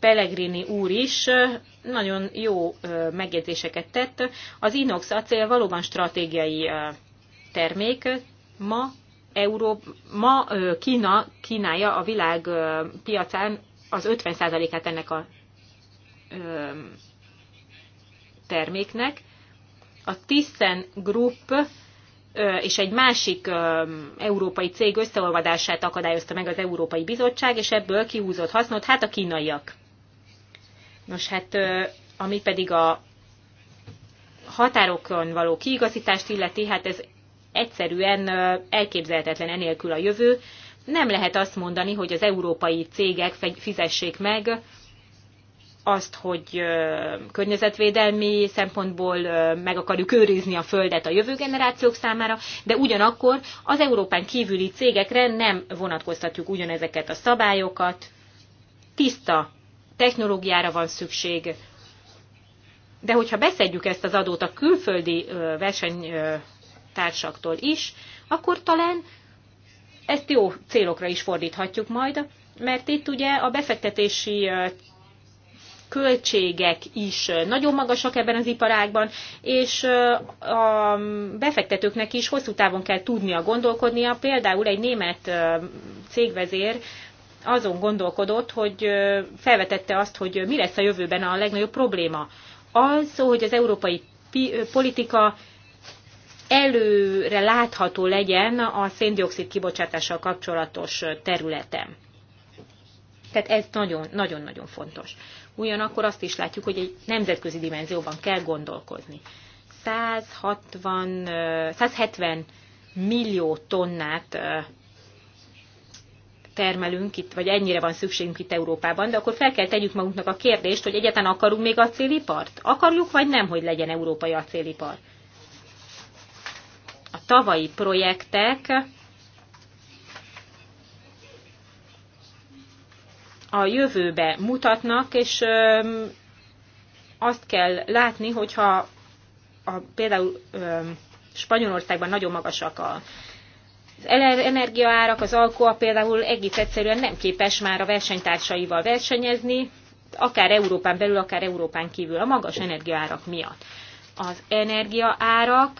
Pellegrini úr is nagyon jó megjegyzéseket tett. Az inox acél valóban stratégiai termék. Ma, Euró, ma Kína kínálja a világ piacán az 50%-át ennek a terméknek. A Tissen Group és egy másik európai cég összeolvadását akadályozta meg az Európai Bizottság, és ebből kihúzott hasznot, hát a kínaiak. Nos, hát ami pedig a határokon való kiigazítást illeti, hát ez egyszerűen elképzelhetetlen enélkül a jövő. Nem lehet azt mondani, hogy az európai cégek fizessék meg azt, hogy környezetvédelmi szempontból meg akarjuk őrizni a Földet a jövő generációk számára, de ugyanakkor az Európán kívüli cégekre nem vonatkoztatjuk ugyanezeket a szabályokat. Tiszta technológiára van szükség, de hogyha beszedjük ezt az adót a külföldi versenytársaktól is, akkor talán ezt jó célokra is fordíthatjuk majd, mert itt ugye a befektetési költségek is nagyon magasak ebben az iparágban, és a befektetőknek is hosszú távon kell tudnia gondolkodnia. Például egy német cégvezér azon gondolkodott, hogy felvetette azt, hogy mi lesz a jövőben a legnagyobb probléma. Az, hogy az európai politika előre látható legyen a széndiokszid kibocsátással kapcsolatos területen. Tehát ez nagyon-nagyon fontos ugyanakkor azt is látjuk, hogy egy nemzetközi dimenzióban kell gondolkozni. 160, 170 millió tonnát termelünk itt, vagy ennyire van szükségünk itt Európában, de akkor fel kell tegyük magunknak a kérdést, hogy egyetlen akarunk még acélipart? Akarjuk, vagy nem, hogy legyen európai acélipar? A tavalyi projektek a jövőbe mutatnak, és azt kell látni, hogyha a, például Spanyolországban nagyon magasak a az energiaárak, az alkoa például egész egyszerűen nem képes már a versenytársaival versenyezni, akár Európán belül, akár Európán kívül, a magas energiaárak miatt. Az energiaárak,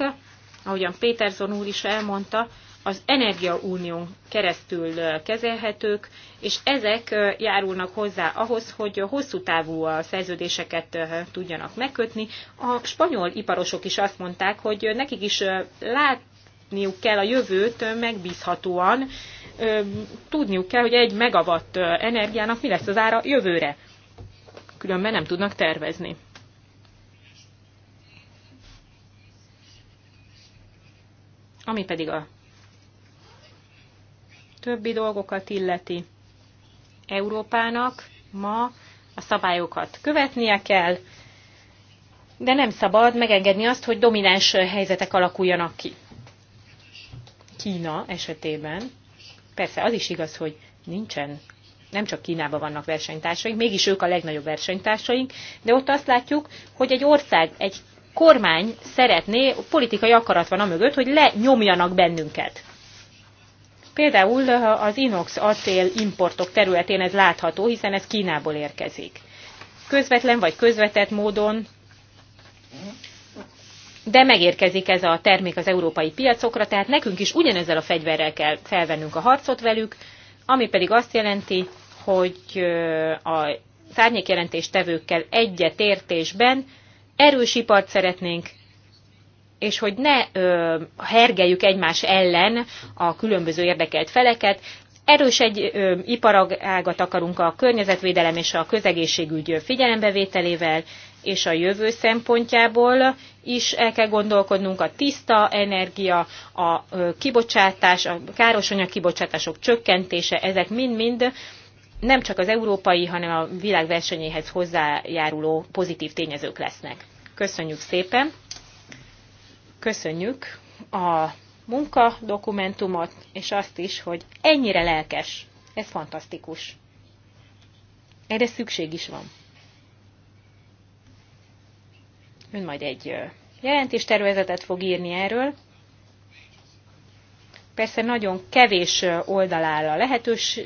ahogyan Péterzon úr is elmondta, az Energiaunión keresztül kezelhetők, és ezek járulnak hozzá ahhoz, hogy hosszú távú szerződéseket tudjanak megkötni. A spanyol iparosok is azt mondták, hogy nekik is látniuk kell a jövőt megbízhatóan, tudniuk kell, hogy egy megawatt energiának mi lesz az ára jövőre. Különben nem tudnak tervezni. Ami pedig a többi dolgokat illeti, Európának ma a szabályokat követnie kell, de nem szabad megengedni azt, hogy domináns helyzetek alakuljanak ki. Kína esetében, persze az is igaz, hogy nincsen, nem csak Kínában vannak versenytársaink, mégis ők a legnagyobb versenytársaink, de ott azt látjuk, hogy egy ország, egy kormány szeretné, politikai akarat van a mögött, hogy lenyomjanak bennünket. Például eh, az inox acél importok területén ez látható, hiszen ez Kínából érkezik. Közvetlen vagy közvetett módon, de megérkezik ez a termék az európai piacokra, tehát nekünk is ugyanezzel a fegyverrel kell felvennünk a harcot velük, ami pedig azt jelenti, hogy eh, a szárnyékjelentéstevőkkel egyetértésben erős ipart szeretnénk, és hogy ne ö, hergeljük egymás ellen a különböző érdekelt feleket. Erős egy ö, iparágat akarunk a környezetvédelem és a közegészségügy figyelembevételével, és a jövő szempontjából is el kell gondolkodnunk a tiszta energia, a kibocsátás, a károsanyag kibocsátások csökkentése, ezek mind-mind nem csak az európai, hanem a világ versenyéhez hozzájáruló pozitív tényezők lesznek. Köszönjük szépen! Köszönjük a munkadokumentumot, és azt is, hogy ennyire lelkes. Ez fantasztikus. Erre szükség is van. Ön majd egy jelentéstervezetet fog írni erről. Persze nagyon kevés a lehetős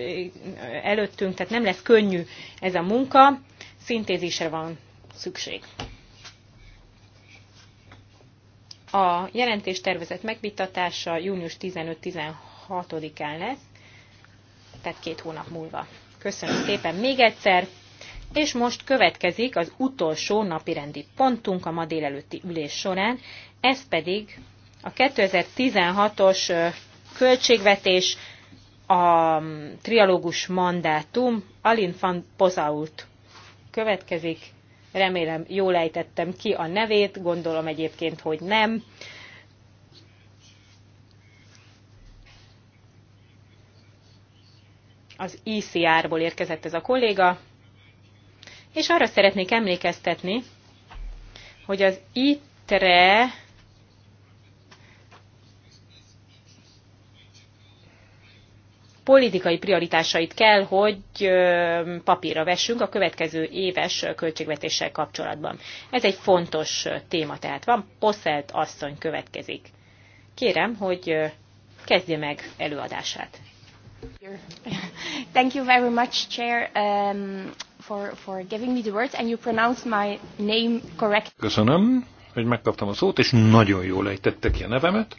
előttünk, tehát nem lesz könnyű ez a munka, Szintézésre van szükség. A jelentéstervezet megvitatása június 15-16-án lesz, tehát két hónap múlva. Köszönöm szépen még egyszer, és most következik az utolsó napirendi pontunk a ma délelőtti ülés során, ez pedig a 2016-os költségvetés, a trialógus mandátum, Alin van Pozault következik, Remélem jól ejtettem ki a nevét, gondolom egyébként, hogy nem. Az ICR-ból érkezett ez a kolléga, és arra szeretnék emlékeztetni, hogy az ITRE politikai prioritásait kell, hogy papírra vessünk a következő éves költségvetéssel kapcsolatban. Ez egy fontos téma, tehát van. Poszelt asszony következik. Kérem, hogy kezdje meg előadását. Thank you very much, Chair, um, for, for giving me the words, and you pronounced my name correctly. Köszönöm, hogy megkaptam a szót, és nagyon jól ejtette ki a nevemet.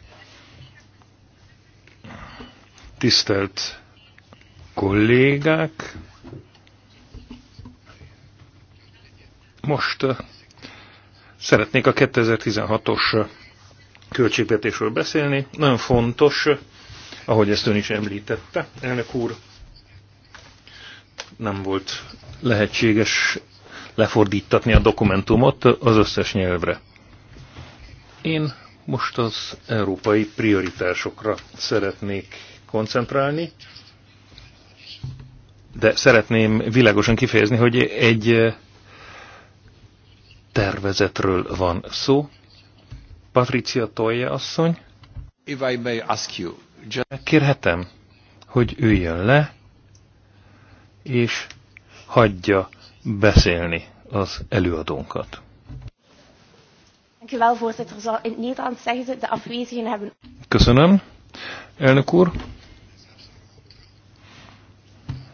Tisztelt kollégák! Most szeretnék a 2016-os költségvetésről beszélni. Nagyon fontos, ahogy ezt ön is említette, elnök úr, nem volt lehetséges lefordítatni a dokumentumot az összes nyelvre. Én most az európai prioritásokra szeretnék koncentrálni, de szeretném világosan kifejezni, hogy egy eh, tervezetről van szó. Patricia Tolja asszony. If I may ask you, just... Kérhetem, hogy üljön le, és hagyja beszélni az előadónkat. Köszönöm. Elnök úr,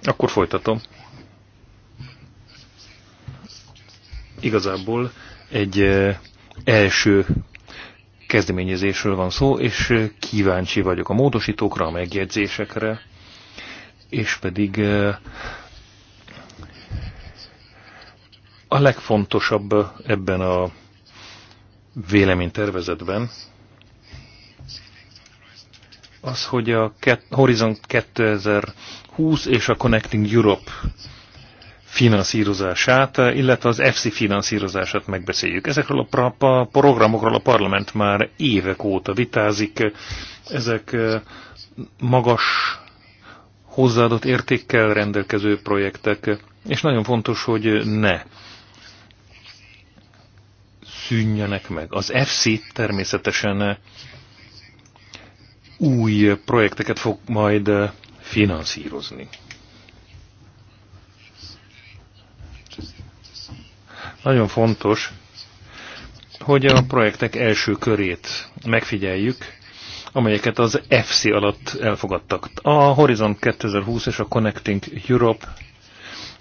akkor folytatom. Igazából egy első kezdeményezésről van szó, és kíváncsi vagyok a módosítókra, a megjegyzésekre, és pedig a legfontosabb ebben a véleménytervezetben az, hogy a Horizon 2020 és a Connecting Europe finanszírozását, illetve az EFSI finanszírozását megbeszéljük. Ezekről a programokról a parlament már évek óta vitázik. Ezek magas hozzáadott értékkel rendelkező projektek, és nagyon fontos, hogy ne szűnjenek meg. Az EFSI természetesen új projekteket fog majd finanszírozni. Nagyon fontos, hogy a projektek első körét megfigyeljük, amelyeket az FC alatt elfogadtak. A Horizon 2020 és a Connecting Europe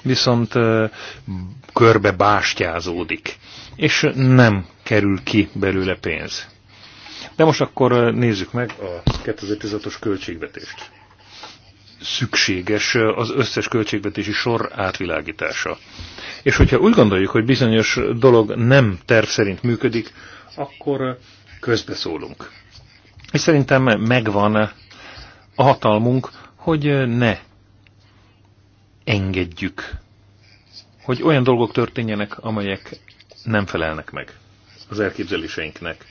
viszont körbe bástyázódik, és nem kerül ki belőle pénz. De most akkor nézzük meg a 2016-os költségvetést. Szükséges az összes költségvetési sor átvilágítása. És hogyha úgy gondoljuk, hogy bizonyos dolog nem terv szerint működik, akkor közbeszólunk. És szerintem megvan a hatalmunk, hogy ne engedjük, hogy olyan dolgok történjenek, amelyek nem felelnek meg az elképzeléseinknek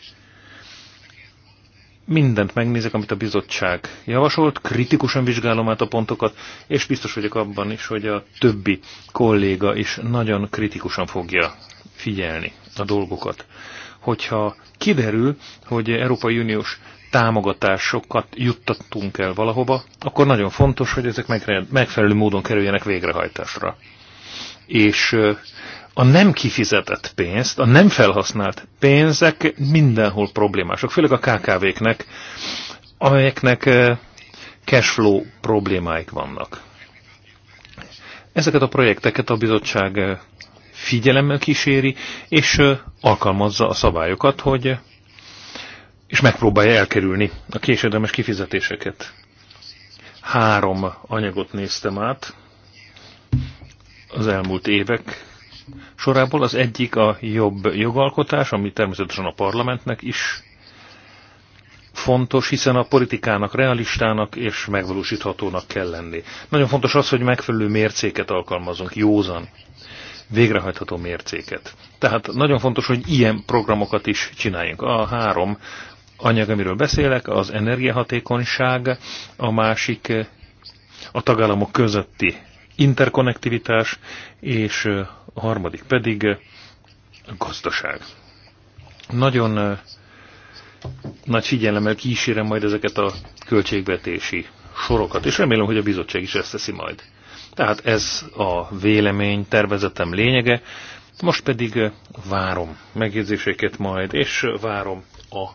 mindent megnézek, amit a bizottság javasolt, kritikusan vizsgálom át a pontokat, és biztos vagyok abban is, hogy a többi kolléga is nagyon kritikusan fogja figyelni a dolgokat. Hogyha kiderül, hogy Európai Uniós támogatásokat juttattunk el valahova, akkor nagyon fontos, hogy ezek megfelelő módon kerüljenek végrehajtásra. És a nem kifizetett pénzt, a nem felhasznált pénzek mindenhol problémások, főleg a KKV-knek, amelyeknek eh, cashflow problémáik vannak. Ezeket a projekteket a bizottság eh, figyelemmel kíséri, és eh, alkalmazza a szabályokat, hogy és megpróbálja elkerülni a késedelmes kifizetéseket. Három anyagot néztem át az elmúlt évek sorából. Az egyik a jobb jogalkotás, ami természetesen a parlamentnek is fontos, hiszen a politikának realistának és megvalósíthatónak kell lenni. Nagyon fontos az, hogy megfelelő mércéket alkalmazunk, józan, végrehajtható mércéket. Tehát nagyon fontos, hogy ilyen programokat is csináljunk. A három anyag, amiről beszélek, az energiahatékonyság, a másik a tagállamok közötti interkonnektivitás, és a harmadik pedig a gazdaság. Nagyon nagy figyelemmel kísérem majd ezeket a költségvetési sorokat, és remélem, hogy a bizottság is ezt teszi majd. Tehát ez a vélemény tervezetem lényege, most pedig várom megjegyzéseket majd, és várom a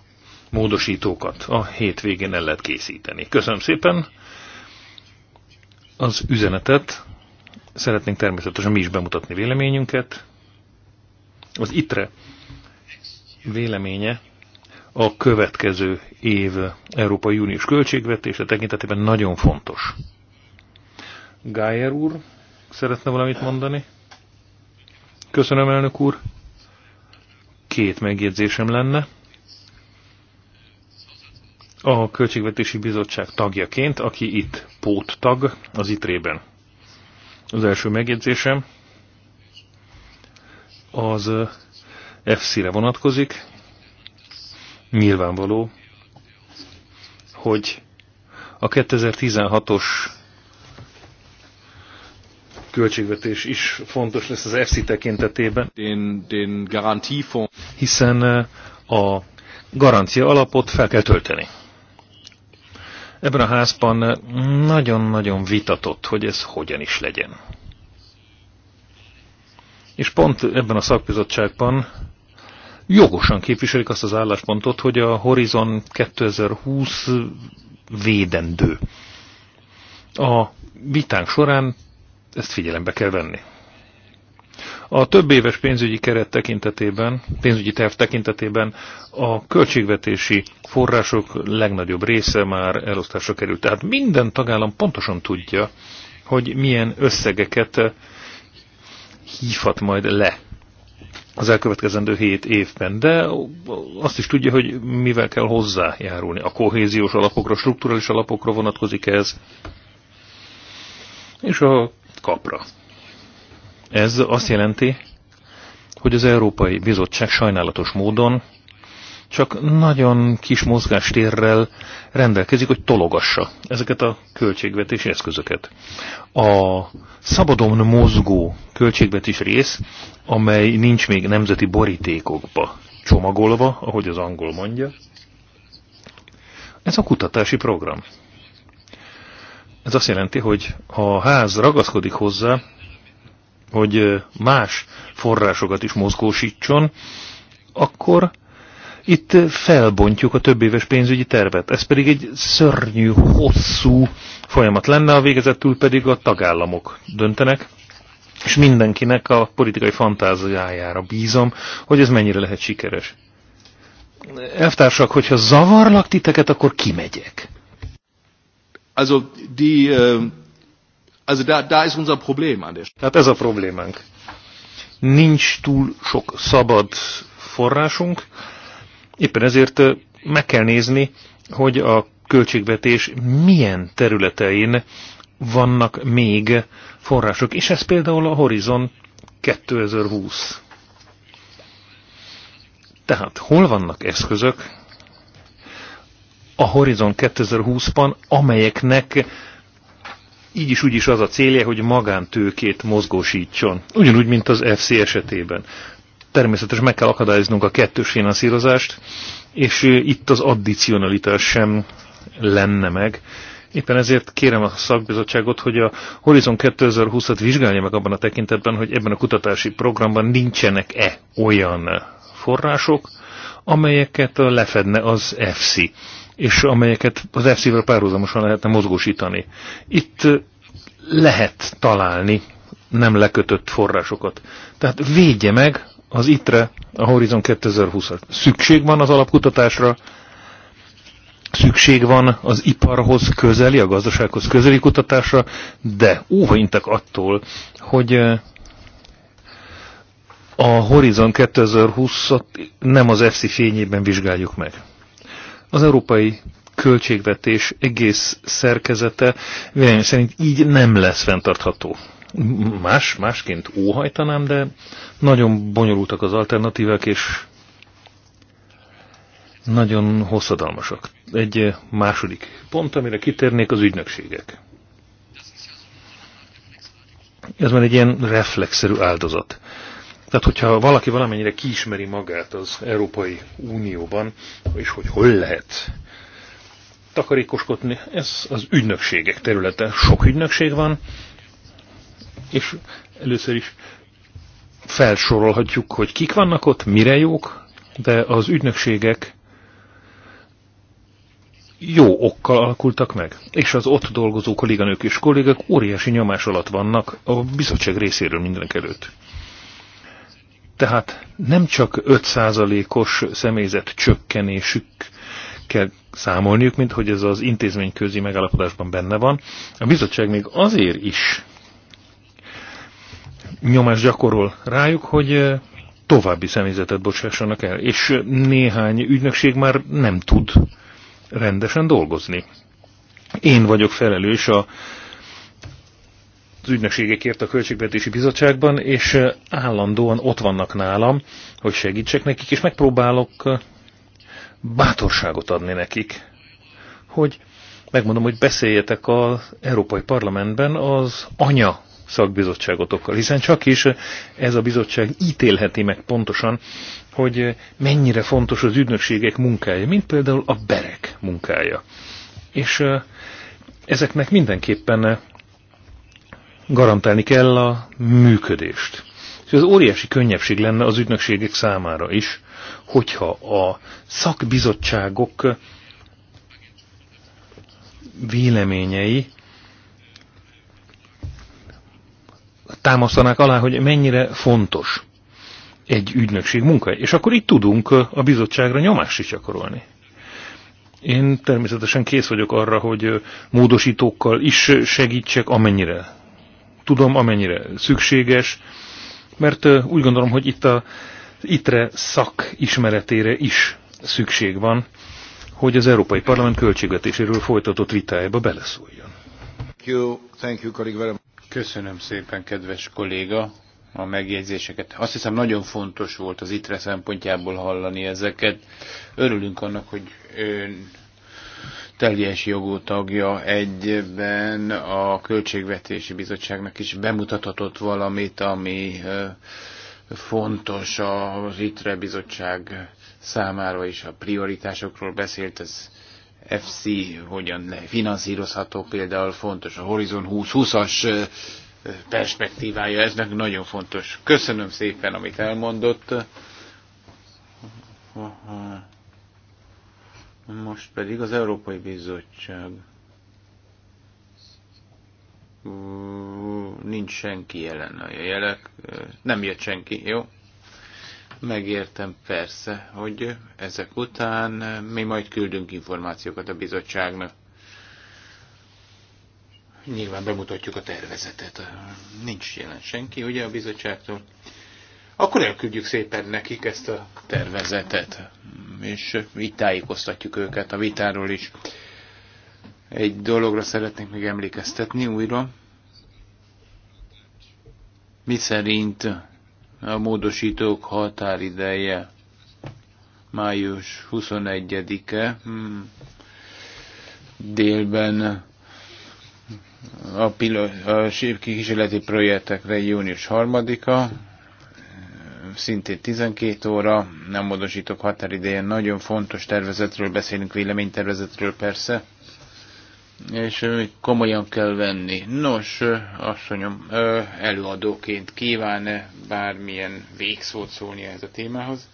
módosítókat. A hétvégén el lehet készíteni. Köszönöm szépen! Az üzenetet Szeretnénk természetesen mi is bemutatni véleményünket. Az ITRE véleménye a következő év Európai Uniós költségvetése tekintetében nagyon fontos. Gájer úr szeretne valamit mondani? Köszönöm, elnök úr. Két megjegyzésem lenne. A Költségvetési Bizottság tagjaként, aki itt póttag az ITRE-ben. Az első megjegyzésem az FC-re vonatkozik. Nyilvánvaló, hogy a 2016-os költségvetés is fontos lesz az FC tekintetében, den, den hiszen a garancia alapot fel kell tölteni ebben a házban nagyon-nagyon vitatott, hogy ez hogyan is legyen. És pont ebben a szakbizottságban jogosan képviselik azt az álláspontot, hogy a Horizon 2020 védendő. A vitánk során ezt figyelembe kell venni. A több éves pénzügyi keret tekintetében, pénzügyi terv tekintetében a költségvetési források legnagyobb része már elosztásra került. Tehát minden tagállam pontosan tudja, hogy milyen összegeket hívhat majd le az elkövetkezendő 7 évben, de azt is tudja, hogy mivel kell hozzájárulni. A kohéziós alapokra, strukturális alapokra vonatkozik ez, és a kapra. Ez azt jelenti, hogy az Európai Bizottság sajnálatos módon csak nagyon kis mozgástérrel rendelkezik, hogy tologassa ezeket a költségvetési eszközöket. A szabadon mozgó költségvetés rész, amely nincs még nemzeti borítékokba csomagolva, ahogy az angol mondja, ez a kutatási program. Ez azt jelenti, hogy ha a ház ragaszkodik hozzá, hogy más forrásokat is mozgósítson, akkor itt felbontjuk a több éves pénzügyi tervet. Ez pedig egy szörnyű, hosszú folyamat lenne, a végezetül pedig a tagállamok döntenek, és mindenkinek a politikai fantáziájára bízom, hogy ez mennyire lehet sikeres. Elvtársak, hogyha zavarlak titeket, akkor kimegyek. Also die, uh... Also da, da ist unser Problem an der Stelle. Tehát ez a problémánk. Nincs túl sok szabad forrásunk, éppen ezért meg kell nézni, hogy a költségvetés milyen területein vannak még források, és ez például a Horizon 2020. Tehát hol vannak eszközök a Horizon 2020-ban, amelyeknek így is úgy is az a célja, hogy magántőkét mozgósítson. Ugyanúgy, mint az FC esetében. Természetesen meg kell akadályoznunk a kettős finanszírozást, és itt az addicionalitás sem lenne meg. Éppen ezért kérem a szakbizottságot, hogy a Horizon 2020-at vizsgálja meg abban a tekintetben, hogy ebben a kutatási programban nincsenek-e olyan források, amelyeket lefedne az FC és amelyeket az FC-vel párhuzamosan lehetne mozgósítani. Itt lehet találni nem lekötött forrásokat. Tehát védje meg az ITRE a Horizon 2020-at. Szükség van az alapkutatásra, szükség van az iparhoz közeli, a gazdasághoz közeli kutatásra, de óvaintek attól, hogy eh, a Horizon 2020-at nem az EFSI fényében vizsgáljuk meg. Az európai költségvetés egész szerkezete vélemény szerint így nem lesz fenntartható. Más, másként óhajtanám, de nagyon bonyolultak az alternatívák, és nagyon hosszadalmasak. Egy második pont, amire kitérnék, az ügynökségek. Ez már egy ilyen reflexzerű áldozat. Tehát, hogyha valaki valamennyire kiismeri magát az Európai Unióban, és hogy hol lehet takarékoskodni, ez az ügynökségek területe. Sok ügynökség van, és először is felsorolhatjuk, hogy kik vannak ott, mire jók, de az ügynökségek jó okkal alakultak meg, és az ott dolgozó kolléganők és kollégák óriási nyomás alatt vannak a bizottság részéről mindenek előtt. Tehát nem csak 5%-os személyzet csökkenésük kell számolniuk, mint hogy ez az intézményközi megállapodásban benne van. A bizottság még azért is nyomást gyakorol rájuk, hogy további személyzetet bocsássanak el, és néhány ügynökség már nem tud rendesen dolgozni. Én vagyok felelős a ügynökségekért a Költségvetési Bizottságban, és állandóan ott vannak nálam, hogy segítsek nekik, és megpróbálok bátorságot adni nekik, hogy megmondom, hogy beszéljetek az Európai Parlamentben az anya szakbizottságotokkal, hiszen csak is ez a bizottság ítélheti meg pontosan, hogy mennyire fontos az ügynökségek munkája, mint például a berek munkája. És ezeknek mindenképpen garantálni kell a működést. És ez óriási könnyebbség lenne az ügynökségek számára is, hogyha a szakbizottságok véleményei támasztanák alá, hogy mennyire fontos egy ügynökség munkája. És akkor itt tudunk a bizottságra nyomást is gyakorolni. Én természetesen kész vagyok arra, hogy módosítókkal is segítsek, amennyire tudom, amennyire szükséges, mert úgy gondolom, hogy itt a ITRE szak ismeretére is szükség van, hogy az Európai Parlament költségvetéséről folytatott vitájába beleszóljon. Köszönöm szépen, kedves kolléga, a megjegyzéseket. Azt hiszem nagyon fontos volt az ITRE szempontjából hallani ezeket. Örülünk annak, hogy ön teljes jogú tagja egyben a Költségvetési Bizottságnak is bemutathatott valamit, ami fontos az ITRE Bizottság számára is. A prioritásokról beszélt, ez FC hogyan finanszírozható például fontos, a Horizon 2020-as perspektívája, ez meg nagyon fontos. Köszönöm szépen, amit elmondott. Most pedig az Európai Bizottság. Nincs senki jelen a jelek. Nem jött senki, jó? Megértem persze, hogy ezek után mi majd küldünk információkat a bizottságnak. Nyilván bemutatjuk a tervezetet. Nincs jelen senki, ugye a bizottságtól akkor elküldjük szépen nekik ezt a tervezetet, és így tájékoztatjuk őket a vitáról is. Egy dologra szeretnék még emlékeztetni újra, mi szerint a módosítók határideje május 21-e hmm, délben a, pilo- a kísérleti projektekre június 3-a, szintén 12 óra, nem módosítok határidején, nagyon fontos tervezetről beszélünk, véleménytervezetről persze, és komolyan kell venni. Nos, asszonyom, előadóként kíván -e bármilyen végszót szólni ehhez a témához?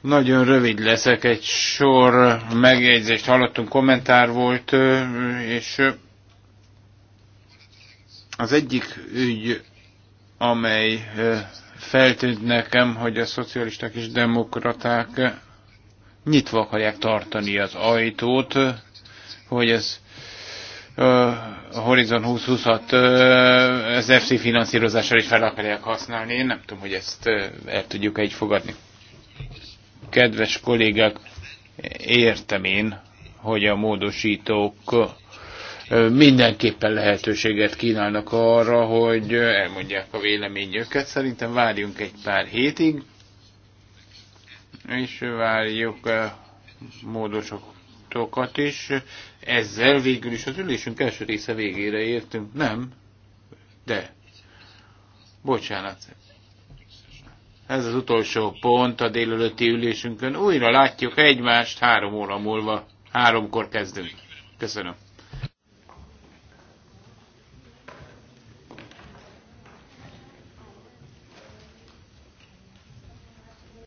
Nagyon rövid leszek, egy sor megjegyzést hallottunk, kommentár volt, és az egyik ügy, amely feltűnt nekem, hogy a szocialisták és demokraták nyitva akarják tartani az ajtót, hogy ez a Horizon 2026 az FC finanszírozással is fel akarják használni. Én nem tudom, hogy ezt el tudjuk egy fogadni. Kedves kollégák, értem én, hogy a módosítók mindenképpen lehetőséget kínálnak arra, hogy elmondják a véleményüket. Szerintem várjunk egy pár hétig, és várjuk a módosítókat is. Ezzel végül is az ülésünk első része végére értünk, nem? De. Bocsánat, ez az utolsó pont a délelőtti ülésünkön. Újra látjuk egymást három óra múlva. Háromkor kezdünk. Köszönöm.